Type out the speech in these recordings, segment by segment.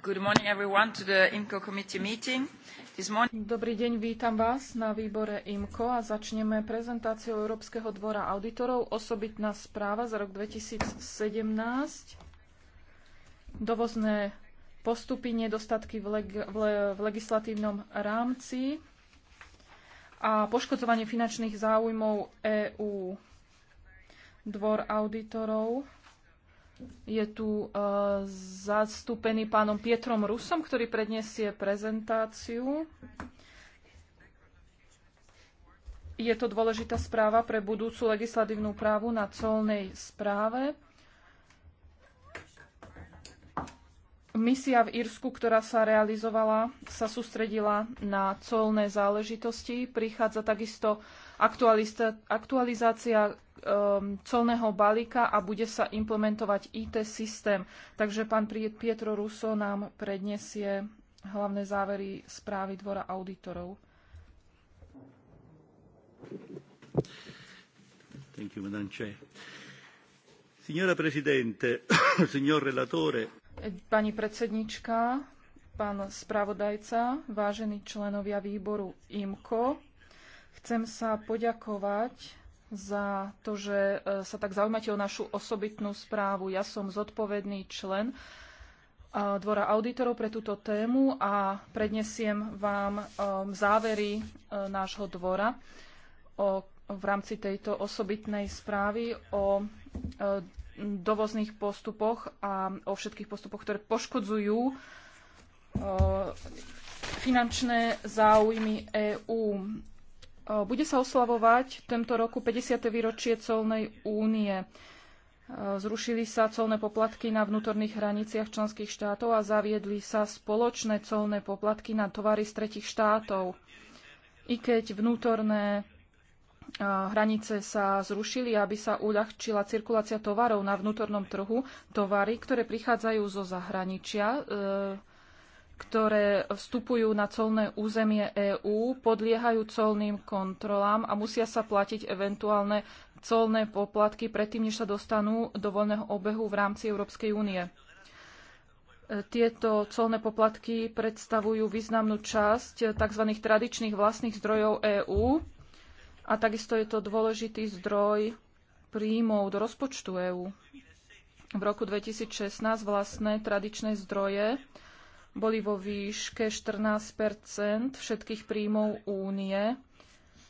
Dobrý deň, vítam vás na výbore IMCO a začneme prezentáciou Európskeho dvora auditorov. Osobitná správa za rok 2017. Dovozné postupy, nedostatky v, leg- v, le- v legislatívnom rámci a poškodzovanie finančných záujmov EÚ. Dvor auditorov je tu e, zastúpený pánom Pietrom Rusom, ktorý predniesie prezentáciu. Je to dôležitá správa pre budúcu legislatívnu právu na colnej správe. Misia v Írsku, ktorá sa realizovala, sa sústredila na colné záležitosti. Prichádza takisto aktualizácia um, colného balíka a bude sa implementovať IT systém. Takže pán Pietro Ruso nám prednesie hlavné závery správy Dvora auditorov. Thank you, Signora Presidente, signor Relatore. Pani predsednička, pán spravodajca, vážení členovia výboru IMCO, Chcem sa poďakovať za to, že e, sa tak zaujímate o našu osobitnú správu. Ja som zodpovedný člen e, Dvora auditorov pre túto tému a prednesiem vám e, závery nášho dvora o, v rámci tejto osobitnej správy o dovozných postupoch a o všetkých postupoch, ktoré poškodzujú finančné záujmy EÚ. Bude sa oslavovať tento roku 50. výročie colnej únie. Zrušili sa colné poplatky na vnútorných hraniciach členských štátov a zaviedli sa spoločné colné poplatky na tovary z tretich štátov. I keď vnútorné hranice sa zrušili, aby sa uľahčila cirkulácia tovarov na vnútornom trhu, tovary, ktoré prichádzajú zo zahraničia, e, ktoré vstupujú na colné územie EÚ, podliehajú colným kontrolám a musia sa platiť eventuálne colné poplatky predtým, než sa dostanú do voľného obehu v rámci Európskej únie. E, tieto colné poplatky predstavujú významnú časť e, tzv. tradičných vlastných zdrojov EÚ a takisto je to dôležitý zdroj príjmov do rozpočtu EÚ. V roku 2016 vlastné tradičné zdroje boli vo výške 14 všetkých príjmov únie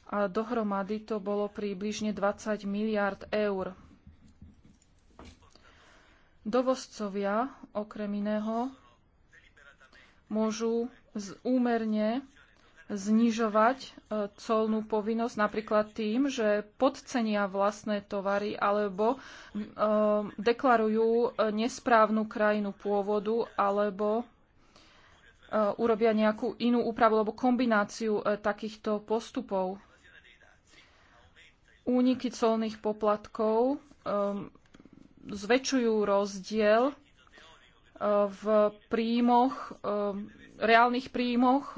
a dohromady to bolo približne 20 miliard eur. Dovozcovia, okrem iného, môžu úmerne znižovať e, colnú povinnosť napríklad tým, že podcenia vlastné tovary alebo e, deklarujú e, nesprávnu krajinu pôvodu alebo Eh, urobia nejakú inú úpravu alebo kombináciu eh, takýchto postupov. Úniky colných poplatkov eh, zväčšujú rozdiel v príjmoch, reálnych príjmoch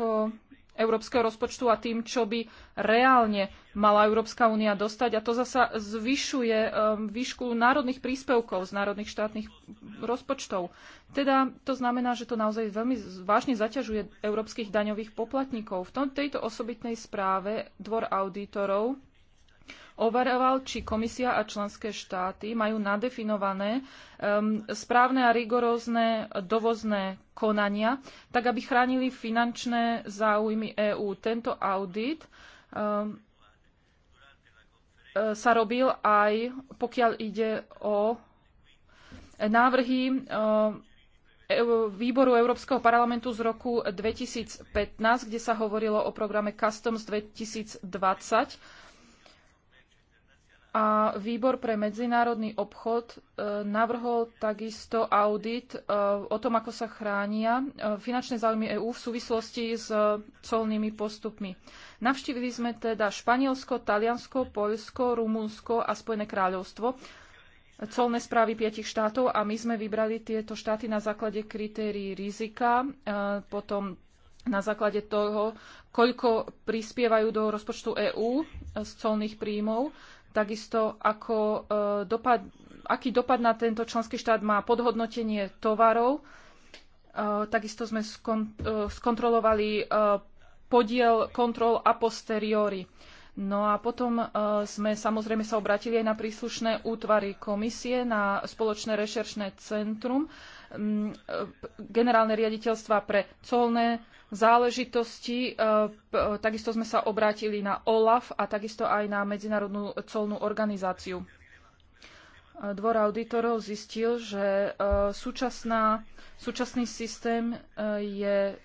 európskeho rozpočtu a tým, čo by reálne mala Európska únia dostať. A to zasa zvyšuje um, výšku národných príspevkov z národných štátnych rozpočtov. Teda to znamená, že to naozaj veľmi vážne zaťažuje európskych daňových poplatníkov. V tejto osobitnej správe Dvor auditorov overoval, či komisia a členské štáty majú nadefinované um, správne a rigorózne dovozné konania, tak aby chránili finančné záujmy EÚ. Tento audit um, sa robil aj pokiaľ ide o návrhy e výboru Európskeho parlamentu z roku 2015, kde sa hovorilo o programe Customs 2020 a výbor pre medzinárodný obchod e, navrhol takisto audit e, o tom, ako sa chránia e, finančné záujmy EÚ v súvislosti s colnými postupmi. Navštívili sme teda Španielsko, Taliansko, Poľsko, Rumunsko a Spojené kráľovstvo, colné správy piatich štátov a my sme vybrali tieto štáty na základe kritérií rizika, potom na základe toho, koľko prispievajú do rozpočtu EÚ z colných príjmov, takisto ako e, dopad, aký dopad na tento členský štát má podhodnotenie tovarov. E, takisto sme e, skontrolovali podiel kontrol a posteriori. No a potom sme samozrejme sa obratili aj na príslušné útvary komisie, na spoločné rešeršné centrum, generálne riaditeľstva pre colné záležitosti. E, e, takisto sme sa obrátili na OLAF a takisto aj na Medzinárodnú colnú organizáciu. E, dvor auditorov zistil, že súčasná, súčasný systém je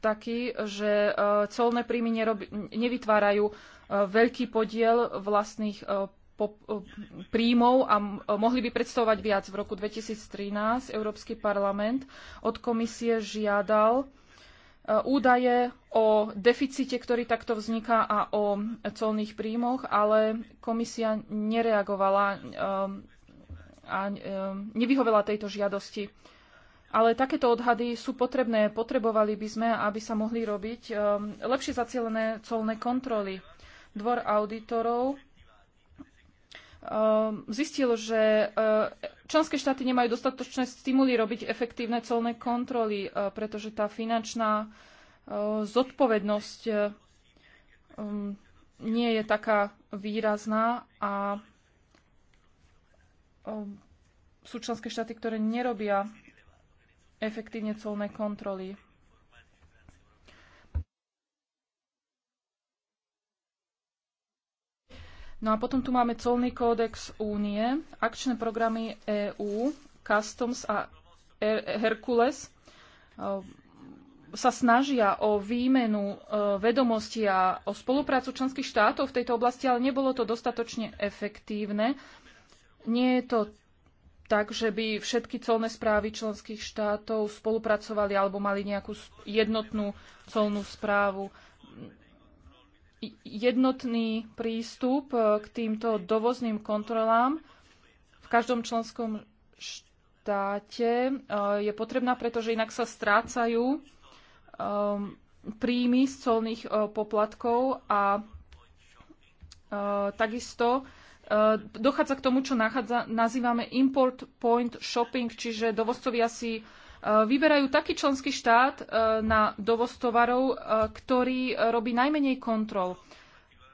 taký, že colné príjmy nerobi, nevytvárajú veľký podiel vlastných príjmov a mohli by predstavovať viac. V roku 2013 Európsky parlament od komisie žiadal Eh, údaje o deficite, ktorý takto vzniká a o colných príjmoch, ale komisia nereagovala eh, a eh, nevyhovela tejto žiadosti. Ale takéto odhady sú potrebné. Potrebovali by sme, aby sa mohli robiť lepšie zacielené colné kontroly. Dvor auditorov Ehm, zistil, že eh, členské štáty nemajú dostatočné stimuly robiť efektívne colné kontroly, eh, pretože tá finančná eh, zodpovednosť ehm, nie je taká výrazná a ehm, sú členské štáty, ktoré nerobia efektívne colné kontroly. No a potom tu máme colný kódex únie, akčné programy EÚ, Customs a Hercules ehm, sa snažia o výmenu ehm, vedomostí a o spoluprácu členských štátov v tejto oblasti, ale nebolo to dostatočne efektívne. Nie je to tak, že by všetky colné správy členských štátov spolupracovali alebo mali nejakú jednotnú colnú správu jednotný prístup e, k týmto dovozným kontrolám v každom členskom štáte e, je potrebná, pretože inak sa strácajú e, príjmy z colných poplatkov a takisto dochádza k tomu, čo nachádza, nazývame import point shopping, čiže dovozcovia si E, vyberajú taký členský štát e, na dovoz tovarov, e, ktorý robí najmenej kontrol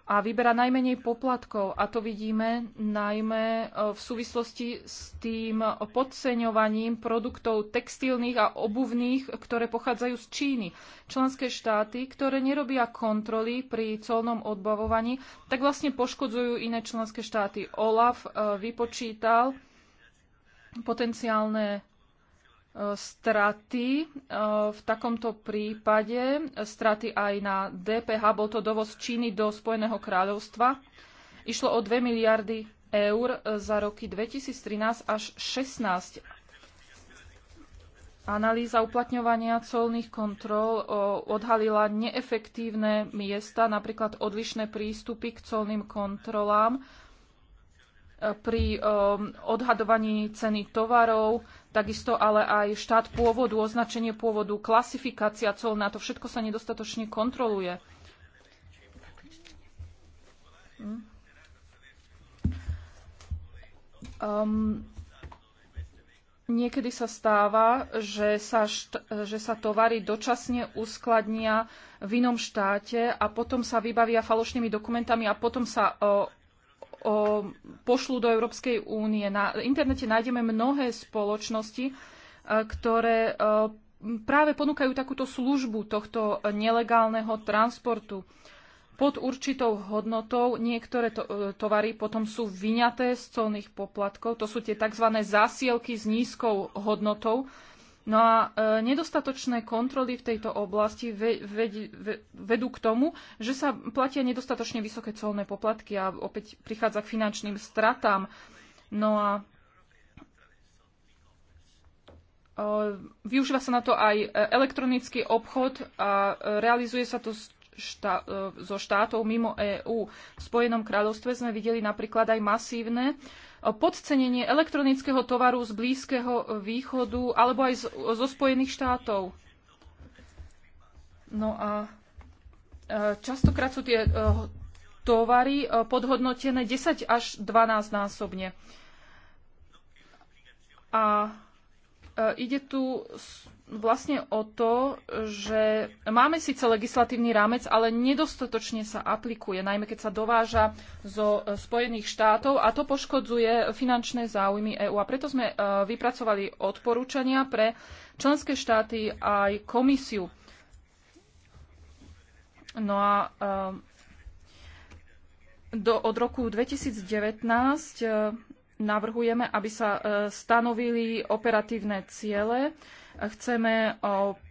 a vyberá najmenej poplatkov. A to vidíme najmä v súvislosti s tým podceňovaním produktov textilných a obuvných, ktoré pochádzajú z Číny. Členské štáty, ktoré nerobia kontroly pri colnom odbavovaní, tak vlastne poškodzujú iné členské štáty. OLAF vypočítal potenciálne E, straty e, v takomto prípade, straty aj na DPH, bol to dovoz Číny do Spojeného kráľovstva. Išlo o 2 miliardy eur za roky 2013 až 2016. Analýza uplatňovania colných kontrol e, odhalila neefektívne miesta, napríklad odlišné prístupy k colným kontrolám pri um, odhadovaní ceny tovarov, takisto ale aj štát pôvodu, označenie pôvodu, klasifikácia colná, to všetko sa nedostatočne kontroluje. Um, niekedy sa stáva, že sa, št- že sa tovary dočasne uskladnia v inom štáte a potom sa vybavia falošnými dokumentami a potom sa uh, o, pošlú do Európskej únie. Na internete nájdeme mnohé spoločnosti, e, ktoré e, práve ponúkajú takúto službu tohto nelegálneho transportu. Pod určitou hodnotou niektoré to, e, tovary potom sú vyňaté z colných poplatkov. To sú tie tzv. zásielky s nízkou hodnotou, No a e, nedostatočné kontroly v tejto oblasti ve, ve, ve, vedú k tomu, že sa platia nedostatočne vysoké colné poplatky a opäť prichádza k finančným stratám. No a e, využíva sa na to aj e, elektronický obchod a e, realizuje sa to štá, e, so štátov mimo EÚ. V Spojenom kráľovstve sme videli napríklad aj masívne podcenenie elektronického tovaru z Blízkeho východu alebo aj z, zo Spojených štátov. No a e, častokrát sú tie e, tovary e, podhodnotené 10 až 12 násobne. A ide tu vlastne o to, že máme síce legislatívny rámec, ale nedostatočne sa aplikuje, najmä keď sa dováža zo e, Spojených štátov a to poškodzuje finančné záujmy EÚ. A preto sme e, vypracovali odporúčania pre členské štáty aj komisiu. No a e, do, od roku 2019 navrhujeme, aby sa stanovili operatívne ciele Chceme eh,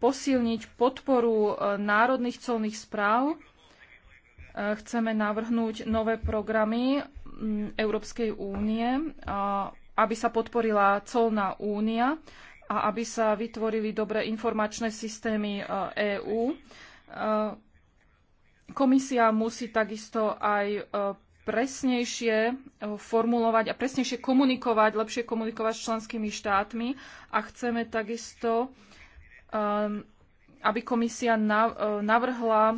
posilniť podporu eh, národných colných správ. Eh, chceme navrhnúť nové programy mm, Európskej únie, aby sa podporila colná únia a aby sa vytvorili dobré informačné systémy EÚ. E komisia musí takisto aj presnejšie eh, formulovať a presnejšie komunikovať, lepšie komunikovať s členskými štátmi a chceme takisto, ehm, aby komisia eh, navrhla eh,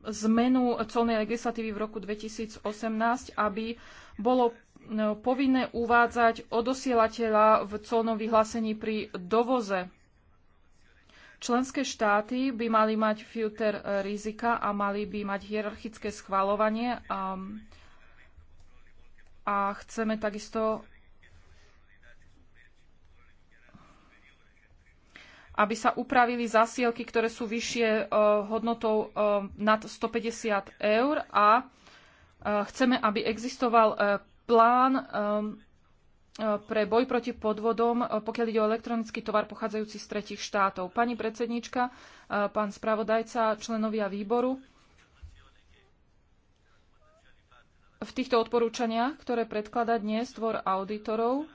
zmenu colnej legislatívy v roku 2018, aby bolo povinné uvádzať odosielateľa v colnom vyhlásení pri dovoze Členské štáty by mali mať filter e, rizika a mali by mať hierarchické schvalovanie a, a chceme takisto aby sa upravili zasielky, ktoré sú vyššie e, hodnotou e, nad 150 eur a chceme, aby existoval plán pre boj proti podvodom, e, pokiaľ ide o elektronický tovar pochádzajúci z tretich štátov. Pani predsednička, e, pán spravodajca, členovia výboru, v týchto odporúčaniach, ktoré predkladá dnes dvor auditorov, e,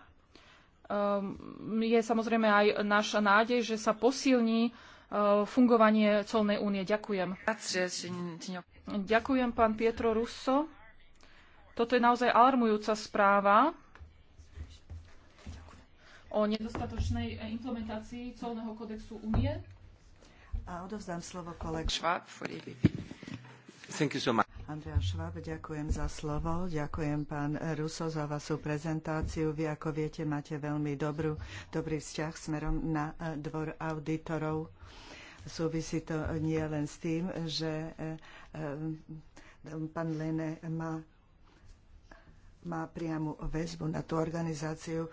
je samozrejme aj naša nádej, že sa posilní fungovanie colnej únie. Ďakujem. Ďakujem, pán Pietro Russo. Toto je naozaj alarmujúca správa o nedostatočnej implementácii colného kodexu únie. A odovzdám slovo koleg. Schwab e Thank you so much. Andrea Schwab, ďakujem za slovo. Ďakujem pán Ruso za vašu prezentáciu. Vy, ako viete, máte veľmi dobrú, dobrý vzťah smerom na e, dvor auditorov. Súvisí to nie len s tým, že e, pán Lene má má priamu väzbu na tú organizáciu.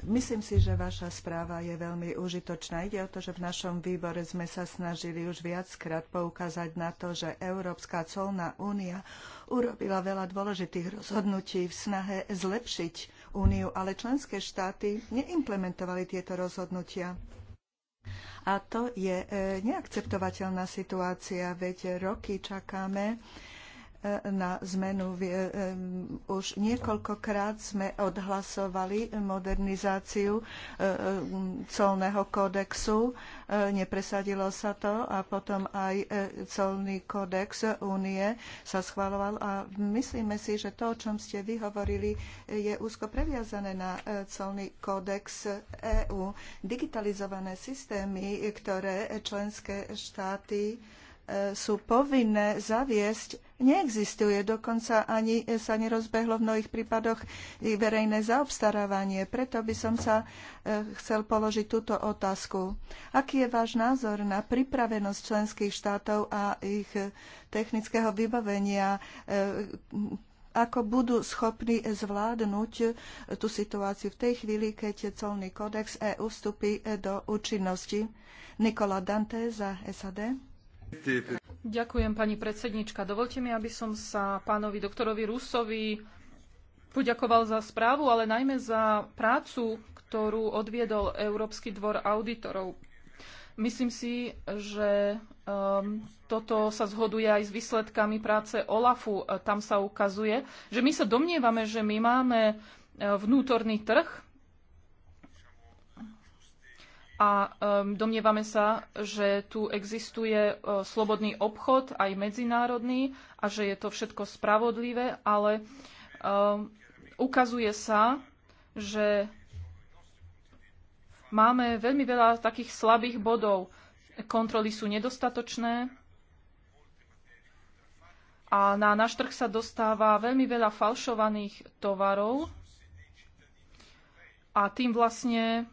Myslím si, že vaša správa je veľmi užitočná. Ide o to, že v našom výbore sme sa snažili už viackrát poukázať na to, že Európska colná únia urobila veľa dôležitých rozhodnutí v snahe zlepšiť úniu, ale členské štáty neimplementovali tieto rozhodnutia. A to je e, neakceptovateľná situácia, veď roky čakáme na zmenu. E, už niekoľkokrát sme odhlasovali modernizáciu e, e, colného kódexu. Nepresadilo sa to a potom aj colný kódex únie sa schvaloval a myslíme si, že to, o čom ste vy hovorili, je úzko previazané na colný kódex EÚ. Digitalizované systémy, ktoré členské štáty sú povinné zaviesť, neexistuje. Dokonca ani sa nerozbehlo v mnohých prípadoch verejné zaobstarávanie. Preto by som sa e, chcel položiť túto otázku. Aký je váš názor na pripravenosť členských štátov a ich technického vybavenia? E, ako budú schopní zvládnuť e, tú situáciu v tej chvíli, keď colný kódex EU vstupí do účinnosti? Nikola Dante za SAD. Ďakujem, pani predsednička. Dovolte mi, aby som sa pánovi doktorovi Rusovi poďakoval za správu, ale najmä za prácu, ktorú odviedol Európsky dvor auditorov. Myslím si, že um, toto sa zhoduje aj s výsledkami práce OLAFu. Tam sa ukazuje, že my sa domnievame, že my máme uh, vnútorný trh, a um, domnievame sa, že tu existuje uh, slobodný obchod, aj medzinárodný, a že je to všetko spravodlivé, ale um, ukazuje sa, že máme veľmi veľa takých slabých bodov. Kontroly sú nedostatočné a na náš trh sa dostáva veľmi veľa falšovaných tovarov a tým vlastne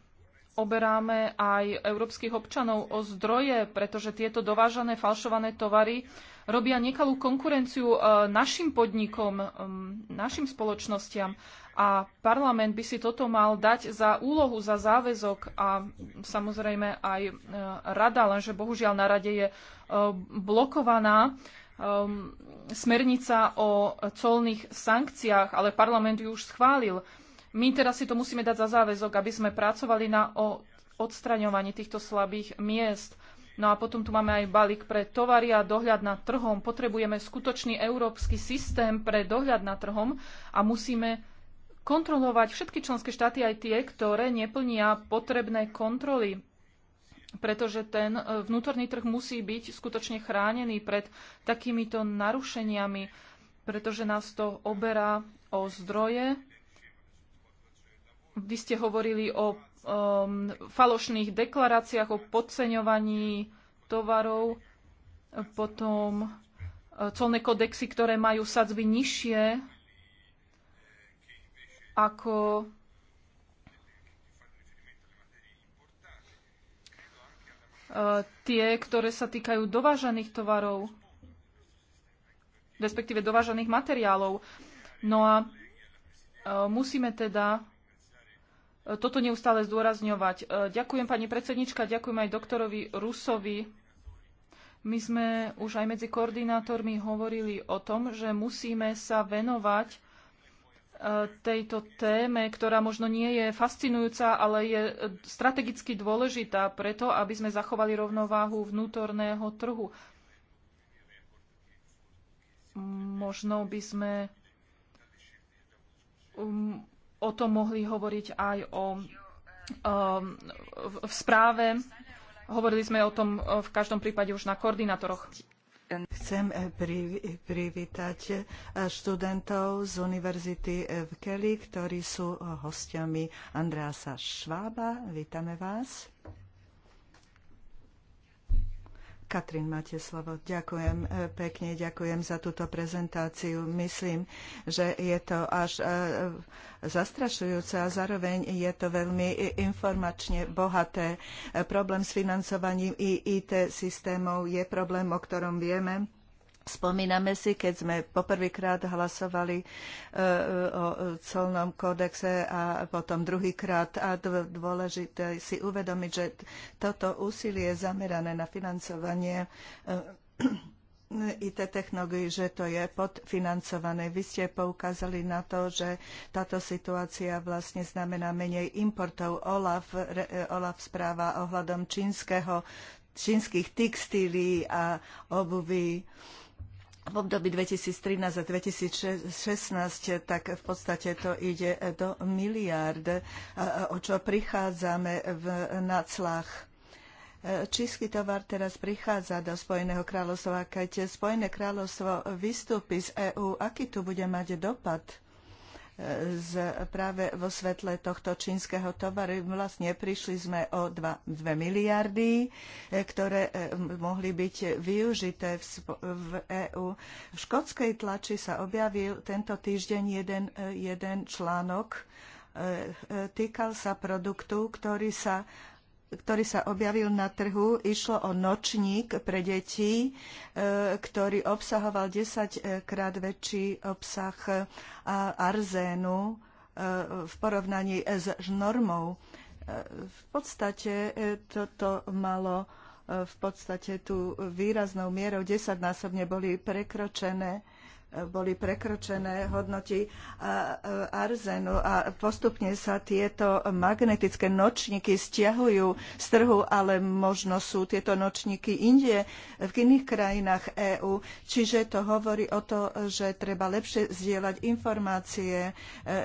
oberáme aj európskych občanov o zdroje, pretože tieto dovážané falšované tovary robia nekalú konkurenciu e, našim podnikom, e, našim spoločnostiam. A parlament by si toto mal dať za úlohu, za záväzok a samozrejme aj e, rada, lenže bohužiaľ na rade je blokovaná smernica o colných sankciách, ale parlament ju už schválil. My teraz si to musíme dať za záväzok, aby sme pracovali na odstraňovaní týchto slabých miest. No a potom tu máme aj balík pre tovary a dohľad nad trhom. Potrebujeme skutočný európsky systém pre dohľad nad trhom a musíme kontrolovať všetky členské štáty, aj tie, ktoré neplnia potrebné kontroly pretože ten e, vnútorný trh musí byť skutočne chránený pred takýmito narušeniami, pretože nás to oberá o zdroje vy ste hovorili o um, falošných deklaráciách, o podceňovaní tovarov, potom e, colné kodexy, ktoré majú sadzby nižšie ako e, tie, ktoré sa týkajú dovážených tovarov, respektíve dovážených materiálov. No a e, musíme teda toto neustále zdôrazňovať. E, ďakujem pani predsednička, ďakujem aj doktorovi Rusovi. My sme už aj medzi koordinátormi hovorili o tom, že musíme sa venovať e, tejto téme, ktorá možno nie je fascinujúca, ale je e, strategicky dôležitá preto, aby sme zachovali rovnováhu vnútorného trhu. Možno by sme um, o tom mohli hovoriť aj o, um, v správe. Hovorili sme o tom uh, v každom prípade už na koordinátoroch. Chcem eh, privítať eh, študentov z Univerzity eh, v Kelly, ktorí sú hostiami Andreasa Švába. Vítame vás. Katrin, máte slovo. Ďakujem e, pekne, ďakujem za túto prezentáciu. Myslím, že je to až e, zastrašujúce a zároveň je to veľmi informačne bohaté. E, problém s financovaním IT systémov je problém, o ktorom vieme Spomíname si, keď sme poprvýkrát hlasovali e, e, o e, celnom kódexe a potom druhýkrát a dôležité si uvedomiť, že toto úsilie je zamerané na financovanie IT technológií, že to je podfinancované. Vy ste poukázali na to, že táto situácia vlastne znamená menej importov. Olaf, Olaf správa ohľadom čínskeho, čínskych textílií a obuvy v období 2013 a 2016, tak v podstate to ide do miliárd, o čo prichádzame v naclách. Čísky tovar teraz prichádza do Spojeného kráľovstva. Keď Spojené kráľovstvo vystúpi z EÚ, aký tu bude mať dopad? z, práve vo svetle tohto čínskeho tovaru. Vlastne prišli sme o 2, miliardy, e, ktoré e, mohli byť využité v, v EÚ. V škótskej tlači sa objavil tento týždeň jeden, e, jeden článok, týkal sa produktu, ktorý sa ktorý sa objavil na trhu, išlo o nočník pre deti, e, ktorý obsahoval 10 krát väčší obsah arzénu e, v porovnaní s normou. E, v podstate toto malo v podstate tú výraznou mierou desaťnásobne boli prekročené boli prekročené hodnoty arzenu a postupne sa tieto magnetické nočníky stiahujú z trhu, ale možno sú tieto nočníky inde v iných krajinách EÚ. Čiže to hovorí o to, že treba lepšie zdieľať informácie, e,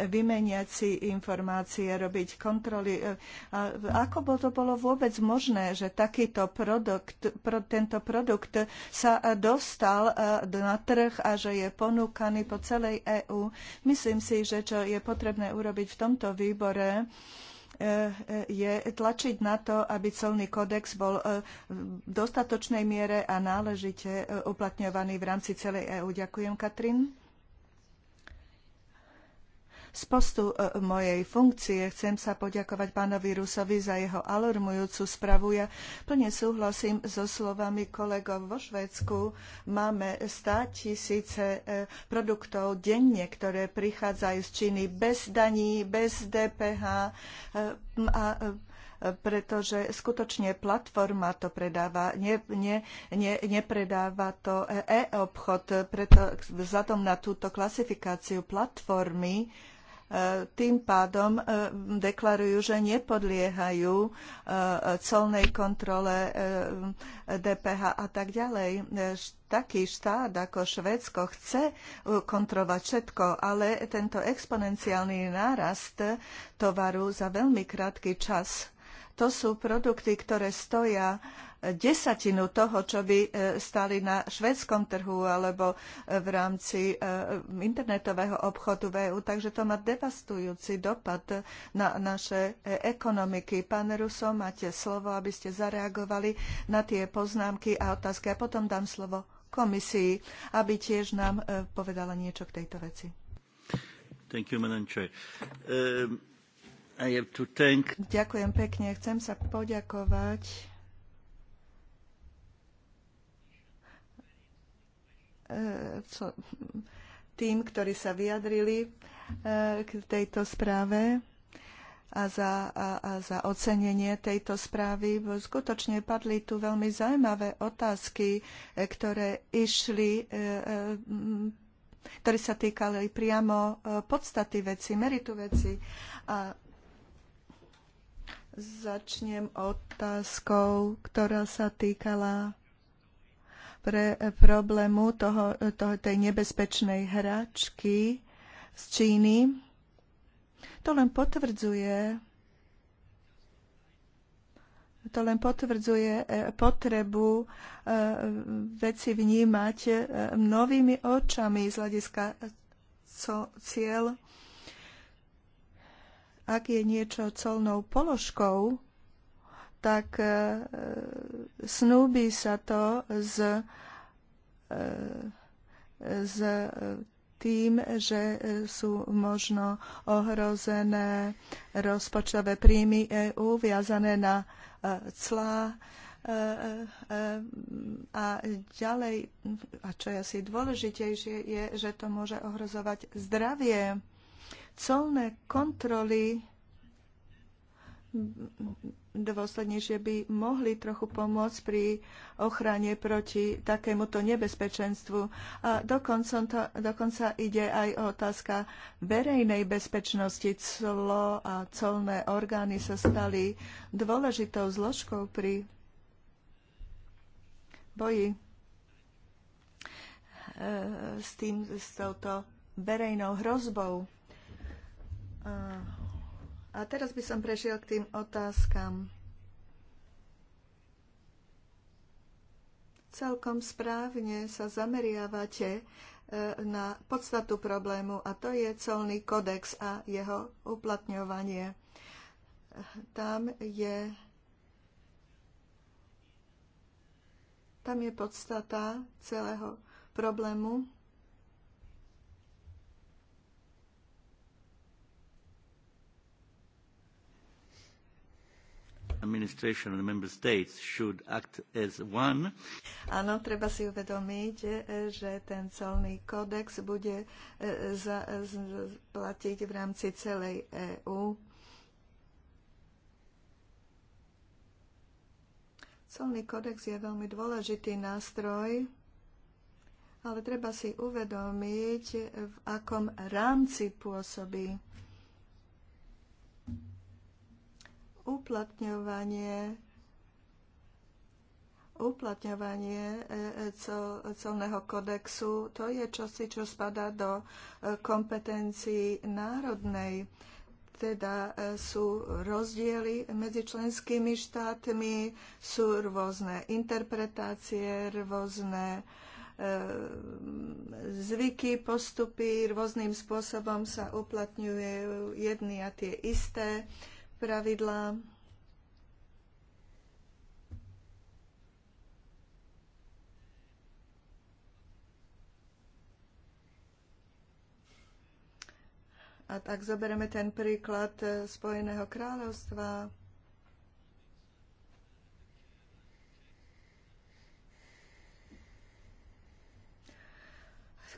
vymeniať si informácie, robiť kontroly. E, a ako bol to bolo vôbec možné, že takýto produkt, tento produkt sa dostal e, na trh a že je ponúkaný po celej EÚ. Myslím si, že čo je potrebné urobiť v tomto výbore, e, e, je tlačiť na to, aby celný kodex bol e, v dostatočnej miere a náležite uplatňovaný v rámci celej EÚ. Ďakujem, Katrin. Z postu e, mojej funkcie chcem sa poďakovať pánovi Rusovi za jeho alarmujúcu spravu. Ja plne súhlasím so slovami kolegov vo Švédsku. Máme 100 tisíce e, produktov denne, ktoré prichádzajú z Číny bez daní, bez DPH e, a pretože skutočne platforma to predáva, ne, ne, ne, nepredáva to e-obchod, preto vzhľadom na túto klasifikáciu platformy, tým pádom e, deklarujú, že nepodliehajú e, colnej kontrole e, DPH a tak ďalej. Taký štát ako Švédsko chce kontrolovať všetko, ale tento exponenciálny nárast tovaru za veľmi krátky čas. To sú produkty, ktoré stoja desatinu toho, čo by e, stali na švedskom trhu alebo e, v rámci e, internetového obchodu v EU. Takže to má devastujúci dopad na naše ekonomiky. Pán Ruso, máte slovo, aby ste zareagovali na tie poznámky a otázky. A potom dám slovo komisii, aby tiež nám povedala niečo k tejto veci. You, um, thank... Ďakujem pekne. Chcem sa poďakovať E, tým, ktorí sa vyjadrili e, k tejto správe a za, a, a za ocenenie tejto správy. Skutočne padli tu veľmi zaujímavé otázky, e, ktoré išli ktoré sa týkali priamo podstaty veci, meritu veci. A začnem otázkou, ktorá sa týkala pre problému toho, toho, tej nebezpečnej hračky z Číny. To len potvrdzuje to len potvrdzuje e, potrebu e, veci vnímať e, novými očami z hľadiska co, cieľ. Ak je niečo colnou položkou, tak e, snúbi sa to s, s e, tým, že sú možno ohrozené rozpočtové príjmy EÚ viazané na e, clá a ďalej, a čo je asi dôležitejšie, je, že to môže ohrozovať zdravie. Colné kontroly dôslednejšie by mohli trochu pomôcť pri ochrane proti takémuto nebezpečenstvu. A dokonca, to, dokonca ide aj o otázka verejnej bezpečnosti. Clo a colné orgány sa stali dôležitou zložkou pri boji e, s, tým, s touto verejnou hrozbou. A teraz by som prešiel k tým otázkam. Celkom správne sa zameriavate e, na podstatu problému a to je colný kodex a jeho uplatňovanie. Tam je, tam je podstata celého problému Áno, treba si uvedomiť, že ten colný kódex bude e, platiť v rámci celej EÚ. Celný kódex je veľmi dôležitý nástroj, ale treba si uvedomiť, v akom rámci pôsobí uplatňovanie uplatňovanie e, e, cel, celného kodexu, to je čosi, čo spadá do e, kompetencií národnej. Teda sú rozdiely medzi členskými štátmi, sú rôzne interpretácie, rôzne zvyky, postupy, rôznym spôsobom sa uplatňujú jedny a tie isté pravidlá. A tak zoberieme ten príklad Spojeného kráľovstva,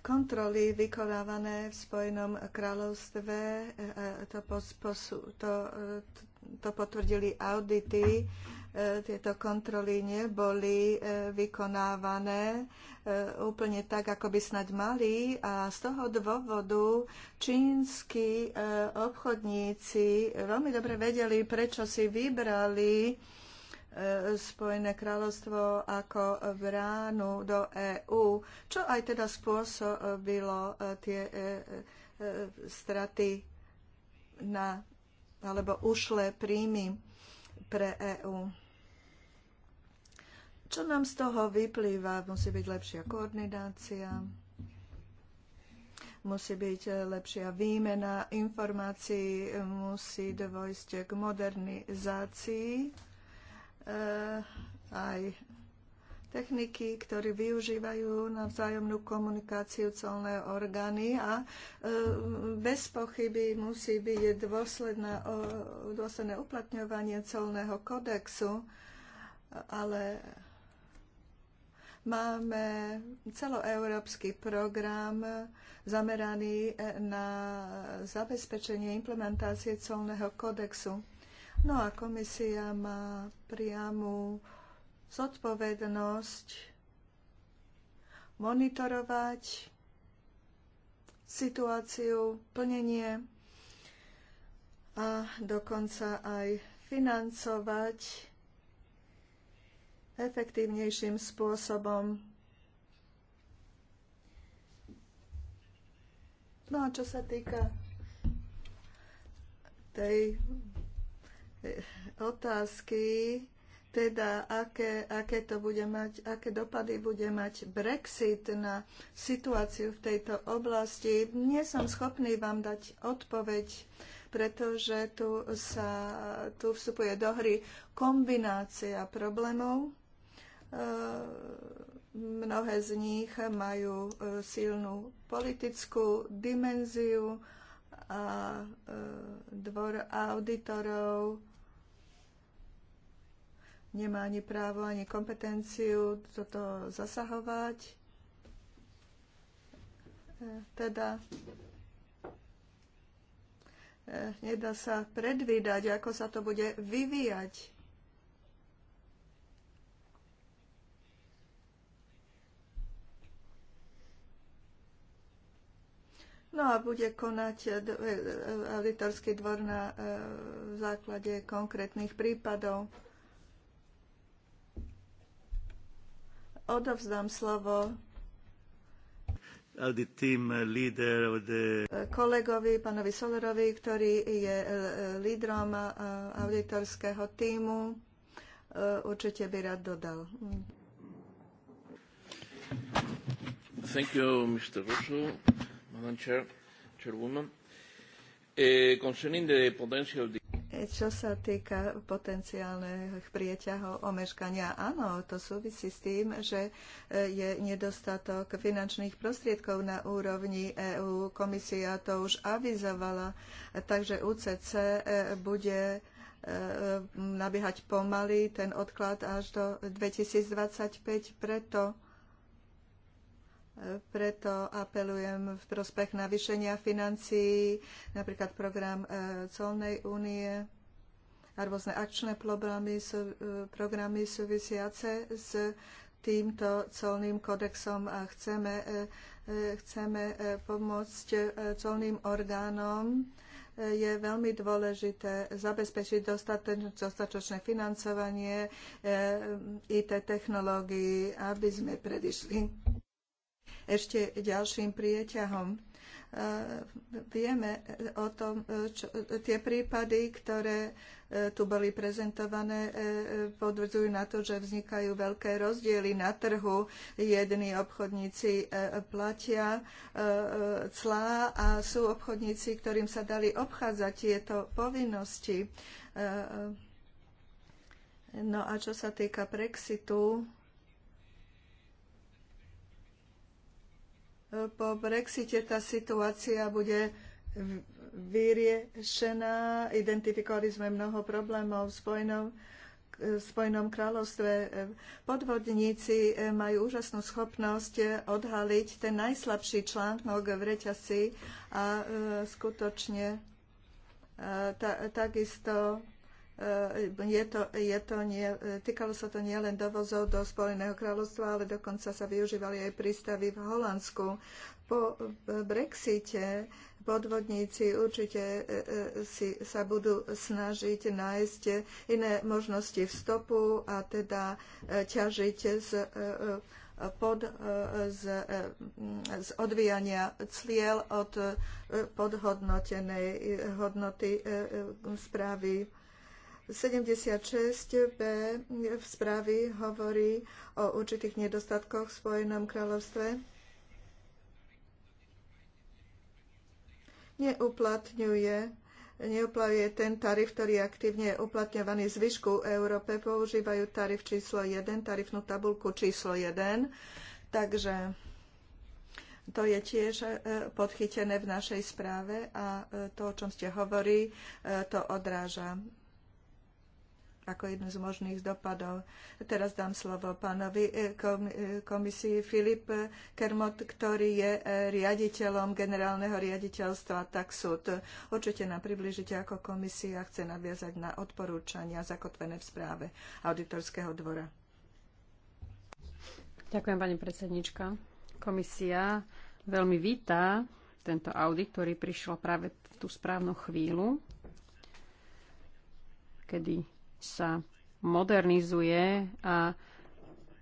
kontroly vykonávané v Spojenom kráľovstve, eh, to, to, eh, to potvrdili audity, eh, tieto kontroly neboli vykonávané úplne tak, ako by snať mali a z toho dôvodu čínsky obchodníci veľmi dobre vedeli, prečo si vybrali E, Spojené kráľovstvo ako bránu do EÚ, čo aj teda spôsobilo e, tie e, straty na, alebo ušlé príjmy pre EÚ. Čo nám z toho vyplýva? Musí byť lepšia koordinácia, musí byť lepšia výmena informácií, musí dôjsť k modernizácii Eh, aj techniky, ktoré využívajú na vzájomnú komunikáciu colné orgány a eh, bez pochyby musí byť dôsledné, dôsledné uplatňovanie colného kodexu, ale máme celoeurópsky program zameraný na zabezpečenie implementácie colného kodexu No a komisia má priamu zodpovednosť monitorovať situáciu, plnenie a dokonca aj financovať efektívnejším spôsobom. No a čo sa týka tej otázky, teda aké, aké to bude mať, aké dopady bude mať Brexit na situáciu v tejto oblasti. Nie som schopný vám dať odpoveď, pretože tu, sa, tu vstupuje do hry kombinácia problémov. E, mnohé z nich majú e, silnú politickú dimenziu a e, dvor auditorov nemá ani právo, ani kompetenciu toto zasahovať. E, teda e, nedá sa predvídať, ako sa to bude vyvíjať. No a bude konať e, auditorský dvor na základe konkrétnych prípadov. odovzdám slovo kolegovi, pánovi Solerovi, ktorý je e, lídrom e, auditorského týmu. E, určite by rád dodal. Thank you, Mr. Russo, Madam Chair, Chairwoman. Uh, concerning the potential... Čo sa týka potenciálnych prieťahov omeškania, áno, to súvisí s tým, že e, je nedostatok finančných prostriedkov na úrovni EÚ. Komisia to už avizovala, takže UCC e, bude e, nabiehať pomaly ten odklad až do 2025. Preto preto apelujem v prospech navýšenia financií, napríklad program e, colnej únie a rôzne akčné programy, e, programy súvisiace s týmto colným kodexom a chceme, e, chceme pomôcť colným orgánom. Je veľmi dôležité zabezpečiť dostatočné financovanie IT technológií, aby sme predišli ešte ďalším prieťahom. E, vieme o tom, e, čo, tie prípady, ktoré e, tu boli prezentované, potvrdzujú na to, že vznikajú veľké rozdiely na trhu. Jedni obchodníci platia clá a sú obchodníci, ktorým sa dali obchádzať tieto povinnosti. No a čo sa týka Brexitu, po Brexite tá situácia bude vyriešená. Identifikovali sme mnoho problémov v Spojenom, v Spojenom kráľovstve. Podvodníci eh, majú úžasnú schopnosť eh, odhaliť ten najslabší článok v reťazci a eh, skutočne takisto E, je to, je to nie, e, týkalo sa to nielen dovozov do Spojeného kráľovstva, ale dokonca sa využívali aj prístavy v Holandsku. Po e, Brexite podvodníci určite si, sa budú snažiť nájsť iné možnosti vstopu a teda ťažiť z, pod, z, z odvíjania cieľ od podhodnotenej hodnoty správy 76b v správy hovorí o určitých nedostatkoch v Spojenom kráľovstve. Neuplatňuje, neuplatňuje ten tarif, ktorý je aktívne uplatňovaný zvyšku Európe. Používajú tarif číslo 1, tarifnú tabulku číslo 1. Takže to je tiež e, podchytené v našej správe a e, to, o čom ste hovorí, e, to odráža ako jednu z možných dopadov. Teraz dám slovo pánovi e, e, komisii Filip Kermot, ktorý je e, riaditeľom generálneho riaditeľstva Taxud. Určite nám približite, ako komisia chce nadviazať na odporúčania zakotvené v správe auditorského dvora. Ďakujem, pani predsednička. Komisia veľmi vítá tento audit, ktorý prišiel práve v tú správnu chvíľu, kedy sa modernizuje a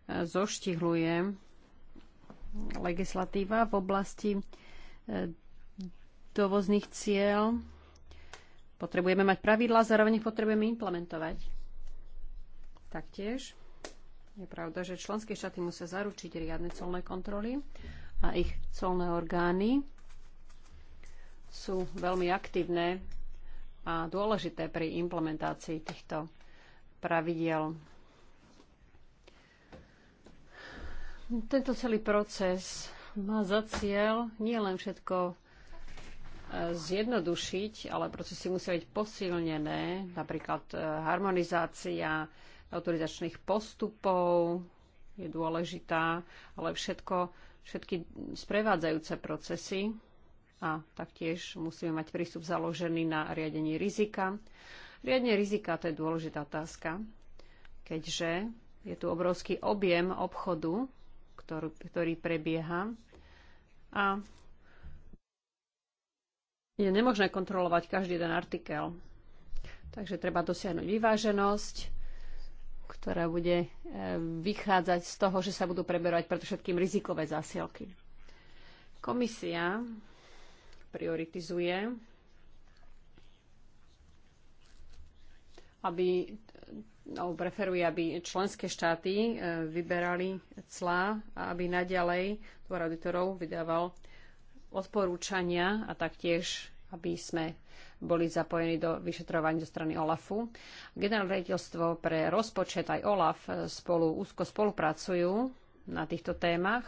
zoštihluje legislatíva v oblasti e, dovozných cieľ. Potrebujeme mať pravidlá, zároveň ich potrebujeme implementovať. Taktiež je pravda, že členské štáty musia zaručiť riadne colné kontroly a ich colné orgány sú veľmi aktívne a dôležité pri implementácii týchto pravidel. Tento celý proces má za cieľ nie len všetko e, zjednodušiť, ale procesy musia byť posilnené, napríklad e, harmonizácia autorizačných postupov je dôležitá, ale všetko, všetky sprevádzajúce procesy a taktiež musíme mať prístup založený na riadení rizika. Riadne rizika, to je dôležitá otázka, keďže je tu obrovský objem obchodu, ktorý, ktorý prebieha a je nemožné kontrolovať každý jeden artikel. Takže treba dosiahnuť vyváženosť, ktorá bude e, vychádzať z toho, že sa budú preberovať predovšetkým rizikové zásielky. Komisia prioritizuje aby alebo no, preferuje, aby členské štáty e, vyberali clá a aby naďalej dvor auditorov vydával odporúčania a taktiež, aby sme boli zapojení do vyšetrovania zo strany OLAFu. Generálne riaditeľstvo pre rozpočet aj OLAF e, spolu úzko spolupracujú na týchto témach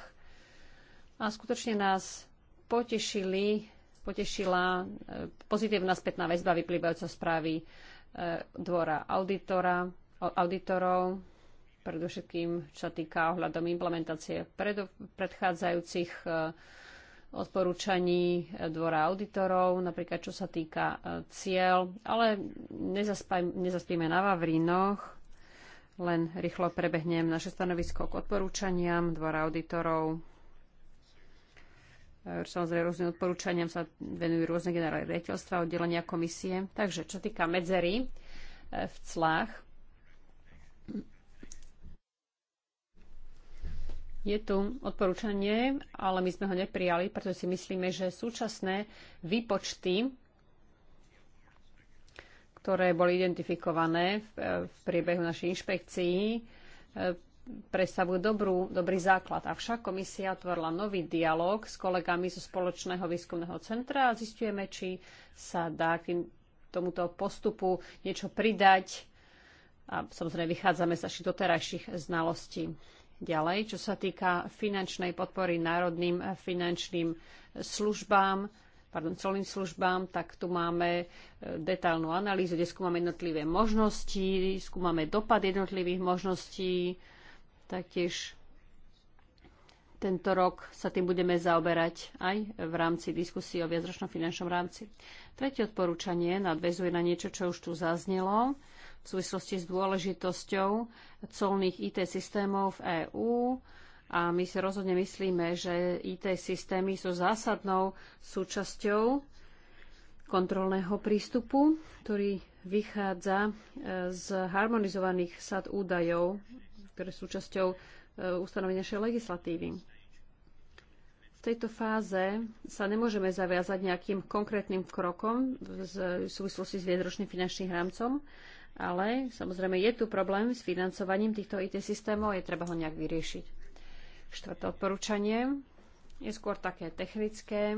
a skutočne nás potešili, potešila e, pozitívna spätná väzba vyplývajúca správy dvora auditora, auditorov, predovšetkým čo týka ohľadom implementácie pred, predchádzajúcich e, odporúčaní e, dvora auditorov, napríklad čo sa týka e, cieľ, ale nezaspíme na Vavrinoch, len rýchlo prebehnem naše stanovisko k odporúčaniam dvora auditorov E, samozrejme, rôznym odporúčaniam sa venujú rôzne generálne riaditeľstva, oddelenia komisie. Takže, čo týka medzery e, v clách, Je tu odporúčanie, ale my sme ho neprijali, pretože si myslíme, že súčasné výpočty, ktoré boli identifikované v, e, priebehu našej inšpekcií, predstavujú dobrú, dobrý základ. Avšak komisia otvorila nový dialog s kolegami zo Spoločného výskumného centra a zistujeme, či sa dá k tomuto postupu niečo pridať. A samozrejme vychádzame z našich doterajších znalostí. Ďalej, čo sa týka finančnej podpory národným finančným službám, pardon, celným službám, tak tu máme e, detailnú analýzu, kde skúmame jednotlivé možnosti, skúmame dopad jednotlivých možností, Taktiež tento rok sa tým budeme zaoberať aj v rámci diskusie o viacročnom finančnom rámci. Tretie odporúčanie nadvezuje na niečo, čo už tu zaznelo v súvislosti s dôležitosťou colných IT systémov v EÚ. A my si rozhodne myslíme, že IT systémy sú zásadnou súčasťou kontrolného prístupu, ktorý vychádza e, z harmonizovaných sad údajov ktoré sú časťou e, ustanovenia našej legislatívy. V tejto fáze sa nemôžeme zaviazať nejakým konkrétnym krokom v súvislosti s viedročným finančným rámcom, ale samozrejme je tu problém s financovaním týchto IT systémov, a je treba ho nejak vyriešiť. Štvrté odporúčanie je skôr také technické,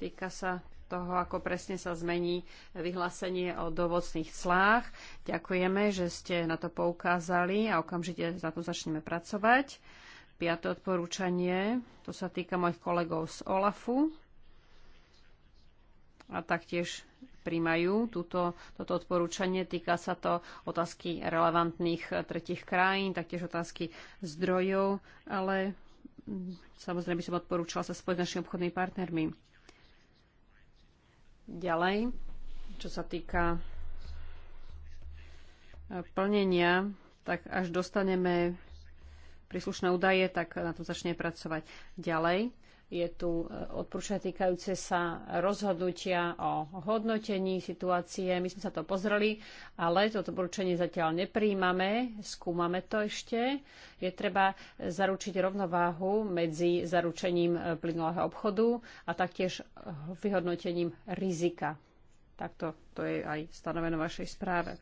týka sa toho, ako presne sa zmení vyhlásenie o dovocných clách. Ďakujeme, že ste na to poukázali a okamžite na to začneme pracovať. Piaté odporúčanie, to sa týka mojich kolegov z OLAFu a taktiež príjmajú túto, toto odporúčanie. Týka sa to otázky relevantných eh, tretich krajín, taktiež otázky zdrojov, ale mm, samozrejme by som odporúčala sa spojiť s našimi obchodnými partnermi. Ďalej, čo sa týka e, plnenia, tak až dostaneme príslušné údaje, tak na to začne pracovať ďalej je tu e, odporúčanie týkajúce sa rozhodnutia o hodnotení situácie. My sme sa to pozreli, ale toto odporúčanie zatiaľ nepríjmame, skúmame to ešte. Je treba zaručiť rovnováhu medzi zaručením e, plynulého obchodu a taktiež e, vyhodnotením rizika. Takto to je aj stanovené v vašej správe.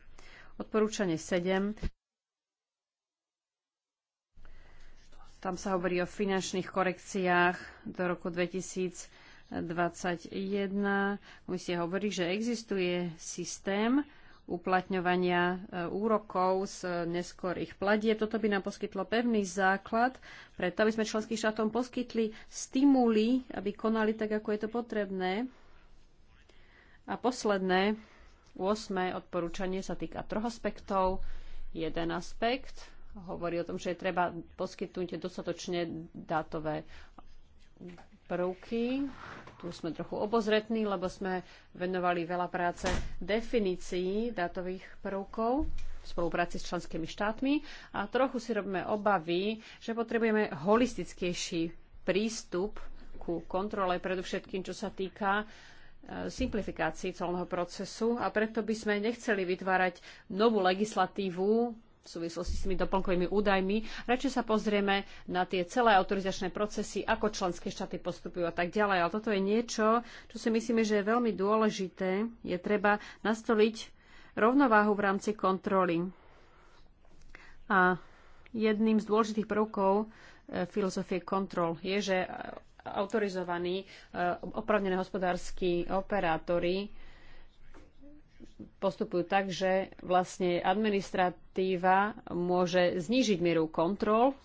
Odporúčanie 7 Tam sa hovorí o finančných korekciách do roku 2021. Komisia hovorí, že existuje systém uplatňovania e, úrokov z neskorých platie. Toto by nám poskytlo pevný základ, preto aby sme členským štátom poskytli stimuly, aby konali tak, ako je to potrebné. A posledné, 8. odporúčanie sa týka troch aspektov. Jeden aspekt hovorí o tom, že treba poskytnúť dostatočne dátové prvky. Tu sme trochu obozretní, lebo sme venovali veľa práce definícií dátových prvkov v spolupráci s členskými štátmi a trochu si robíme obavy, že potrebujeme holistickejší prístup ku kontrole, predovšetkým čo sa týka e, simplifikácii celého procesu a preto by sme nechceli vytvárať novú legislatívu v súvislosti s tými doplnkovými údajmi. Radšej sa pozrieme na tie celé autorizačné procesy, ako členské štáty postupujú a tak ďalej. Ale toto je niečo, čo si myslíme, že je veľmi dôležité. Je treba nastoliť rovnováhu v rámci kontroly. A jedným z dôležitých prvkov e, filozofie kontrol je, že autorizovaní e, opravnené hospodársky operátori postupujú tak, že vlastne administratíva môže znížiť mieru kontrol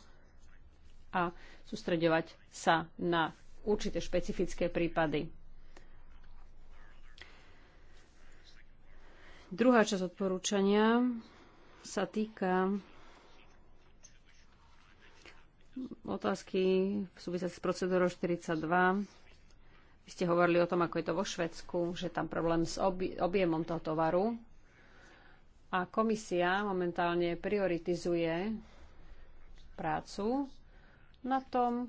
a sústredovať sa na určité špecifické prípady. Druhá časť odporúčania sa týka otázky v súvislosti s procedúrou 42 vy ste hovorili o tom, ako je to vo Švedsku, že tam problém s objemom toho tovaru. A komisia momentálne prioritizuje prácu na tom,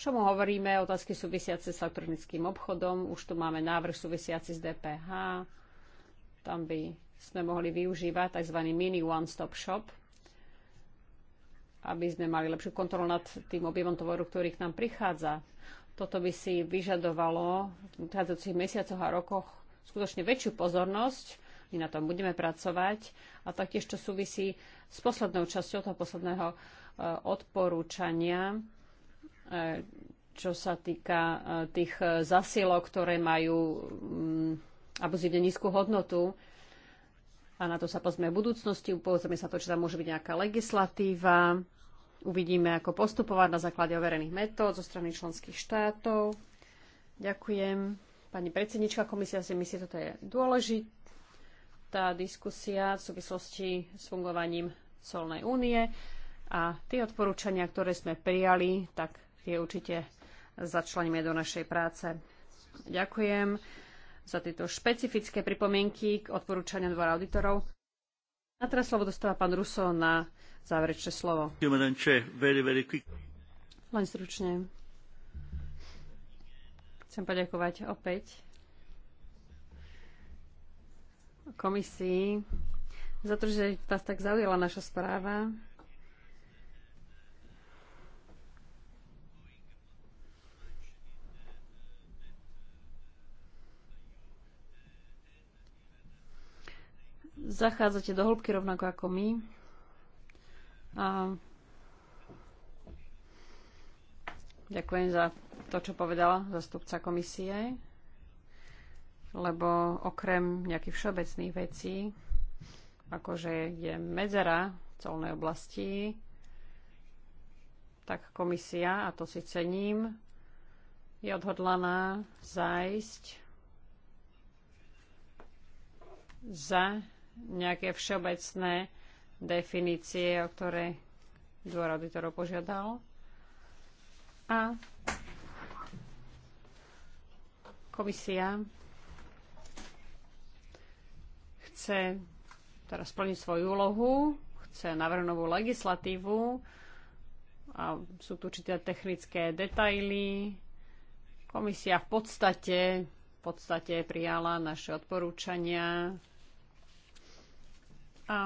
čo mu hovoríme, otázky súvisiace s elektronickým obchodom. Už tu máme návrh súvisiaci s DPH. Tam by sme mohli využívať tzv. mini one-stop shop, aby sme mali lepšiu kontrolu nad tým objemom tovoru, ktorý k nám prichádza. Toto by si vyžadovalo v nadchádzajúcich mesiacoch a rokoch skutočne väčšiu pozornosť. My na tom budeme pracovať. A taktiež to súvisí s poslednou časťou toho posledného eh, odporúčania, eh, čo sa týka eh, tých zasilok, ktoré majú mm, abuzívne nízku hodnotu a na to sa pozme v budúcnosti, pozrieme sa to, či tam môže byť nejaká legislatíva, uvidíme, ako postupovať na základe overených metód zo strany členských štátov. Ďakujem. Pani predsednička komisia si myslí, že toto je dôležitá diskusia v súvislosti s fungovaním Solnej únie a tie odporúčania, ktoré sme prijali, tak tie určite začleníme do našej práce. Ďakujem za tieto špecifické pripomienky k odporúčaniam dvora auditorov. A teraz slovo dostáva pán Ruso na záverečné slovo. Len stručne. Chcem poďakovať opäť komisii za to, že vás tak zaujala naša správa. Zachádzate do hĺbky rovnako ako my. A ďakujem za to, čo povedala zastupca komisie, lebo okrem nejakých všeobecných vecí, akože je medzera v colnej oblasti, tak komisia, a to si cením, je odhodlaná zájsť za nejaké všeobecné definície, o ktoré dvor auditorov požiadal. A komisia chce teraz splniť svoju úlohu, chce navrhnúť novú legislatívu a sú tu určité technické detaily. Komisia v podstate, v podstate prijala naše odporúčania a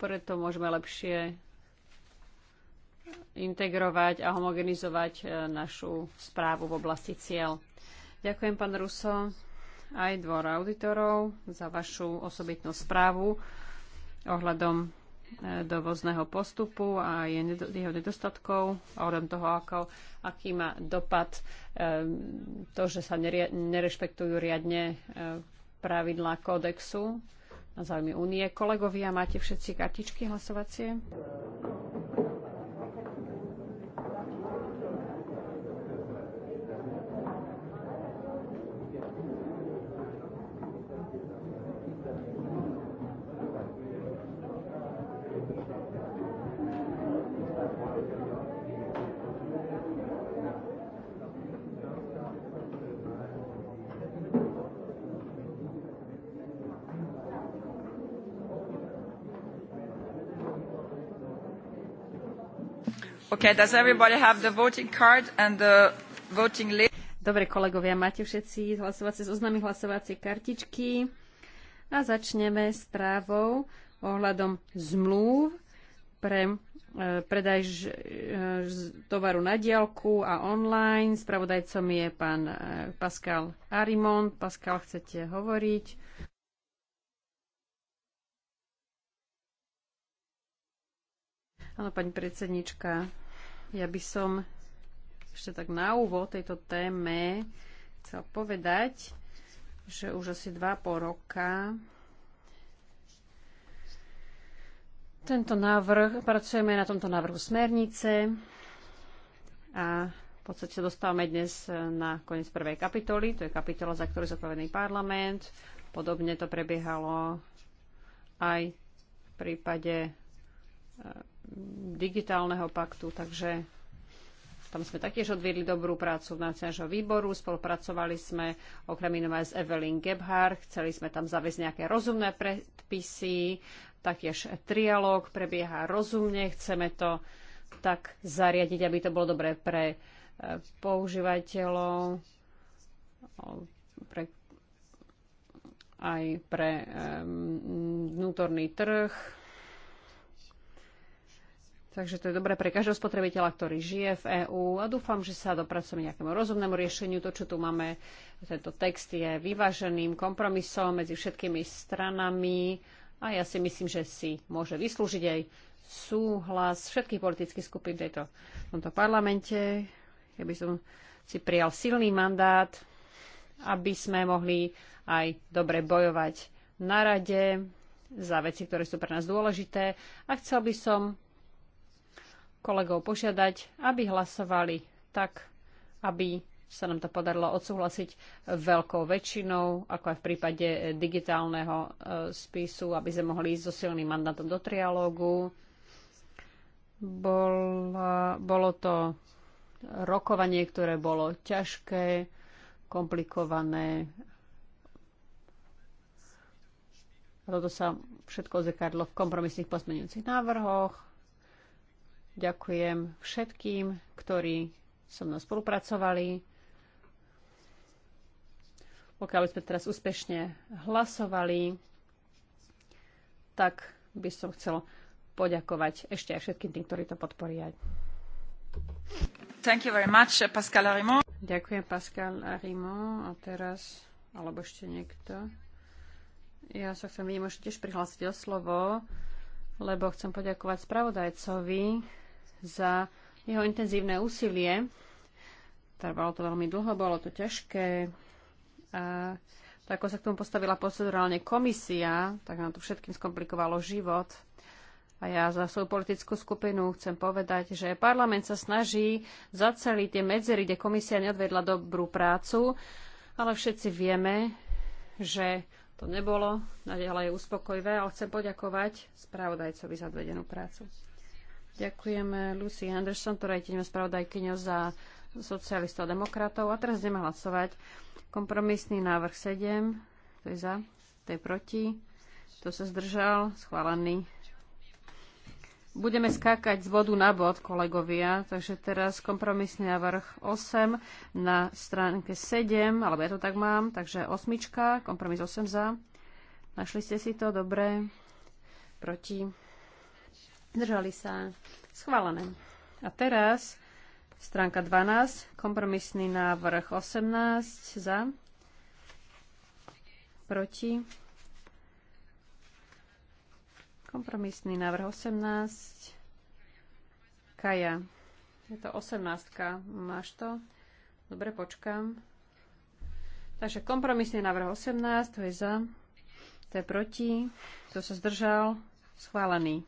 preto môžeme lepšie integrovať a homogenizovať e, našu správu v oblasti cieľ. Ďakujem, pán Ruso, aj dvor auditorov za vašu osobitnú správu ohľadom e, dovozného postupu a jeho nedostatkov, ohľadom toho, ako, aký má dopad e, to, že sa nerešpektujú riadne pravidlá kódexu na záujmy únie. Kolegovia, máte všetci kartičky hlasovacie? Dobre kolegovia, máte všetci hlasovacie zoznamy, hlasovacie kartičky a začneme správou ohľadom zmluv pre e, predaj e, tovaru na diálku a online. Spravodajcom je pán e, Pascal Arimon. Pascal, chcete hovoriť? Áno, pani predsednička, ja by som ešte tak na úvod tejto téme chcel povedať, že už asi dva po roka tento návrh, pracujeme na tomto návrhu smernice a v podstate dostávame dnes na koniec prvej kapitoly, to je kapitola, za ktorú je zodpovedný parlament. Podobne to prebiehalo aj v prípade e, digitálneho paktu, takže tam sme taktiež odviedli dobrú prácu v rámci nášho výboru. Spolupracovali sme okrem iného s Evelyn Gebhardt. Chceli sme tam zaviesť nejaké rozumné predpisy. Taktiež trialóg prebieha rozumne. Chceme to tak zariadiť, aby to bolo dobré pre e, používateľov, pre, aj pre e, vnútorný trh Takže to je dobré pre každého spotrebiteľa, ktorý žije v EÚ a dúfam, že sa dopracujeme nejakému rozumnému riešeniu. To, čo tu máme, tento text je vyváženým kompromisom medzi všetkými stranami a ja si myslím, že si môže vyslúžiť aj súhlas všetkých politických skupín tejto, v tomto parlamente. Ja by som si prijal silný mandát, aby sme mohli aj dobre bojovať na rade za veci, ktoré sú pre nás dôležité. A chcel by som kolegov požiadať, aby hlasovali tak, aby sa nám to podarilo odsúhlasiť veľkou väčšinou, ako aj v prípade eh, digitálneho eh, spisu, aby sme mohli ísť so silným mandátom do trialógu. Bol, bolo to rokovanie, ktoré bolo ťažké, komplikované. Toto sa všetko zekadlo v kompromisných pozmeňujúcich návrhoch Ďakujem všetkým, ktorí so mnou spolupracovali. Pokiaľ by sme teraz úspešne hlasovali, tak by som chcel poďakovať ešte aj všetkým tým, ktorí to podporia. Thank you very much, Pascal Ďakujem, Pascal Arimo. A teraz, alebo ešte niekto. Ja sa chcem vynimočne tiež prihlásiť o slovo, lebo chcem poďakovať spravodajcovi, za jeho intenzívne úsilie. Trvalo to veľmi dlho, bolo to ťažké. A tak ako sa k tomu postavila procedurálne komisia, tak nám to všetkým skomplikovalo život. A ja za svoju politickú skupinu chcem povedať, že parlament sa snaží zaceliť tie medzery, kde komisia neodvedla dobrú prácu, ale všetci vieme, že to nebolo naďalej uspokojivé, ale chcem poďakovať spravodajcovi za odvedenú prácu. Ďakujeme Lucy Anderson, ktorá je tým spravodajkyňa za socialistov a demokratov. A teraz ideme hlasovať. Kompromisný návrh 7. To je za, to je proti. To sa zdržal, schválený. Budeme skákať z bodu na bod, kolegovia. Takže teraz kompromisný návrh 8 na stránke 7, alebo ja to tak mám, takže osmička, kompromis 8 za. Našli ste si to, dobre. Proti Zdržali sa. Schválené. A teraz stránka 12, kompromisný návrh 18 za, proti. Kompromisný návrh 18. Kaja. Je to 18. Máš to? Dobre, počkám. Takže kompromisný návrh 18, to je za, to je proti, to sa zdržal, schválený.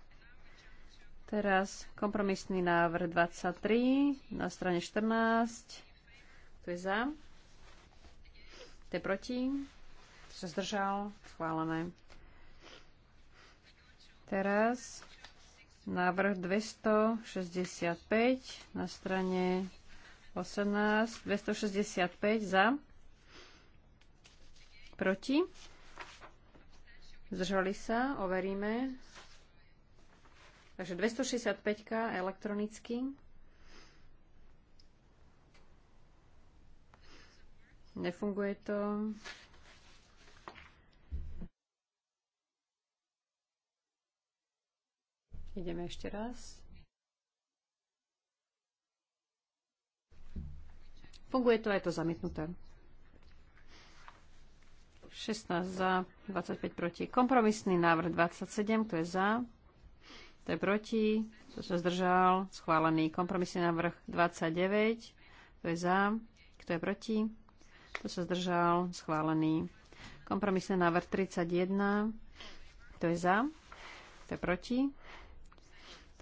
Teraz kompromisný návrh 23 na strane 14. Kto je za? Kto je proti? Kto sa zdržal? Schválené. Teraz návrh 265 na strane 18, 265 za, proti, zdržali sa, overíme, Takže 265 elektronicky. Nefunguje to. Ideme ešte raz. Funguje to, je to zamietnuté. 16 za, 25 proti. Kompromisný návrh 27, kto je za, kto je proti? Kto sa zdržal? Schválený. Kompromisný návrh 29. Kto je za? Kto je proti? Kto sa zdržal? Schválený. Kompromisný návrh 31. Kto je za? Kto je proti?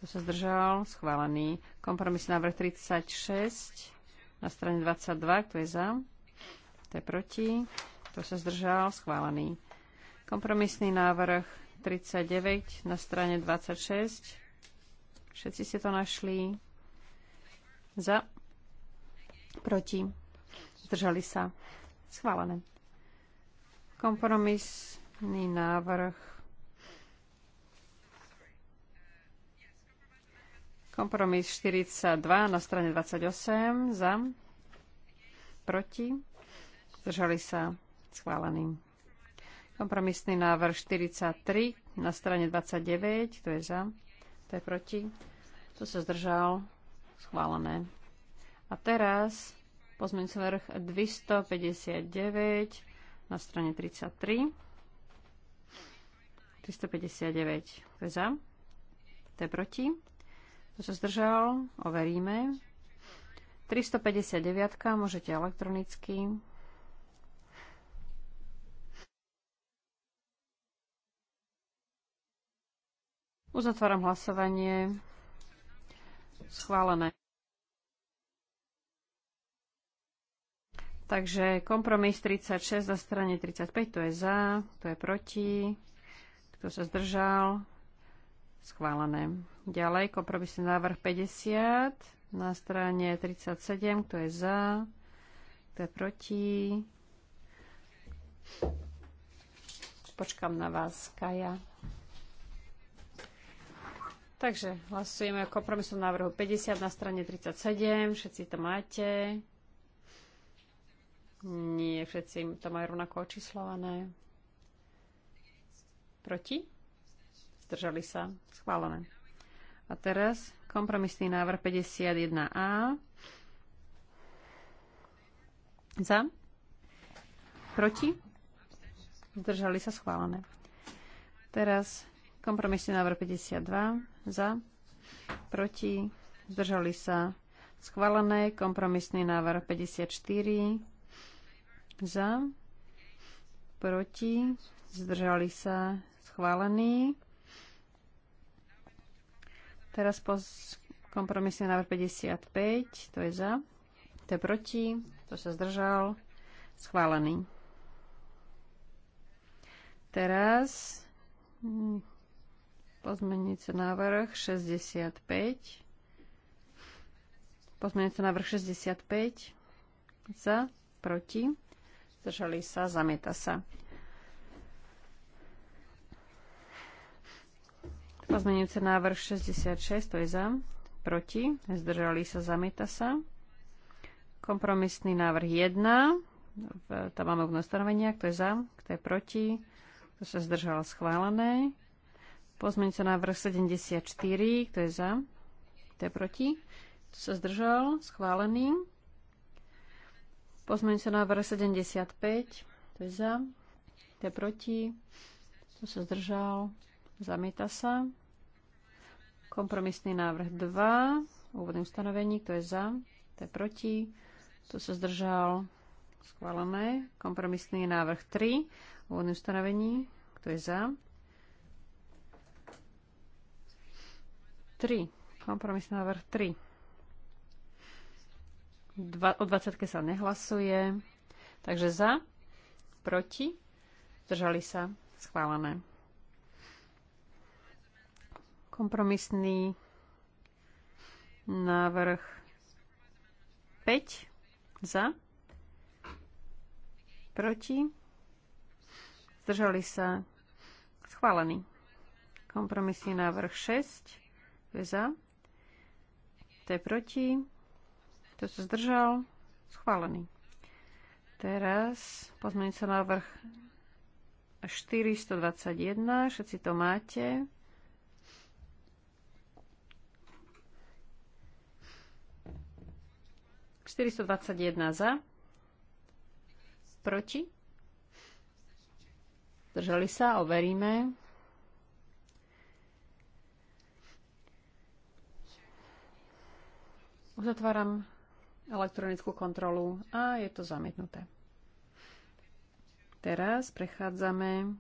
Kto sa zdržal? Schválený. Kompromisný návrh 36 na strane 22. Kto je za? Kto je proti? Kto sa zdržal? Schválený. Kompromisný návrh 39 na strane 26. Všetci ste to našli. Za. Proti. Zdržali sa. Schválené. Kompromisný návrh. Kompromis 42 na strane 28. Za. Proti. Zdržali sa. Schváleným. Kompromisný návrh 43 na strane 29. Kto je za? Kto je proti? Kto sa zdržal? Schválené. A teraz pozmeňujúci návrh 259 na strane 33. 359. Kto je za? Kto je proti? Kto sa zdržal? Overíme. 359. Môžete elektronicky. Uzatváram hlasovanie. Schválené. Takže kompromis 36 na strane 35, to je za, to je proti, kto sa zdržal, schválené. Ďalej kompromisný návrh 50 na strane 37, kto je za, kto je proti. Počkám na vás, Kaja. Takže hlasujeme o kompromisnom návrhu 50 na strane 37. Všetci to máte. Nie, všetci to majú rovnako očíslované. Proti? Zdržali sa. Schválené. A teraz kompromisný návrh 51a. Za? Proti? Zdržali sa schválené. Teraz kompromisný návrh 52 za, proti, zdržali sa schválené, kompromisný návrh 54 za, proti, zdržali sa schválený. Teraz po kompromisný návrh 55, to je za, to je proti, to sa zdržal, schválený. Teraz Pozmeniť návrh 65. Pozmeniť návrh 65. Za, proti. Zdržali sa, zamieta sa. Pozmeňujúce návrh 66, to je za, proti, zdržali sa, zamieta sa. Kompromisný návrh 1, tam máme ustanovenia, kto je za, kto je proti, kto sa zdržal schválené. Pozmeňte sa návrh 74, kto je za, kto je proti, kto sa zdržal, schválený. Pozmeňte sa návrh 75, kto je za, kto je proti, kto sa zdržal, zamieta sa. Kompromisný návrh 2, úvodné ustanovení, kto je za, kto je proti, kto sa zdržal, schválené. Kompromisný návrh 3, úvodné ustanovení, kto je za, 3. Kompromisný návrh 3. Dva, o 20 sa nehlasuje. Takže za, proti, zdržali sa, schválené. Kompromisný návrh 5 za, proti, zdržali sa, schválený. Kompromisný návrh 6 kto je za? Kto je proti? Kto sa zdržal? Schválený. Teraz pozmeňujúci návrh 421. Všetci to máte. ...421 za, proti, držali sa, overíme. Uzatváram elektronickú kontrolu a je to zamietnuté. Teraz prechádzame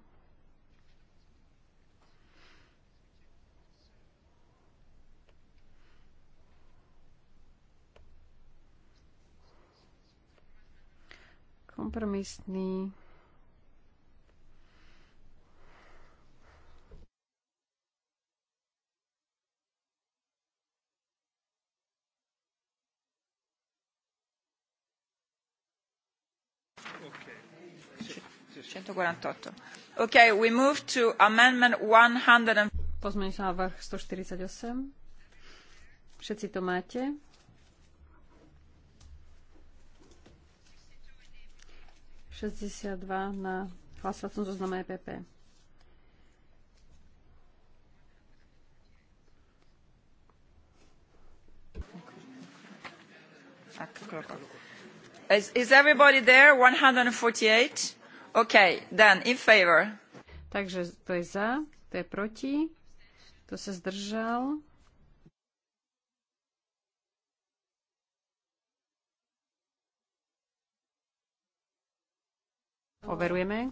kompromisný 148. Okay, we move to amendment 100. Pozmeňujúci návrh 148. Všetci to máte. Šesťdesiatdva na hlasovacom zozname EPP. Is, is everybody there? 148. OK, then in favor. Takže to je za, to je proti, to sa zdržal. Overujeme.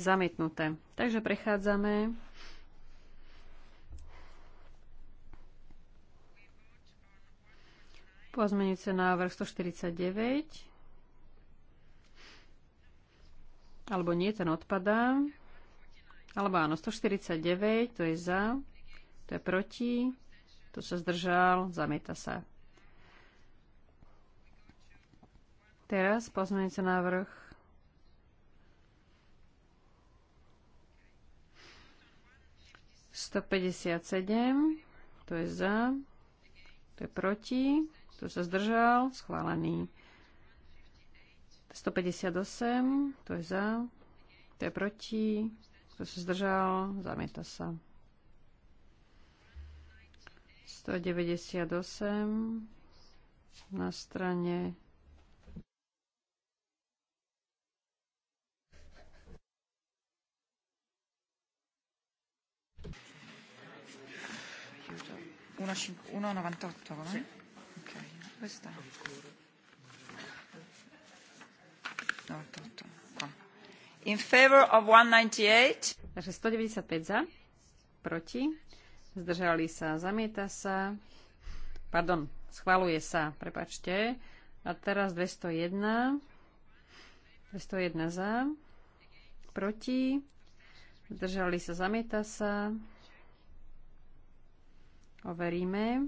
Zamietnuté. Takže prechádzame Pozmenujúce návrh 149. Alebo nie, ten odpadá. Alebo áno, 149, to je za, to je proti, to sa zdržal, zamieta sa. Teraz pozmeňujúci návrh. Sto päťdesiat sedem, to je za, to je proti, kto sa zdržal? Schválený. 158. Kto je za? Kto je proti? Kto sa zdržal? Zamieta sa. 198 na strane uno, 1,98 come? No? Sì. Questa? No, to, to. In favor of 198. Takže 195 za, proti, zdržali sa, zamieta sa, pardon, schvaluje sa, prepačte. A teraz 201, 201 za, proti, zdržali sa, zamieta sa, overíme.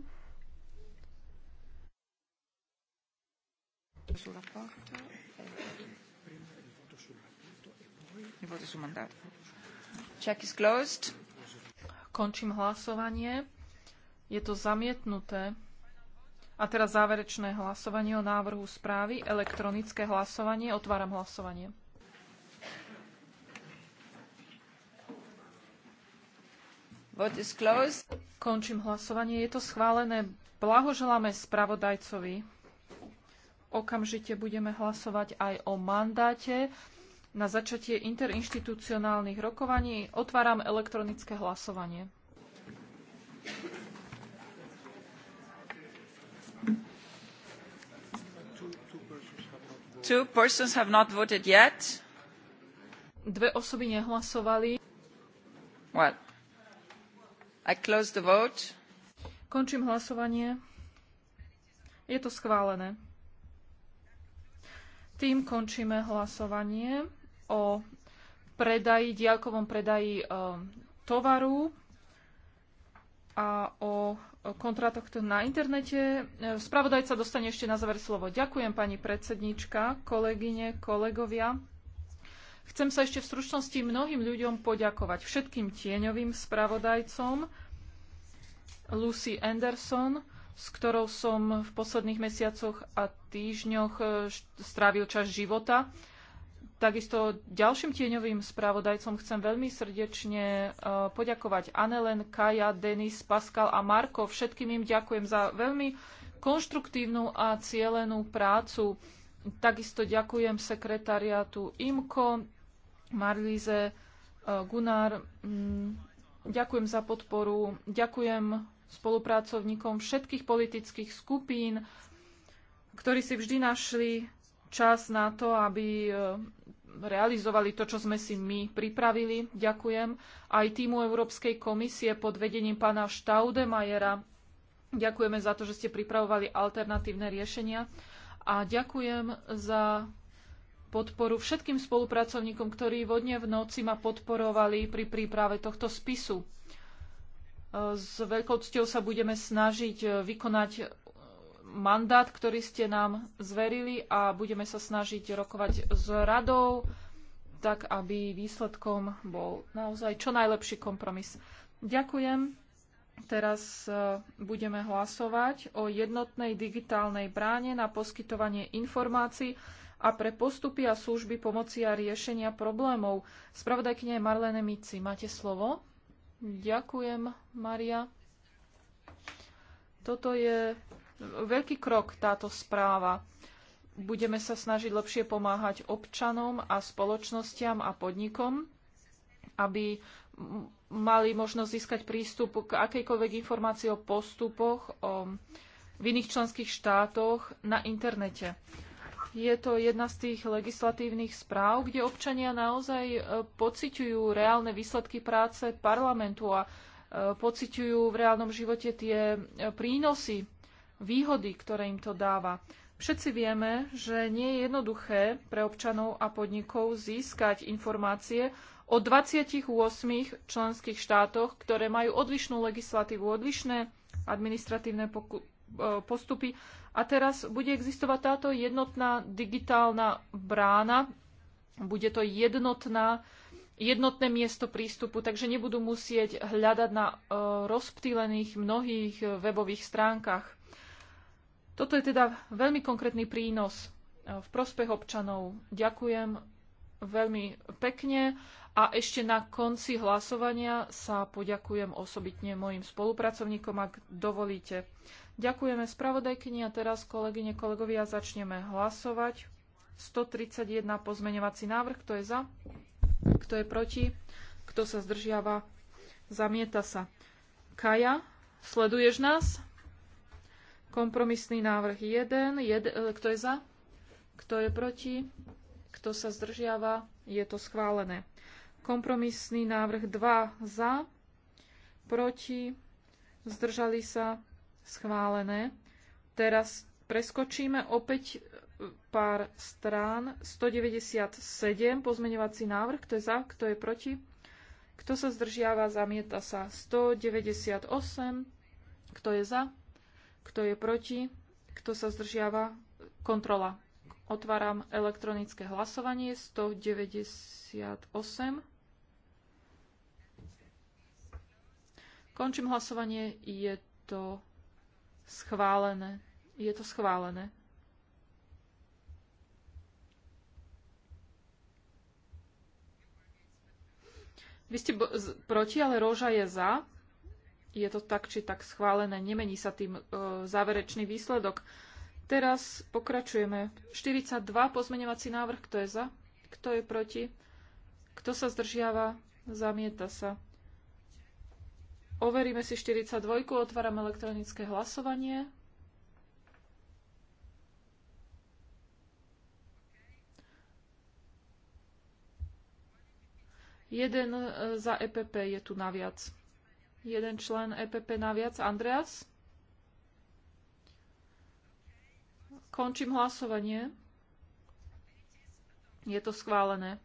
Končím hlasovanie. Je to zamietnuté. A teraz záverečné hlasovanie o návrhu správy. Elektronické hlasovanie. Otváram hlasovanie. Končím hlasovanie. Je to schválené. Blahoželáme spravodajcovi. Okamžite budeme hlasovať aj o mandáte na začatie interinštitucionálnych rokovaní. Otváram elektronické hlasovanie. Two persons have not voted yet. Dve osoby nehlasovali. Well, I close the vote. Končím hlasovanie. Je to schválené. Tým končíme hlasovanie o predaji, diaľkovom predaji e, tovaru a o kontratoch na internete. E, spravodajca dostane ešte na záver slovo. Ďakujem, pani predsednička, kolegyne, kolegovia. Chcem sa ešte v stručnosti mnohým ľuďom poďakovať. Všetkým tieňovým spravodajcom, Lucy Anderson, s ktorou som v posledných mesiacoch a týždňoch e, strávil čas života. Takisto ďalším tieňovým správodajcom chcem veľmi srdečne e, poďakovať Anelen, Kaja, Denis, Pascal a Marko. Všetkým im ďakujem za veľmi konštruktívnu a cielenú prácu. Takisto ďakujem sekretariátu IMKO, Marlize e, Gunár. Mm, ďakujem za podporu. Ďakujem spolupracovníkom všetkých politických skupín, ktorí si vždy našli čas na to, aby e, realizovali to, čo sme si my pripravili. Ďakujem aj týmu Európskej komisie pod vedením pána Štaudemajera. Ďakujeme za to, že ste pripravovali alternatívne riešenia a ďakujem za podporu všetkým spolupracovníkom, ktorí vodne v noci ma podporovali pri príprave tohto spisu. S veľkou cťou sa budeme snažiť e, vykonať e, mandát, ktorý ste nám zverili a budeme sa snažiť rokovať s radou, tak aby výsledkom bol naozaj čo najlepší kompromis. Ďakujem. Teraz e, budeme hlasovať o jednotnej digitálnej bráne na poskytovanie informácií a pre postupy a služby pomoci a riešenia problémov. Spravodajkne Marlene Mici, máte slovo. Ďakujem, Maria. Toto je veľký krok, táto správa. Budeme sa snažiť lepšie pomáhať občanom a spoločnostiam a podnikom, aby mali možnosť získať prístup k akejkoľvek informácii o postupoch o, v iných členských štátoch na internete je to jedna z tých legislatívnych správ, kde občania naozaj e, pociťujú reálne výsledky práce parlamentu a e, pociťujú v reálnom živote tie e, prínosy, výhody, ktoré im to dáva. Všetci vieme, že nie je jednoduché pre občanov a podnikov získať informácie o 28 členských štátoch, ktoré majú odlišnú legislatívu, odlišné administratívne postupy a teraz bude existovať táto jednotná digitálna brána, bude to jednotná, jednotné miesto prístupu, takže nebudú musieť hľadať na e, rozptýlených mnohých e, webových stránkach. Toto je teda veľmi konkrétny prínos e, v prospech občanov. Ďakujem veľmi pekne a ešte na konci hlasovania sa poďakujem osobitne mojim spolupracovníkom, ak dovolíte. Ďakujeme spravodajkyni a teraz, kolegyne, kolegovia, začneme hlasovať. 131 pozmeňovací návrh, kto je za, kto je proti, kto sa zdržiava, zamieta sa. Kaja, sleduješ nás? Kompromisný návrh 1, jed, e, kto je za, kto je proti, kto sa zdržiava, je to schválené. Kompromisný návrh 2 za, proti, zdržali sa, schválené. Teraz preskočíme opäť e, pár strán. 197 pozmeňovací návrh. Kto je za, kto je proti? Kto sa zdržiava, zamieta sa. 198. Kto je za? Kto je proti? Kto sa zdržiava? Kontrola. Otváram elektronické hlasovanie 198. Končím hlasovanie. Je to Schválené. Je to schválené. Vy ste proti, ale Róža je za. Je to tak, či tak schválené. Nemení sa tým e, záverečný výsledok. Teraz pokračujeme. 42 pozmeňovací návrh. Kto je za? Kto je proti? Kto sa zdržiava? Zamieta sa. Overíme si 42, otváram elektronické hlasovanie. Jeden e, za EPP je tu naviac. Jeden člen EPP naviac. Andreas? Končím hlasovanie. Je to schválené.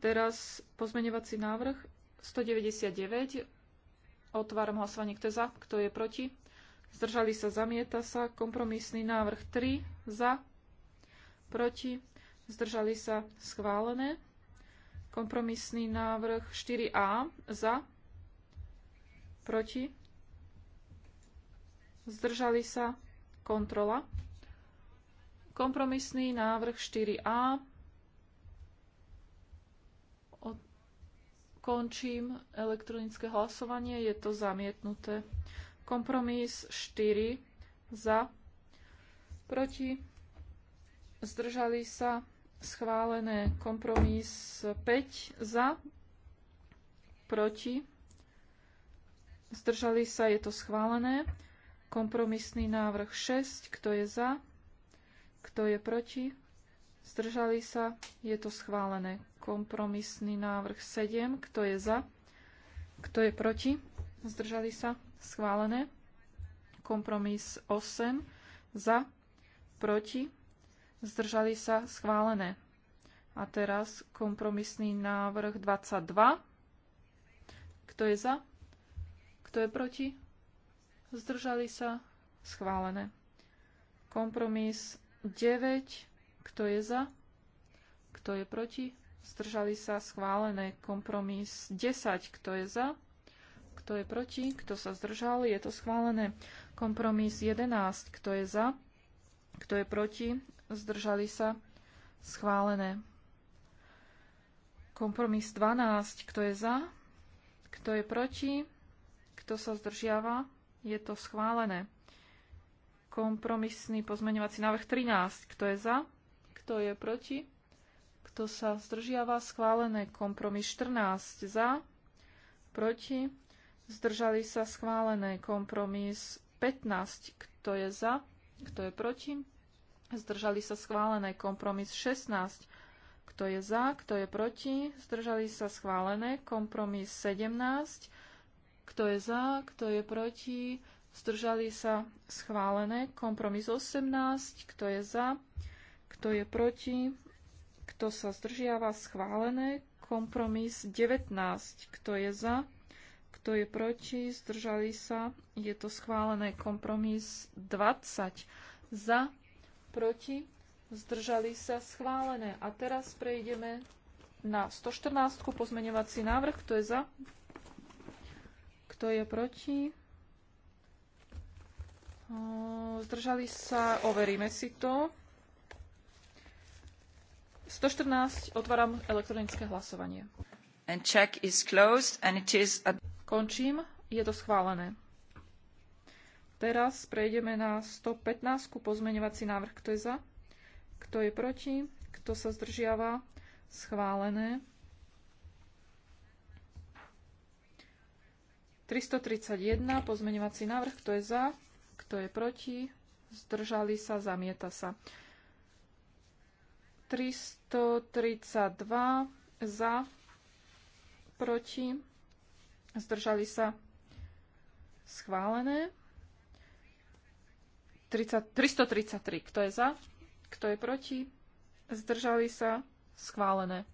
Teraz pozmeňovací návrh 199. Otváram hlasovanie, kto je za, kto je proti. Zdržali sa, zamieta sa. Kompromisný návrh 3 za, proti. Zdržali sa, schválené. Kompromisný návrh 4a za, proti. Zdržali sa, kontrola. Kompromisný návrh 4a Končím elektronické hlasovanie, je to zamietnuté. Kompromis 4 za, proti, zdržali sa, schválené. Kompromis 5 za, proti, zdržali sa, je to schválené. Kompromisný návrh 6, kto je za, kto je proti, Zdržali sa? Je to schválené. Kompromisný návrh 7. Kto je za? Kto je proti? Zdržali sa? Schválené. Kompromis 8. Za? Proti? Zdržali sa? Schválené. A teraz kompromisný návrh 22. Kto je za? Kto je proti? Zdržali sa? Schválené. Kompromis 9 kto je za? Kto je proti? Zdržali sa schválené. Kompromis 10. Kto je za? Kto je proti? Kto sa zdržal? Je to schválené. Kompromis 11. Kto je za? Kto je proti? Zdržali sa? Schválené. Kompromis 12. Kto je za? Kto je proti? Kto sa zdržiava? Je to schválené. Kompromisný pozmeňovací návrh 13. Kto je za? Kto je proti? Kto sa zdržiava? Schválené. Kompromis 14 za. Proti? Zdržali sa schválené. Kompromis 15. Kto je za? Kto je proti? Zdržali sa schválené. Kompromis 16. Kto je za? Kto je proti? Zdržali sa schválené. Kompromis 17. Kto je za? Kto je proti? Zdržali sa schválené. Kompromis 18. Kto je za? Kto je proti? Kto sa zdržiava? Schválené. Kompromis 19. Kto je za? Kto je proti? Zdržali sa? Je to schválené. Kompromis 20. Za? Proti? Zdržali sa? Schválené. A teraz prejdeme na 114. Pozmeňovací návrh. Kto je za? Kto je proti? Zdržali sa? Overíme si to. 114. Otváram elektronické hlasovanie. And check is closed and it is a... Končím. Je to schválené. Teraz prejdeme na 115. Pozmeňovací návrh. Kto je za? Kto je proti? Kto sa zdržiava? Schválené. 331. Pozmeňovací návrh. Kto je za? Kto je proti? Zdržali sa? Zamieta sa. 332 za, proti, zdržali sa schválené. 30, 333, kto je za, kto je proti, zdržali sa schválené.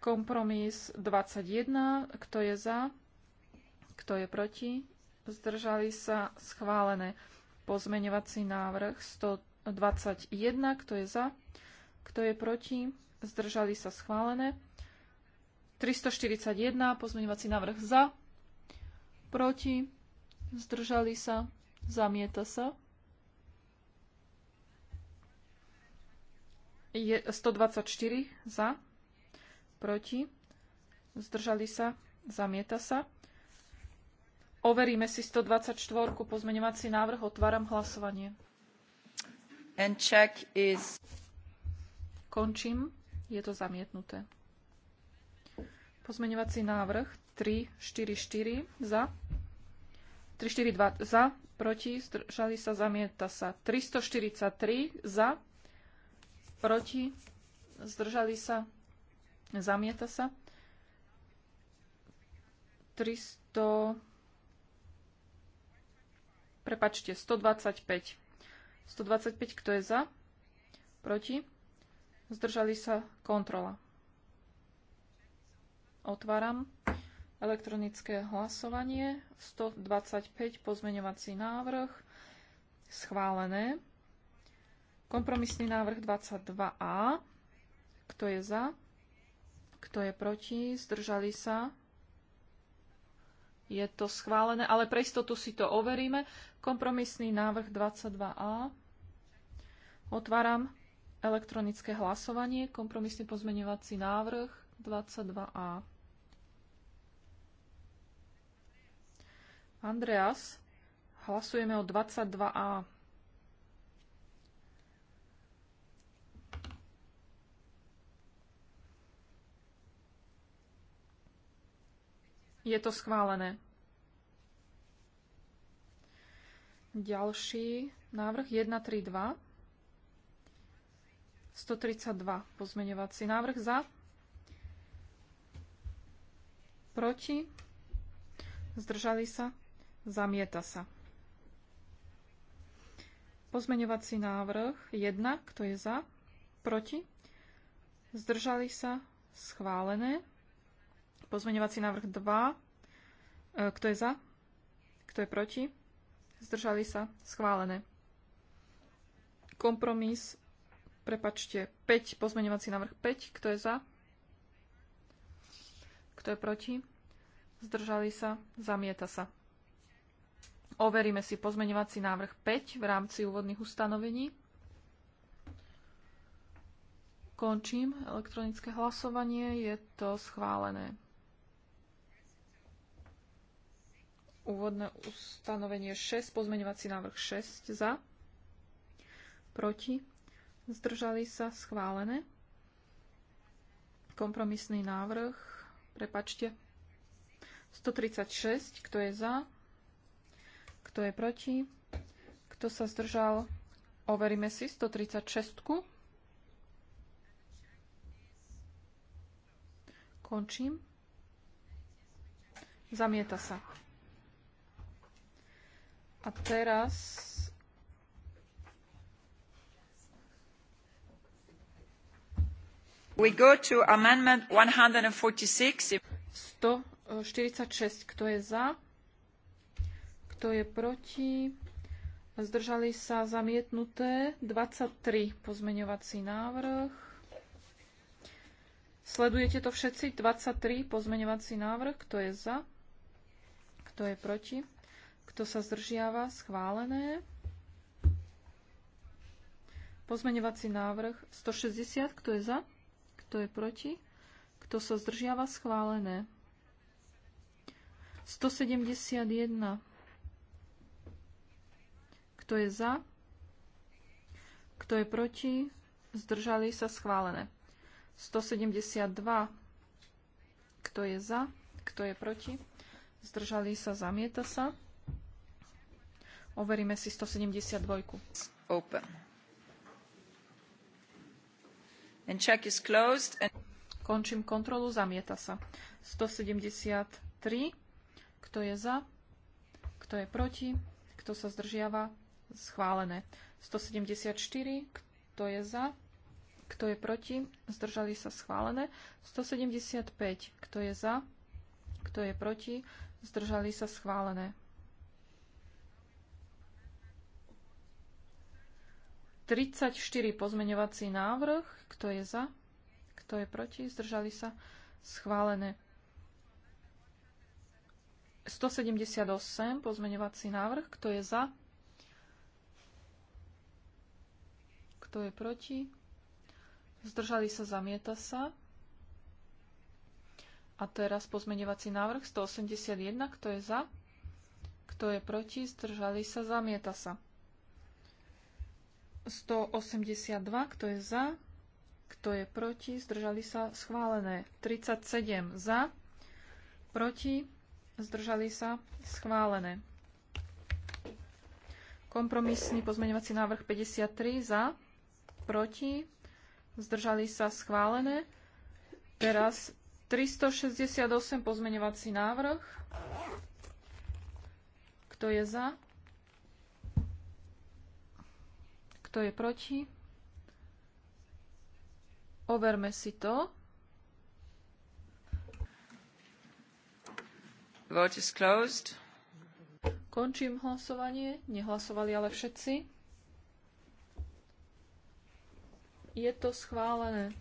Kompromis 21, kto je za, kto je proti, zdržali sa schválené. Pozmeňovací návrh 121, kto je za, kto je proti? Zdržali sa schválené. 341 pozmeňovací návrh za. Proti? Zdržali sa. Zamieta sa. Je 124 za. Proti? Zdržali sa. Zamieta sa. Overíme si 124 pozmeňovací návrh. Otváram hlasovanie. And check is Končím. Je to zamietnuté. Pozmeňovací návrh 344 za. 342 za, proti, zdržali sa, zamieta sa. 343 za, proti, zdržali sa, zamieta sa. 300, prepačte, 125. 125, kto je za? Proti? zdržali sa, kontrola. Otváram elektronické hlasovanie, 125 pozmeňovací návrh, schválené. Kompromisný návrh 22a, kto je za, kto je proti, zdržali sa, je to schválené, ale pre istotu si to overíme. Kompromisný návrh 22a. Otváram Elektronické hlasovanie, kompromisný pozmeňovací návrh 22a. Andreas, hlasujeme o 22a. Je to schválené. Ďalší návrh 132. 132 pozmeňovací návrh za, proti, zdržali sa, zamieta sa. Pozmeňovací návrh 1, kto je za, proti, zdržali sa, schválené. Pozmeňovací návrh 2, e, kto je za, kto je proti, zdržali sa, schválené. Kompromis prepačte, 5, pozmeňovací návrh 5, kto je za? Kto je proti? Zdržali sa? Zamieta sa. Overíme si pozmeňovací návrh 5 v rámci úvodných ustanovení. Končím elektronické hlasovanie, je to schválené. Úvodné ustanovenie 6, pozmeňovací návrh 6 za, proti, zdržali sa, schválené. Kompromisný návrh, prepačte, 136, kto je za, kto je proti, kto sa zdržal, overíme si 136. -ku. Končím. Zamieta sa. A teraz We 146. Kto je za? Kto je proti? Zdržali sa zamietnuté 23 pozmeňovací návrh. Sledujete to všetci? 23 pozmeňovací návrh. Kto je za? Kto je proti? Kto sa zdržiava? Schválené. Pozmeňovací návrh 160. Kto je za? Kto je proti? Kto sa zdržiava? Schválené. 171. Kto je za? Kto je proti? Zdržali sa? Schválené. 172. Kto je za? Kto je proti? Zdržali sa? Zamieta sa? Overíme si 172. Open. And check is closed. And... Končím kontrolu, zamieta sa. 173. Kto je za? Kto je proti? Kto sa zdržiava? Schválené. 174. Kto je za? Kto je proti? Zdržali sa schválené. 175. Kto je za? Kto je proti? Zdržali sa schválené. 34 pozmeňovací návrh. Kto je za? Kto je proti? Zdržali sa? Schválené. 178 pozmeňovací návrh. Kto je za? Kto je proti? Zdržali sa? Zamieta sa. A teraz pozmeňovací návrh 181. Kto je za? Kto je proti? Zdržali sa? Zamieta sa. 182, kto je za, kto je proti, zdržali sa schválené. 37 za, proti, zdržali sa schválené. Kompromisný pozmeňovací návrh 53 za, proti, zdržali sa schválené. Teraz 368 pozmeňovací návrh. Kto je za? Kto je proti? Overme si to. Vote is closed. Končím hlasovanie. Nehlasovali ale všetci. Je to schválené.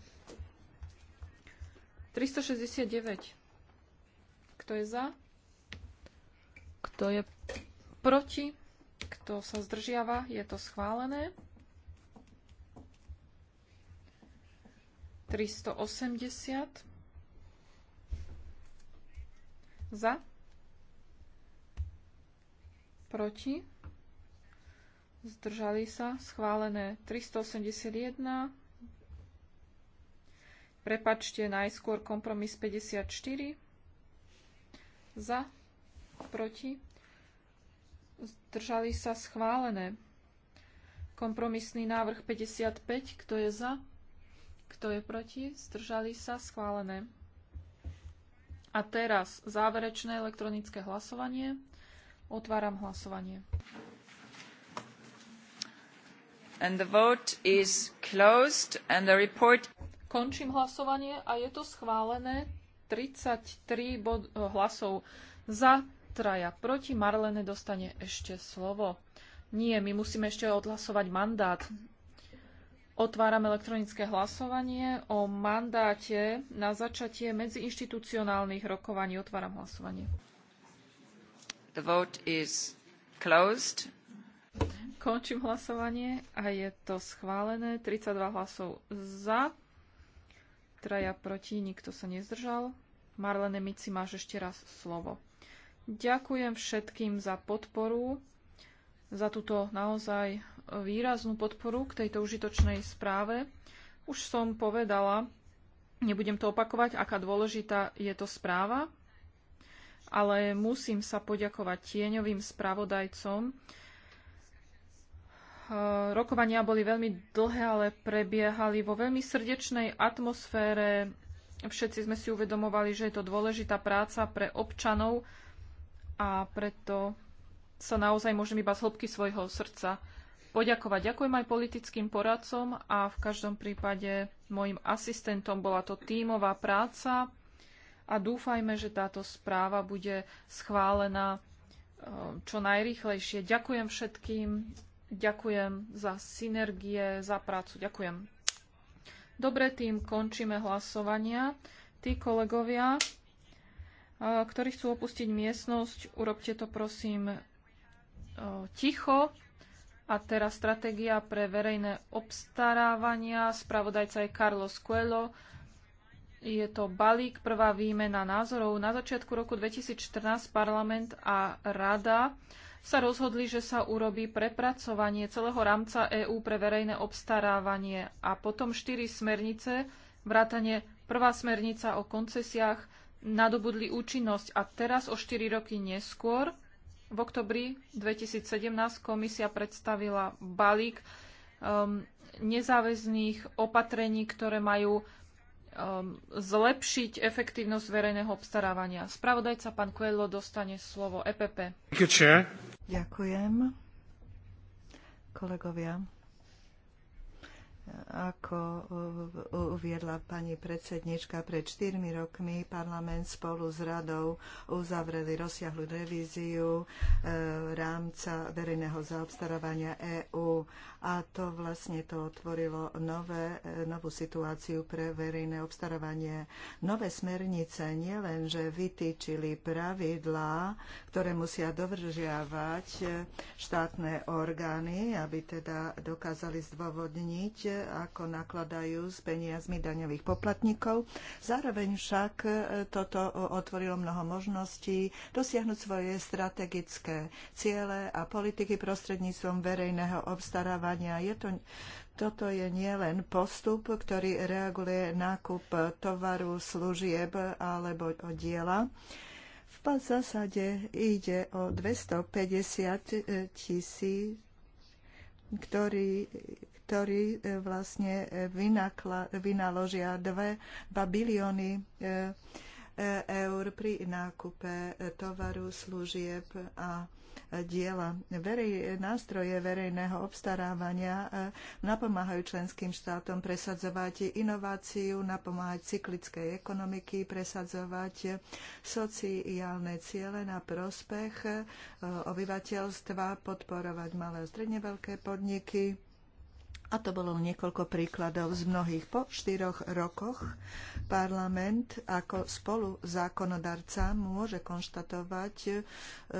369. Kto je za? Kto je proti? Kto sa zdržiava? Je to schválené. 380 za, proti, zdržali sa, schválené 381, prepačte najskôr kompromis 54, za, proti, zdržali sa, schválené kompromisný návrh 55, kto je za, kto je proti? Zdržali sa? Schválené. A teraz záverečné elektronické hlasovanie. Otváram hlasovanie. And the vote is closed and the report... Končím hlasovanie a je to schválené 33 bod, eh, hlasov za, traja proti. Marlene dostane ešte slovo. Nie, my musíme ešte odhlasovať mandát. Otváram elektronické hlasovanie o mandáte na začatie medziinštitucionálnych rokovaní. Otváram hlasovanie. The vote is closed. Končím hlasovanie a je to schválené. 32 hlasov za, traja proti, nikto sa nezdržal. Marlene Mici, máš ešte raz slovo. Ďakujem všetkým za podporu, za túto naozaj výraznú podporu k tejto užitočnej správe. Už som povedala, nebudem to opakovať, aká dôležitá je to správa, ale musím sa poďakovať tieňovým spravodajcom. Rokovania boli veľmi dlhé, ale prebiehali vo veľmi srdečnej atmosfére. Všetci sme si uvedomovali, že je to dôležitá práca pre občanov a preto sa naozaj môžem iba z hĺbky svojho srdca poďakovať. Ďakujem aj politickým poradcom a v každom prípade mojim asistentom bola to tímová práca a dúfajme, že táto správa bude schválená e, čo najrýchlejšie. Ďakujem všetkým, ďakujem za synergie, za prácu, ďakujem. Dobre, tým končíme hlasovania. Tí kolegovia, e, ktorí chcú opustiť miestnosť, urobte to prosím e, ticho. A teraz stratégia pre verejné obstarávania. Spravodajca je Carlos Coelho. Je to balík, prvá výmena názorov. Na začiatku roku 2014 parlament a rada sa rozhodli, že sa urobí prepracovanie celého rámca EÚ pre verejné obstarávanie a potom štyri smernice, vrátane prvá smernica o koncesiách, nadobudli účinnosť a teraz o 4 roky neskôr v oktobri 2017 komisia predstavila balík um, nezáväzných opatrení, ktoré majú um, zlepšiť efektívnosť verejného obstarávania. Spravodajca pán Coelho dostane slovo EPP. Ďakujem. Kolegovia. Ako uviedla pani predsednička, pred 4 rokmi parlament spolu s radou uzavreli rozsiahlu revíziu e, rámca verejného zaobstarávania EÚ a to vlastne to otvorilo nové, e, novú situáciu pre verejné obstarávanie. Nové smernice nielen, že vytýčili pravidlá, ktoré musia dovržiavať e, štátne orgány, aby teda dokázali zdôvodniť ako nakladajú s peniazmi daňových poplatníkov. Zároveň však e, toto otvorilo mnoho možností dosiahnuť svoje strategické ciele a politiky prostredníctvom verejného obstarávania. Je to toto je nielen postup, ktorý reaguje nákup tovaru, služieb alebo diela. V zásade ide o 250 e, tisíc, ktorý, ktorí e, vlastne e, vynakla, vynaložia dve 2 bilióny e, eur pri nákupe tovaru, služieb a diela. Verej, nástroje verejného obstarávania napomáhajú členským štátom presadzovať inováciu, napomáhať cyklickej ekonomiky, presadzovať sociálne ciele na prospech obyvateľstva, podporovať malé a stredne veľké podniky a to bolo niekoľko príkladov z mnohých. Po štyroch rokoch parlament ako spolu zákonodarca môže konštatovať e,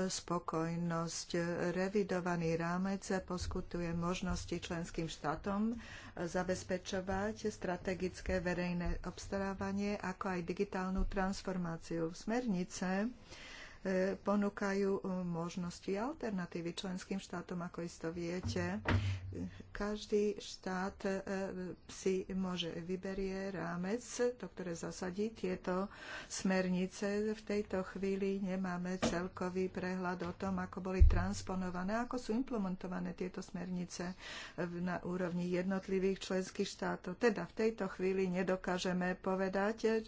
spokojnosť. Revidovaný rámec poskutuje možnosti členským štátom e, zabezpečovať strategické verejné obstarávanie ako aj digitálnu transformáciu. V smernice E, ponúkajú e, možnosti alternatívy členským štátom, ako isto viete. Každý štát e, si môže vyberie rámec, to, ktoré zasadí tieto smernice. V tejto chvíli nemáme celkový prehľad o tom, ako boli transponované, ako sú implementované tieto smernice na úrovni jednotlivých členských štátov. Teda v tejto chvíli nedokážeme povedať,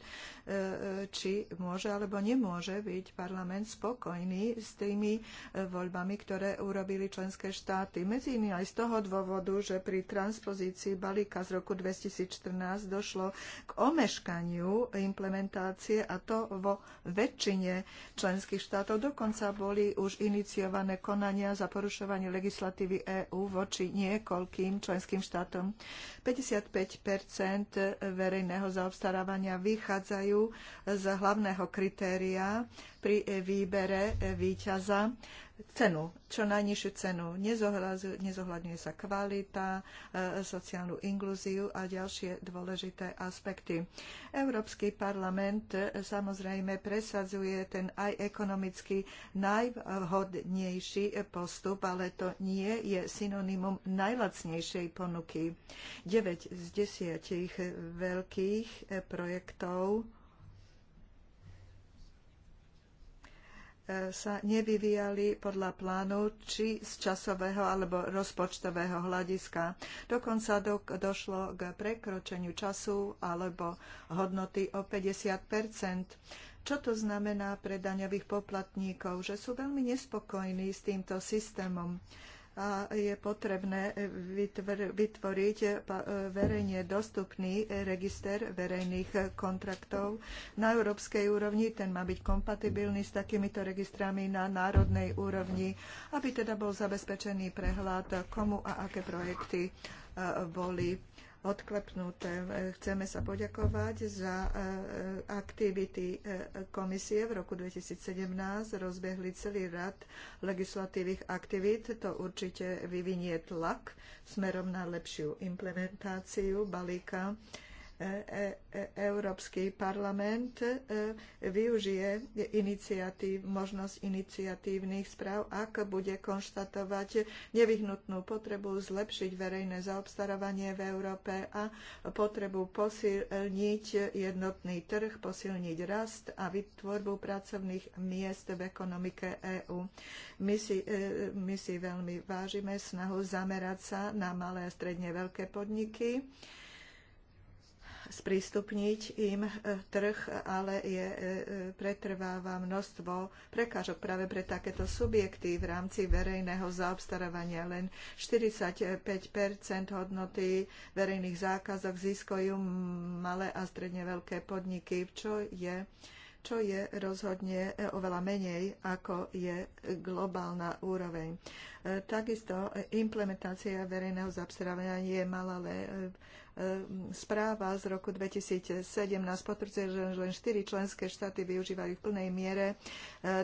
či môže alebo nemôže byť parlament parlament spokojní s tými e, voľbami, ktoré urobili členské štáty. Medzi iným aj z toho dôvodu, že pri transpozícii balíka z roku 2014 došlo k omeškaniu implementácie a to vo väčšine členských štátov. Dokonca boli už iniciované konania za porušovanie legislatívy EÚ voči niekoľkým členským štátom. 55 verejného zaobstarávania vychádzajú z hlavného kritéria pri výbere víťaza cenu, čo najnižšiu cenu. Nezohľadňuje sa kvalita, e, sociálnu inklúziu a ďalšie dôležité aspekty. Európsky parlament e, samozrejme presadzuje ten aj ekonomicky najvhodnejší postup, ale to nie je synonymum najlacnejšej ponuky. 9 z 10 veľkých projektov sa nevyvíjali podľa plánu či z časového alebo rozpočtového hľadiska. Dokonca do, došlo k prekročeniu času alebo hodnoty o 50 Čo to znamená pre daňových poplatníkov? Že sú veľmi nespokojní s týmto systémom a je potrebné vytvoriť e, e, verejne dostupný register verejných kontraktov. Na európskej úrovni ten má byť kompatibilný s takýmito registrami na národnej úrovni, aby teda bol zabezpečený prehľad, komu a aké projekty e, boli odklepnuté. Chceme sa poďakovať za e, e, aktivity e, komisie. V roku 2017 rozbehli celý rad legislatívnych aktivít. To určite vyvinie tlak smerom na lepšiu implementáciu balíka E, e, Európsky parlament e, využije iniciatív, možnosť iniciatívnych správ, ak bude konštatovať nevyhnutnú potrebu zlepšiť verejné zaobstarávanie v Európe a potrebu posilniť jednotný trh, posilniť rast a vytvorbu pracovných miest v ekonomike EÚ. My si, my si veľmi vážime snahu zamerať sa na malé a stredne veľké podniky, sprístupniť im e, trh, ale je, e, e, pretrváva množstvo prekážok práve pre takéto subjekty v rámci verejného zaobstarávania. Len 45 hodnoty verejných zákazok získajú malé a stredne veľké podniky, čo je čo je rozhodne e, oveľa menej, ako je globálna úroveň. E, takisto e, implementácia verejného zaobstarávania je malá, ale správa z roku 2017 potvrdzuje, že len 4 členské štáty využívajú v plnej miere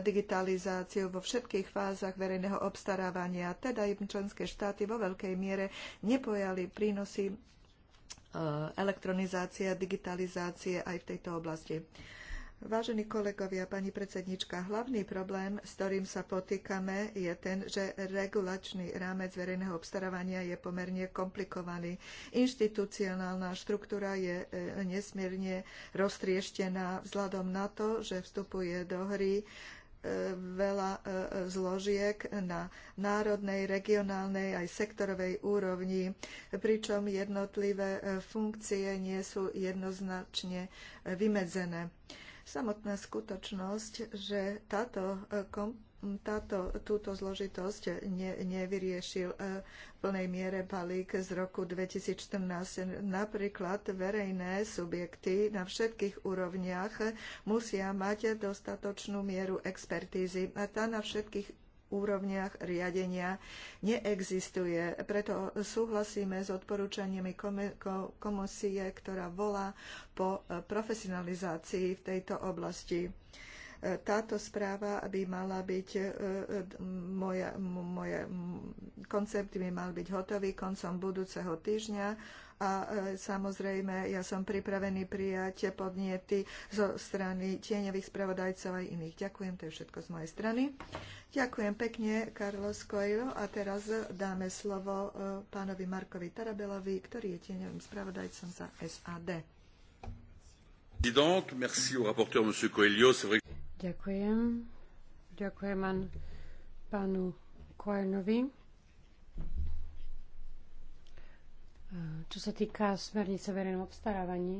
digitalizáciu vo všetkých fázach verejného obstarávania. Teda im členské štáty vo veľkej miere nepojali prínosy elektronizácie a digitalizácie aj v tejto oblasti. Vážení kolegovia, pani predsednička, hlavný problém, s ktorým sa potýkame, je ten, že regulačný rámec verejného obstarávania je pomerne komplikovaný. Inštitucionálna štruktúra je e, nesmierne roztrieštená vzhľadom na to, že vstupuje do hry e, veľa e, zložiek na národnej, regionálnej aj sektorovej úrovni, pričom jednotlivé funkcie nie sú jednoznačne vymedzené. Samotná skutočnosť, že táto e, komp- táto, túto zložitosť ne, nevyriešil e, v plnej miere balík z roku 2014. Napríklad verejné subjekty na všetkých úrovniach musia mať dostatočnú mieru expertízy a tá na všetkých úrovniach riadenia neexistuje. Preto súhlasíme s odporúčaniami komisie, ktorá volá po eh, profesionalizácii v tejto oblasti. Eh, táto správa by mala byť, eh, moje, moje koncept by mal byť hotový koncom budúceho týždňa a e, samozrejme ja som pripravený prijať podnety zo strany tieňových spravodajcov aj iných. Ďakujem, to je všetko z mojej strany. Ďakujem pekne, Carlos Coelho. A teraz dáme slovo e, pánovi Markovi Tarabelovi, ktorý je tieňovým spravodajcom za SAD. Ďakujem. Ďakujem pánu Coelhovi Čo sa týka smernice verejnom obstarávaní,